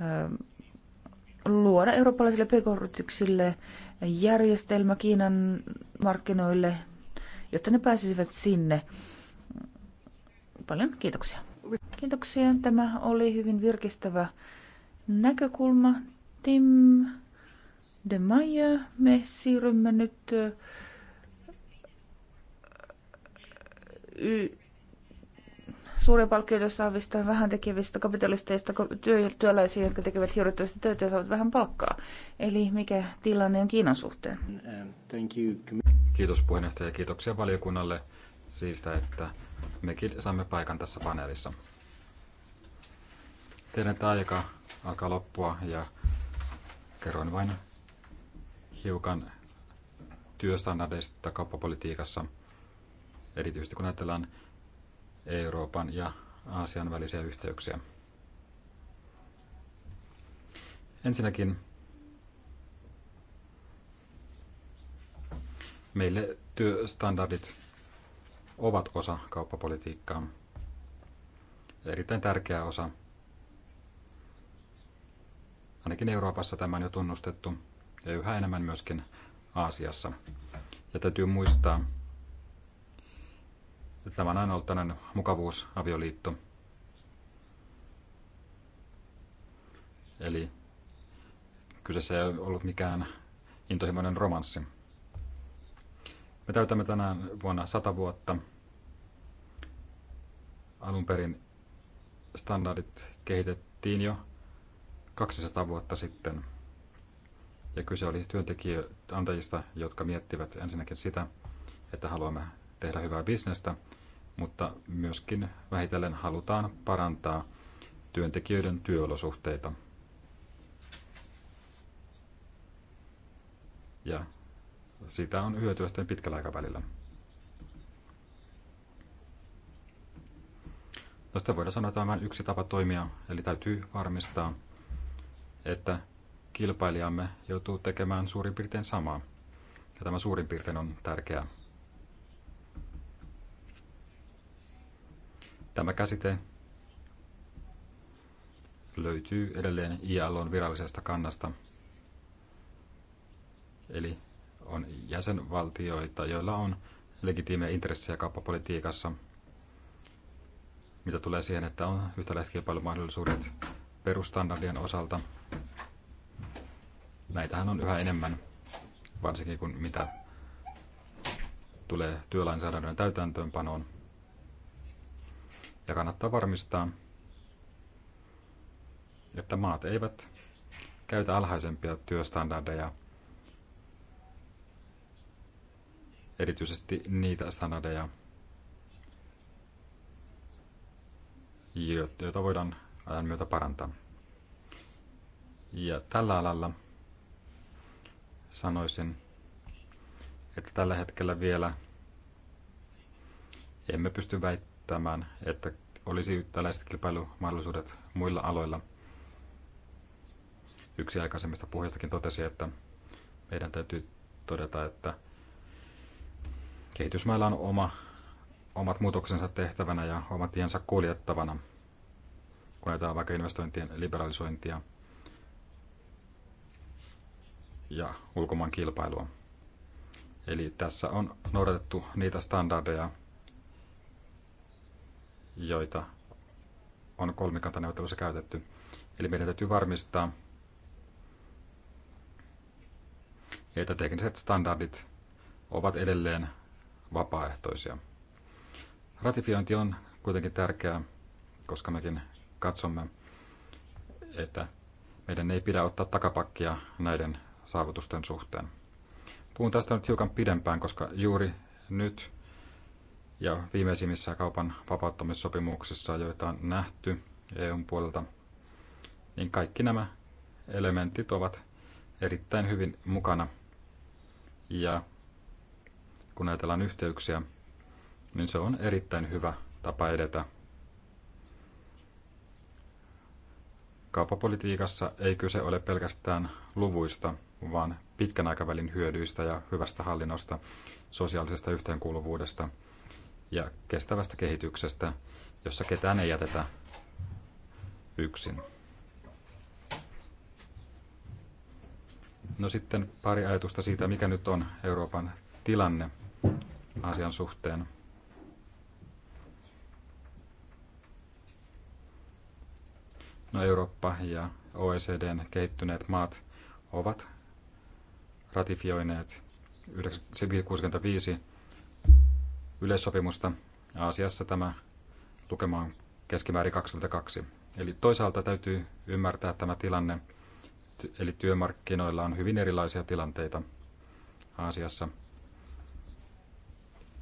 ähm, luoda eurooppalaisille pk järjestelmä Kiinan markkinoille, jotta ne pääsisivät sinne. Paljon kiitoksia. Kiitoksia. Tämä oli hyvin virkistävä näkökulma. Tim de Maier, me siirrymme nyt äh, y- suuria palkkioita saavista, vähän tekevistä kapitalisteista, työ- työläisiä, jotka tekevät hirvittävästi töitä ja saavat vähän palkkaa. Eli mikä tilanne on Kiinan suhteen? Kiitos puheenjohtaja ja kiitoksia valiokunnalle siitä, että mekin saamme paikan tässä paneelissa. Teidän tämä aika alkaa loppua ja kerron vain hiukan työstandardeista kauppapolitiikassa – erityisesti kun ajatellaan Euroopan ja Aasian välisiä yhteyksiä. Ensinnäkin meille työstandardit ovat osa kauppapolitiikkaa. Erittäin tärkeä osa. Ainakin Euroopassa tämä on jo tunnustettu ja yhä enemmän myöskin Aasiassa. Ja täytyy muistaa, Tämä on aina ollut tämmöinen mukavuusavioliitto. Eli kyseessä ei ollut mikään intohimoinen romanssi. Me täytämme tänään vuonna 100 vuotta. Alun perin standardit kehitettiin jo 200 vuotta sitten. Ja kyse oli työntekijöitä antajista, jotka miettivät ensinnäkin sitä, että haluamme tehdä hyvää bisnestä, mutta myöskin vähitellen halutaan parantaa työntekijöiden työolosuhteita. Ja siitä on hyötyä sitten pitkällä aikavälillä. Tästä voidaan sanoa, että on yksi tapa toimia, eli täytyy varmistaa, että kilpailijamme joutuu tekemään suurin piirtein samaa. Ja tämä suurin piirtein on tärkeää. Tämä käsite löytyy edelleen ILOn virallisesta kannasta. Eli on jäsenvaltioita, joilla on legitiimejä intressejä kauppapolitiikassa, mitä tulee siihen, että on yhtäläiset kilpailumahdollisuudet perustandardien osalta. Näitähän on yhä enemmän, varsinkin kun mitä tulee työlainsäädännön täytäntöönpanoon – ja kannattaa varmistaa, että maat eivät käytä alhaisempia työstandardeja, erityisesti niitä standardeja, joita voidaan ajan myötä parantaa. Ja tällä alalla sanoisin, että tällä hetkellä vielä emme pysty väittämään, tämän, että olisi tällaiset kilpailumahdollisuudet muilla aloilla. Yksi aikaisemmista puheistakin totesi, että meidän täytyy todeta, että kehitysmailla on oma, omat muutoksensa tehtävänä ja omat tiensä kuljettavana, kun on vaikka investointien liberalisointia ja ulkomaan kilpailua. Eli tässä on noudatettu niitä standardeja, joita on kolmikantaneuvottelussa käytetty. Eli meidän täytyy varmistaa, että tekniset standardit ovat edelleen vapaaehtoisia. Ratifiointi on kuitenkin tärkeää, koska mekin katsomme, että meidän ei pidä ottaa takapakkia näiden saavutusten suhteen. Puhun tästä nyt hiukan pidempään, koska juuri nyt ja viimeisimmissä kaupan vapauttamissopimuksissa, joita on nähty EUn puolelta, niin kaikki nämä elementit ovat erittäin hyvin mukana. Ja kun ajatellaan yhteyksiä, niin se on erittäin hyvä tapa edetä. Kauppapolitiikassa ei kyse ole pelkästään luvuista, vaan pitkän aikavälin hyödyistä ja hyvästä hallinnosta, sosiaalisesta yhteenkuuluvuudesta – ja kestävästä kehityksestä, jossa ketään ei jätetä yksin. No sitten pari ajatusta siitä, mikä nyt on Euroopan tilanne asian suhteen. No Eurooppa ja OECDn kehittyneet maat ovat ratifioineet 1965 yleissopimusta. Aasiassa tämä lukema on keskimäärin 22. Eli toisaalta täytyy ymmärtää tämä tilanne, eli työmarkkinoilla on hyvin erilaisia tilanteita Aasiassa.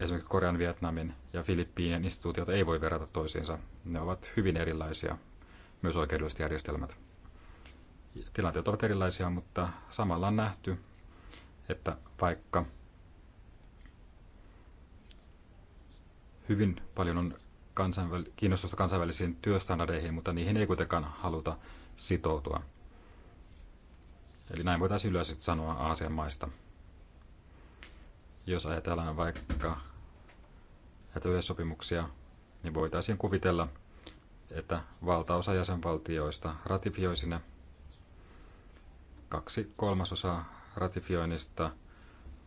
Esimerkiksi Korean, Vietnamin ja Filippiinien instituutiot ei voi verrata toisiinsa. Ne ovat hyvin erilaisia, myös oikeudelliset järjestelmät. Tilanteet ovat erilaisia, mutta samalla on nähty, että vaikka hyvin paljon on kansainväl- kiinnostusta kansainvälisiin työstandardeihin, mutta niihin ei kuitenkaan haluta sitoutua. Eli näin voitaisiin yleensä sanoa Aasian maista. Jos ajatellaan vaikka näitä yleissopimuksia, niin voitaisiin kuvitella, että valtaosa jäsenvaltioista ratifioisi ne. Kaksi kolmasosaa ratifioinnista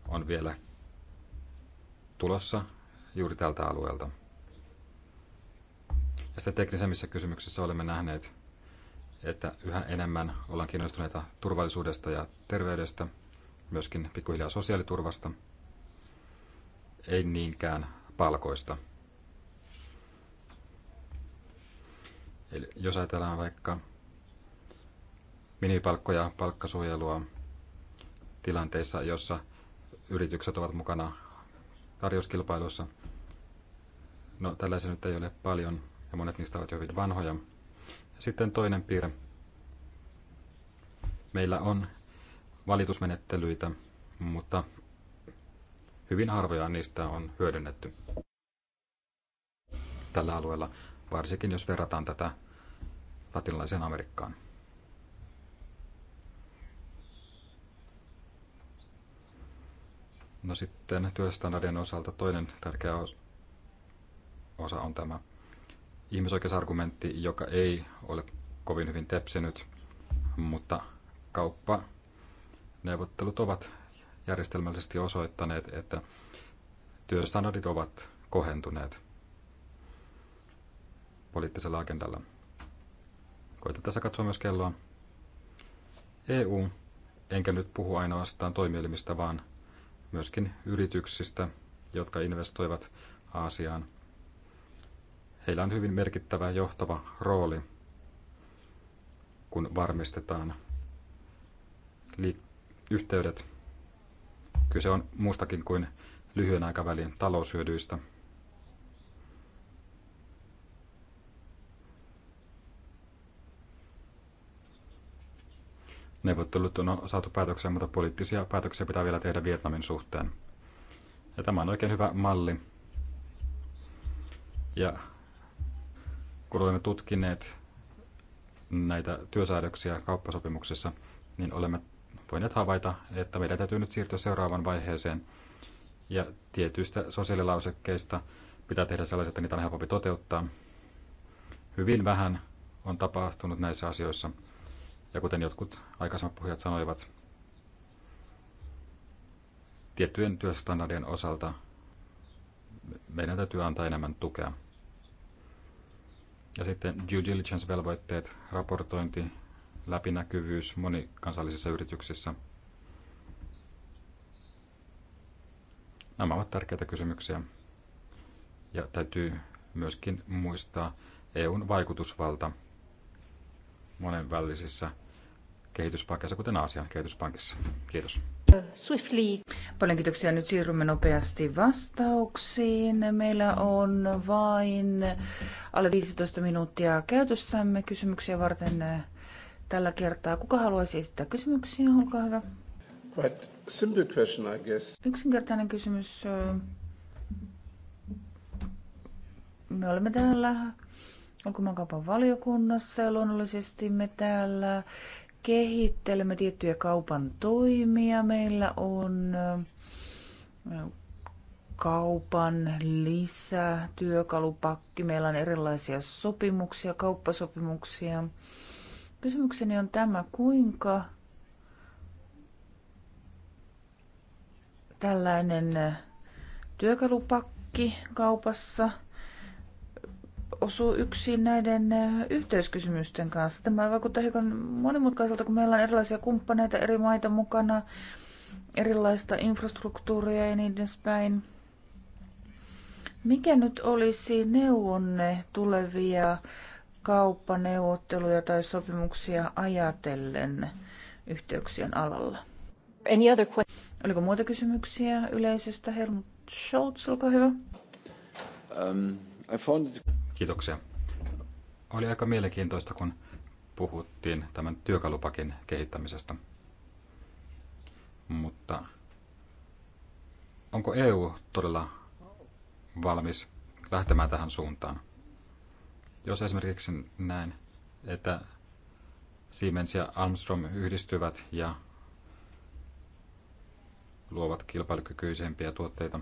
on vielä tulossa juuri tältä alueelta. Ja sitten teknisemmissä kysymyksissä olemme nähneet, että yhä enemmän ollaan kiinnostuneita turvallisuudesta ja terveydestä, myöskin pikkuhiljaa sosiaaliturvasta, ei niinkään palkoista. Eli jos ajatellaan vaikka minipalkkoja, palkkasuojelua tilanteissa, jossa yritykset ovat mukana tarjouskilpailuissa – No tällaisia nyt ei ole paljon ja monet niistä ovat jo hyvin vanhoja. Ja sitten toinen piirre. Meillä on valitusmenettelyitä, mutta hyvin harvoja niistä on hyödynnetty tällä alueella, varsinkin jos verrataan tätä latinalaiseen Amerikkaan. No sitten työstandardien osalta toinen tärkeä osa on tämä ihmisoikeusargumentti, joka ei ole kovin hyvin tepsinyt, mutta kauppaneuvottelut ovat järjestelmällisesti osoittaneet, että työstandardit ovat kohentuneet poliittisella agendalla. Koitan tässä katsoa myös kelloa. EU, enkä nyt puhu ainoastaan toimielimistä, vaan myöskin yrityksistä, jotka investoivat Aasiaan – Heillä on hyvin merkittävä johtava rooli, kun varmistetaan yhteydet. Kyse on muustakin kuin lyhyen aikavälin taloushyödyistä. Neuvottelut on saatu päätökseen, mutta poliittisia päätöksiä pitää vielä tehdä Vietnamin suhteen. Ja tämä on oikein hyvä malli. Ja kun olemme tutkineet näitä työsäädöksiä kauppasopimuksessa, niin olemme voineet havaita, että meidän täytyy nyt siirtyä seuraavaan vaiheeseen. Ja tietyistä sosiaalilausekkeista pitää tehdä sellaiset, että niitä on helpompi toteuttaa. Hyvin vähän on tapahtunut näissä asioissa. Ja kuten jotkut aikaisemmat puhujat sanoivat, tiettyjen työstandardien osalta meidän täytyy antaa enemmän tukea. Ja sitten due diligence-velvoitteet, raportointi, läpinäkyvyys monikansallisissa yrityksissä. Nämä ovat tärkeitä kysymyksiä. Ja täytyy myöskin muistaa EUn vaikutusvalta monenvälisissä kehityspankissa kuten Aasian kehityspankissa. Kiitos. Swiftly. Paljon kiitoksia. Nyt siirrymme nopeasti vastauksiin. Meillä on vain alle 15 minuuttia käytössämme kysymyksiä varten eh, tällä kertaa. Kuka haluaisi esittää kysymyksiä? Olkaa hyvä. Quite simple question, I guess. Yksinkertainen kysymys. Eh, me olemme täällä ulkomaankaupan valiokunnassa ja luonnollisesti me täällä kehittelemme tiettyjä kaupan toimia. Meillä on kaupan lisä, työkalupakki, meillä on erilaisia sopimuksia, kauppasopimuksia. Kysymykseni on tämä, kuinka tällainen työkalupakki kaupassa – osuu yksin näiden yhteiskysymysten kanssa. Tämä vaikuttaa hiukan monimutkaiselta, kun meillä on erilaisia kumppaneita, eri maita mukana, erilaista infrastruktuuria ja niin edespäin. Mikä nyt olisi neuvonne tulevia kauppaneuvotteluja tai sopimuksia ajatellen yhteyksien alalla? Any other Oliko muita kysymyksiä yleisestä? Helmut Scholz, olkaa hyvä. Um, I found it... Kiitoksia. Oli aika mielenkiintoista, kun puhuttiin tämän työkalupakin kehittämisestä. Mutta onko EU todella valmis lähtemään tähän suuntaan? Jos esimerkiksi näin, että Siemens ja Armstrong yhdistyvät ja luovat kilpailukykyisempiä tuotteita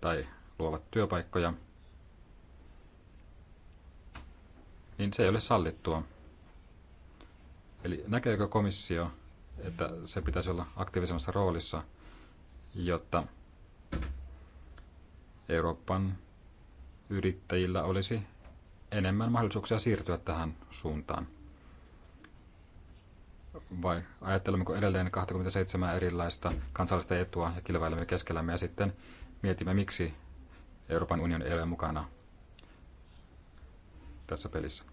tai luovat työpaikkoja, niin se ei ole sallittua. Eli näkeekö komissio, että se pitäisi olla aktiivisemmassa roolissa, jotta Euroopan yrittäjillä olisi enemmän mahdollisuuksia siirtyä tähän suuntaan? Vai ajattelemmeko edelleen 27 erilaista kansallista etua ja kilpailemme keskellämme ja sitten mietimme, miksi Euroopan unioni ei ole mukana tässä pelissä.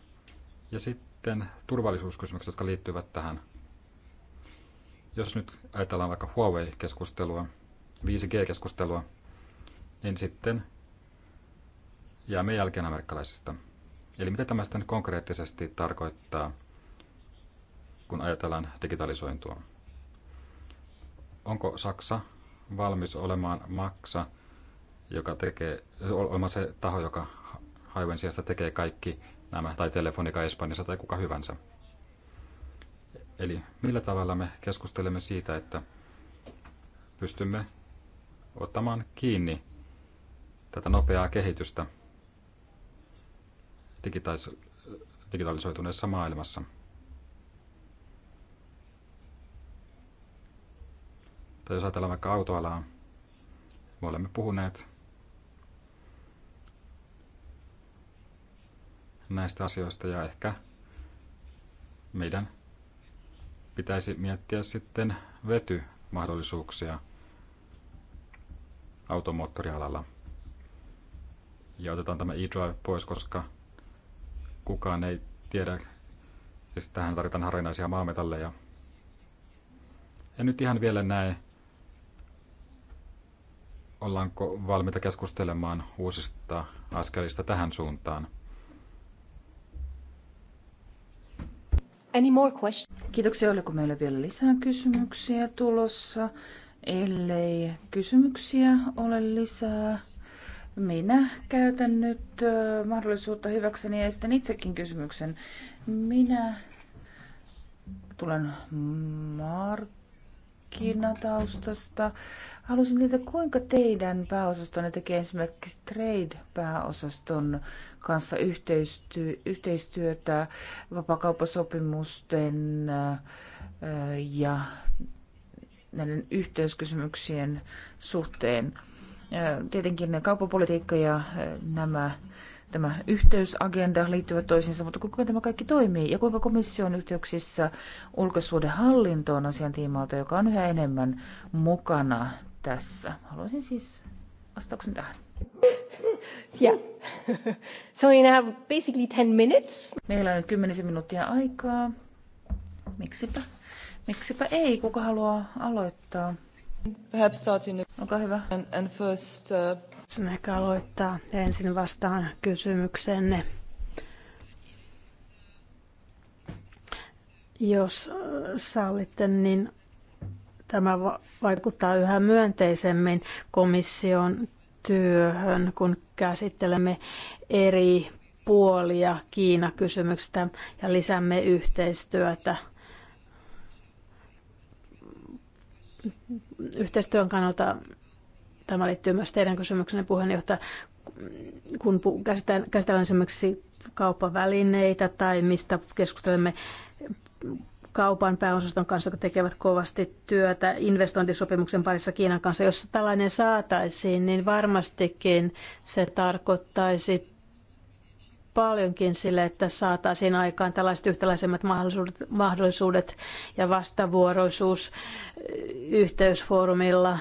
Ja sitten turvallisuuskysymykset, jotka liittyvät tähän. Jos nyt ajatellaan vaikka Huawei-keskustelua, 5G-keskustelua, niin sitten jäämme jälkeen amerikkalaisista. Eli mitä tämä sitten konkreettisesti tarkoittaa, kun ajatellaan digitalisointua? Onko Saksa valmis olemaan maksa, joka tekee, olemaan se taho, joka Highwayn sijasta tekee kaikki nämä, tai telefonika Espanjassa tai kuka hyvänsä. Eli millä tavalla me keskustelemme siitä, että pystymme ottamaan kiinni tätä nopeaa kehitystä digitalis- digitalisoituneessa maailmassa. Tai jos ajatellaan vaikka autoalaa, me olemme puhuneet näistä asioista ja ehkä meidän pitäisi miettiä sitten vetymahdollisuuksia automoottorialalla. Ja otetaan tämä e-drive pois, koska kukaan ei tiedä, siis tähän tarvitaan harvinaisia maametalleja. En nyt ihan vielä näe, ollaanko valmiita keskustelemaan uusista askelista tähän suuntaan – Any more questions? Kiitoksia. Oliko meillä vielä lisää kysymyksiä tulossa? Ellei kysymyksiä ole lisää, minä käytän nyt mahdollisuutta hyväkseni ja esitän itsekin kysymyksen. Minä tulen markkinataustasta. Haluaisin tietää, kuinka teidän pääosastonne tekee esimerkiksi trade-pääosaston kanssa yhteistyötä vapakauppasopimusten äh, ja näiden yhteyskysymyksien suhteen. Äh, tietenkin kauppapolitiikka ja äh, nämä tämä yhteysagenda liittyvät toisiinsa, mutta kuinka tämä kaikki toimii ja kuinka komissio on yhteyksissä ulkosuuden hallintoon asian tiimalta, joka on yhä enemmän mukana tässä. Haluaisin siis vastauksen tähän. yeah. so we have basically 10 minutes. Meillä on nyt 10 minuuttia aikaa. Miksipä? Miksipä ei? Kuka haluaa aloittaa? Perhaps starting. Olkaa hyvä. And, and first, uh... Sen ehkä aloittaa ensin vastaan kysymykseenne. Jos sallitte, niin tämä vaikuttaa yhä myönteisemmin komission työhön, kun käsittelemme eri puolia Kiina-kysymyksistä ja lisäämme yhteistyötä yhteistyön kannalta tämä liittyy myös teidän kysymyksenne puheenjohtaja, kun käsitellään esimerkiksi kauppavälineitä tai mistä keskustelemme kaupan pääosaston kanssa, jotka tekevät kovasti työtä investointisopimuksen parissa Kiinan kanssa. Jos tällainen saataisiin, niin varmastikin se tarkoittaisi paljonkin sille, että saataisiin aikaan tällaiset yhtäläisemmät mahdollisuudet, mahdollisuudet ja vastavuoroisuus yhteysfoorumilla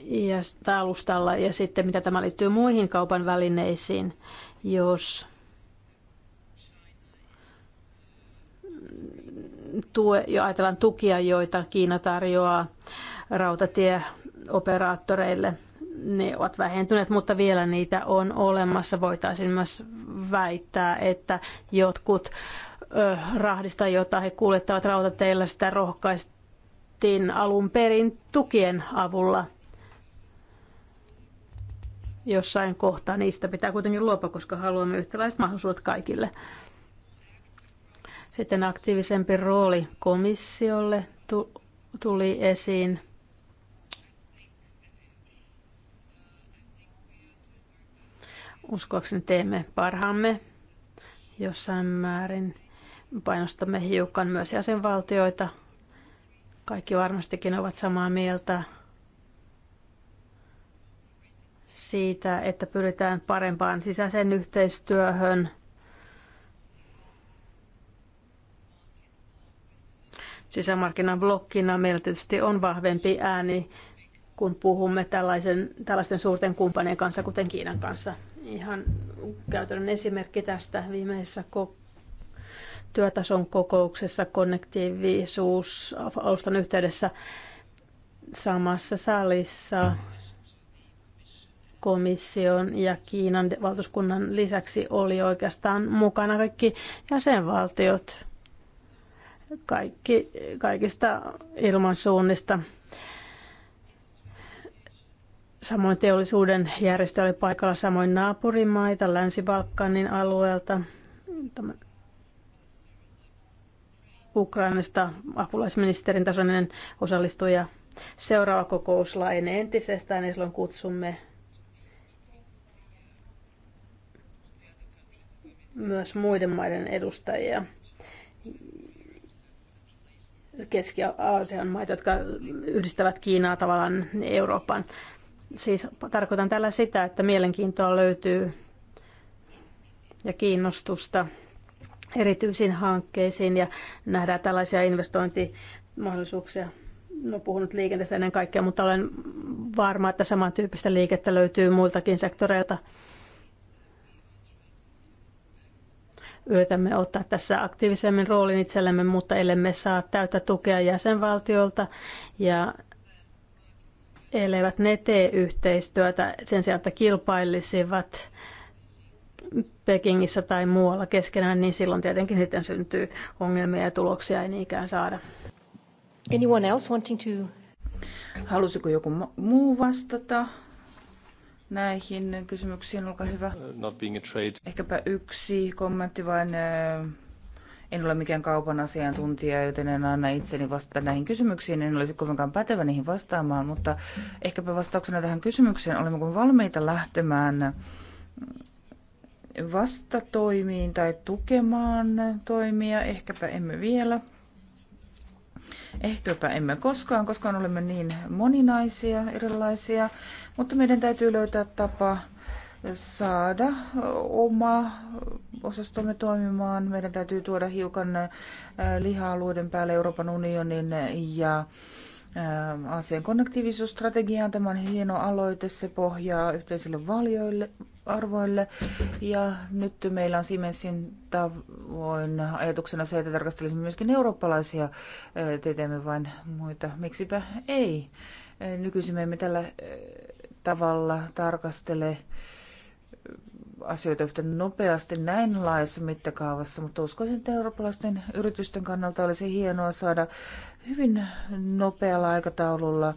ja alustalla ja sitten mitä tämä liittyy muihin kaupan välineisiin, jos tue, jo ajatellaan tukia, joita Kiina tarjoaa rautatieoperaattoreille. Ne ovat vähentyneet, mutta vielä niitä on olemassa. Voitaisiin myös väittää, että jotkut ö, rahdista, jota he kuljettavat rautateillä, sitä rohkaistiin alun perin tukien avulla – jossain kohtaa. Niistä pitää kuitenkin luopua, koska haluamme yhtäläiset mahdollisuudet kaikille. Sitten aktiivisempi rooli komissiolle tuli esiin. Uskoakseni teemme parhaamme jossain määrin. Painostamme hiukan myös jäsenvaltioita. Kaikki varmastikin ovat samaa mieltä siitä, että pyritään parempaan sisäiseen yhteistyöhön – sisämarkkinan blokkina meillä tietysti on vahvempi ääni, kun puhumme tällaisen, tällaisten suurten kumppanien kanssa, kuten Kiinan kanssa. Ihan käytännön esimerkki tästä viimeisessä ko- työtason kokouksessa konnektiivisuus alustan yhteydessä samassa salissa komission ja Kiinan valtuuskunnan lisäksi oli oikeastaan mukana kaikki jäsenvaltiot kaikki, kaikista ilmansuunnista. Samoin teollisuuden järjestö oli paikalla, samoin naapurimaita Länsi-Balkanin alueelta. Ukrainasta apulaisministerin tasoinen osallistuja. Seuraava kokous laajenee entisestään ja silloin kutsumme myös muiden maiden edustajia Keski-Aasian maita, jotka yhdistävät Kiinaa tavallaan Eurooppaan. Siis tarkoitan tällä sitä, että mielenkiintoa löytyy ja kiinnostusta erityisiin hankkeisiin ja nähdään tällaisia investointimahdollisuuksia. No puhunut liikenteestä ennen kaikkea, mutta olen varma, että samantyyppistä liikettä löytyy muiltakin sektoreilta. yritämme ottaa tässä aktiivisemmin roolin itsellemme, mutta ellemme saa täyttä tukea jäsenvaltiolta ja elevät ne tee yhteistyötä sen sijaan, että kilpailisivat Pekingissä tai muualla keskenään, niin silloin tietenkin sitten syntyy ongelmia ja tuloksia ei niinkään saada. Anyone else wanting to... Halusiko joku muu vastata? näihin kysymyksiin. Olkaa hyvä. Uh, not being a trade. Ehkäpä yksi kommentti vain. Uh, en ole mikään kaupan asiantuntija, joten en anna itseni vastata näihin kysymyksiin. En olisi kovinkaan pätevä niihin vastaamaan, mutta ehkäpä vastauksena tähän kysymykseen, olemmeko valmiita lähtemään vastatoimiin tai tukemaan toimia, ehkäpä emme vielä. Ehkäpä emme koskaan, koskaan olemme niin moninaisia, erilaisia. Mutta meidän täytyy löytää tapa saada oma osastomme toimimaan. Meidän täytyy tuoda hiukan äh, liha-alueiden päälle Euroopan unionin ja äh, Aasian konnektiivisuusstrategiaan. Tämä on hieno aloite, se pohjaa yhteisille valioille, arvoille. Ja nyt meillä on Siemensin tavoin ajatuksena se, että tarkastelisimme myöskin eurooppalaisia äh, teemme vain muita. Miksipä ei? Nykyisin me emme tällä tavalla tarkastele asioita yhtä nopeasti näin laajassa mittakaavassa, mutta uskoisin, että eurooppalaisten yritysten kannalta olisi hienoa saada hyvin nopealla aikataululla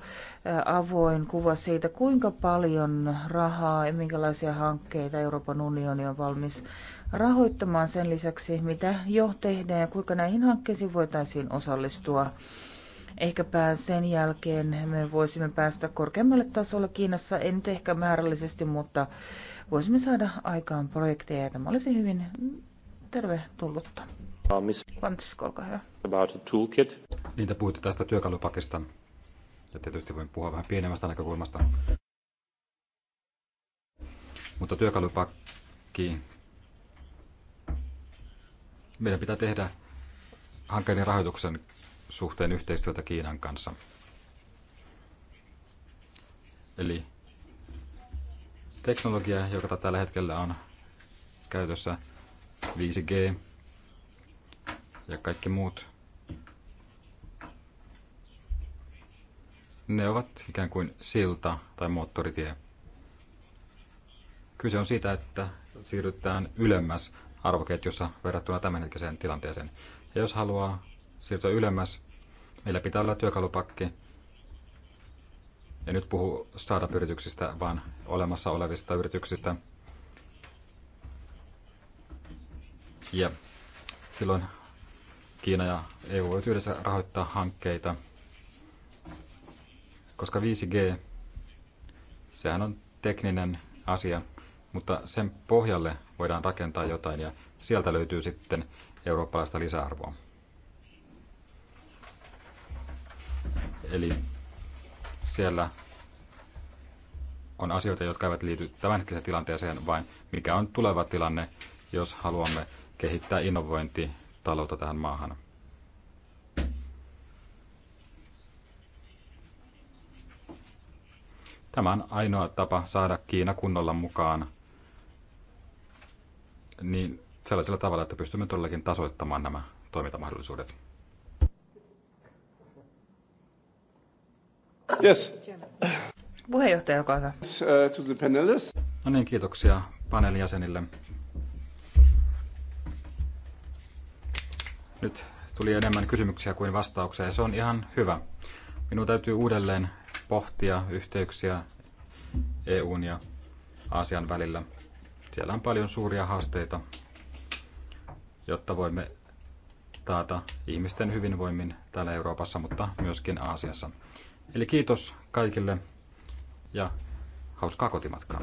avoin kuva siitä, kuinka paljon rahaa ja minkälaisia hankkeita Euroopan unioni on valmis rahoittamaan sen lisäksi, mitä jo tehdään ja kuinka näihin hankkeisiin voitaisiin osallistua. Ehkäpä sen jälkeen me voisimme päästä korkeammalle tasolle Kiinassa, en nyt ehkä määrällisesti, mutta voisimme saada aikaan projekteja ja tämä olisi hyvin tervetullutta. Uh, Francisco, olkaa hyvä. About a toolkit. Niin puhuitte tästä työkalupakista. Ja tietysti voin puhua vähän pienemmästä näkökulmasta. Mutta työkalupakki, meidän pitää tehdä hankkeiden rahoituksen suhteen yhteistyötä Kiinan kanssa. Eli teknologia, joka tällä hetkellä on käytössä, 5G ja kaikki muut, ne ovat ikään kuin silta tai moottoritie. Kyse on siitä, että siirrytään ylemmäs arvoketjussa verrattuna tämänhetkiseen tilanteeseen. Ja jos haluaa siirtyä ylemmäs, meillä pitää olla työkalupakki. Ja nyt puhu startup-yrityksistä, vaan olemassa olevista yrityksistä. Ja silloin Kiina ja EU voivat yhdessä rahoittaa hankkeita, koska 5G, sehän on tekninen asia, mutta sen pohjalle voidaan rakentaa jotain ja sieltä löytyy sitten eurooppalaista lisäarvoa. Eli siellä on asioita, jotka eivät liity tämänhetkiseen tilanteeseen, vaan mikä on tuleva tilanne, jos haluamme kehittää innovointitaloutta tähän maahan. Tämä on ainoa tapa saada Kiina kunnolla mukaan niin sellaisella tavalla, että pystymme todellakin tasoittamaan nämä toimintamahdollisuudet. Yes. Puheenjohtaja, olkaa hyvä. Uh, to the panelists. No niin, kiitoksia paneelin jäsenille. Nyt tuli enemmän kysymyksiä kuin vastauksia ja se on ihan hyvä. Minun täytyy uudelleen pohtia yhteyksiä EUn ja Aasian välillä. Siellä on paljon suuria haasteita, jotta voimme taata ihmisten hyvinvoimin täällä Euroopassa, mutta myöskin Aasiassa. Eli kiitos kaikille ja hauskaa kotimatkaa.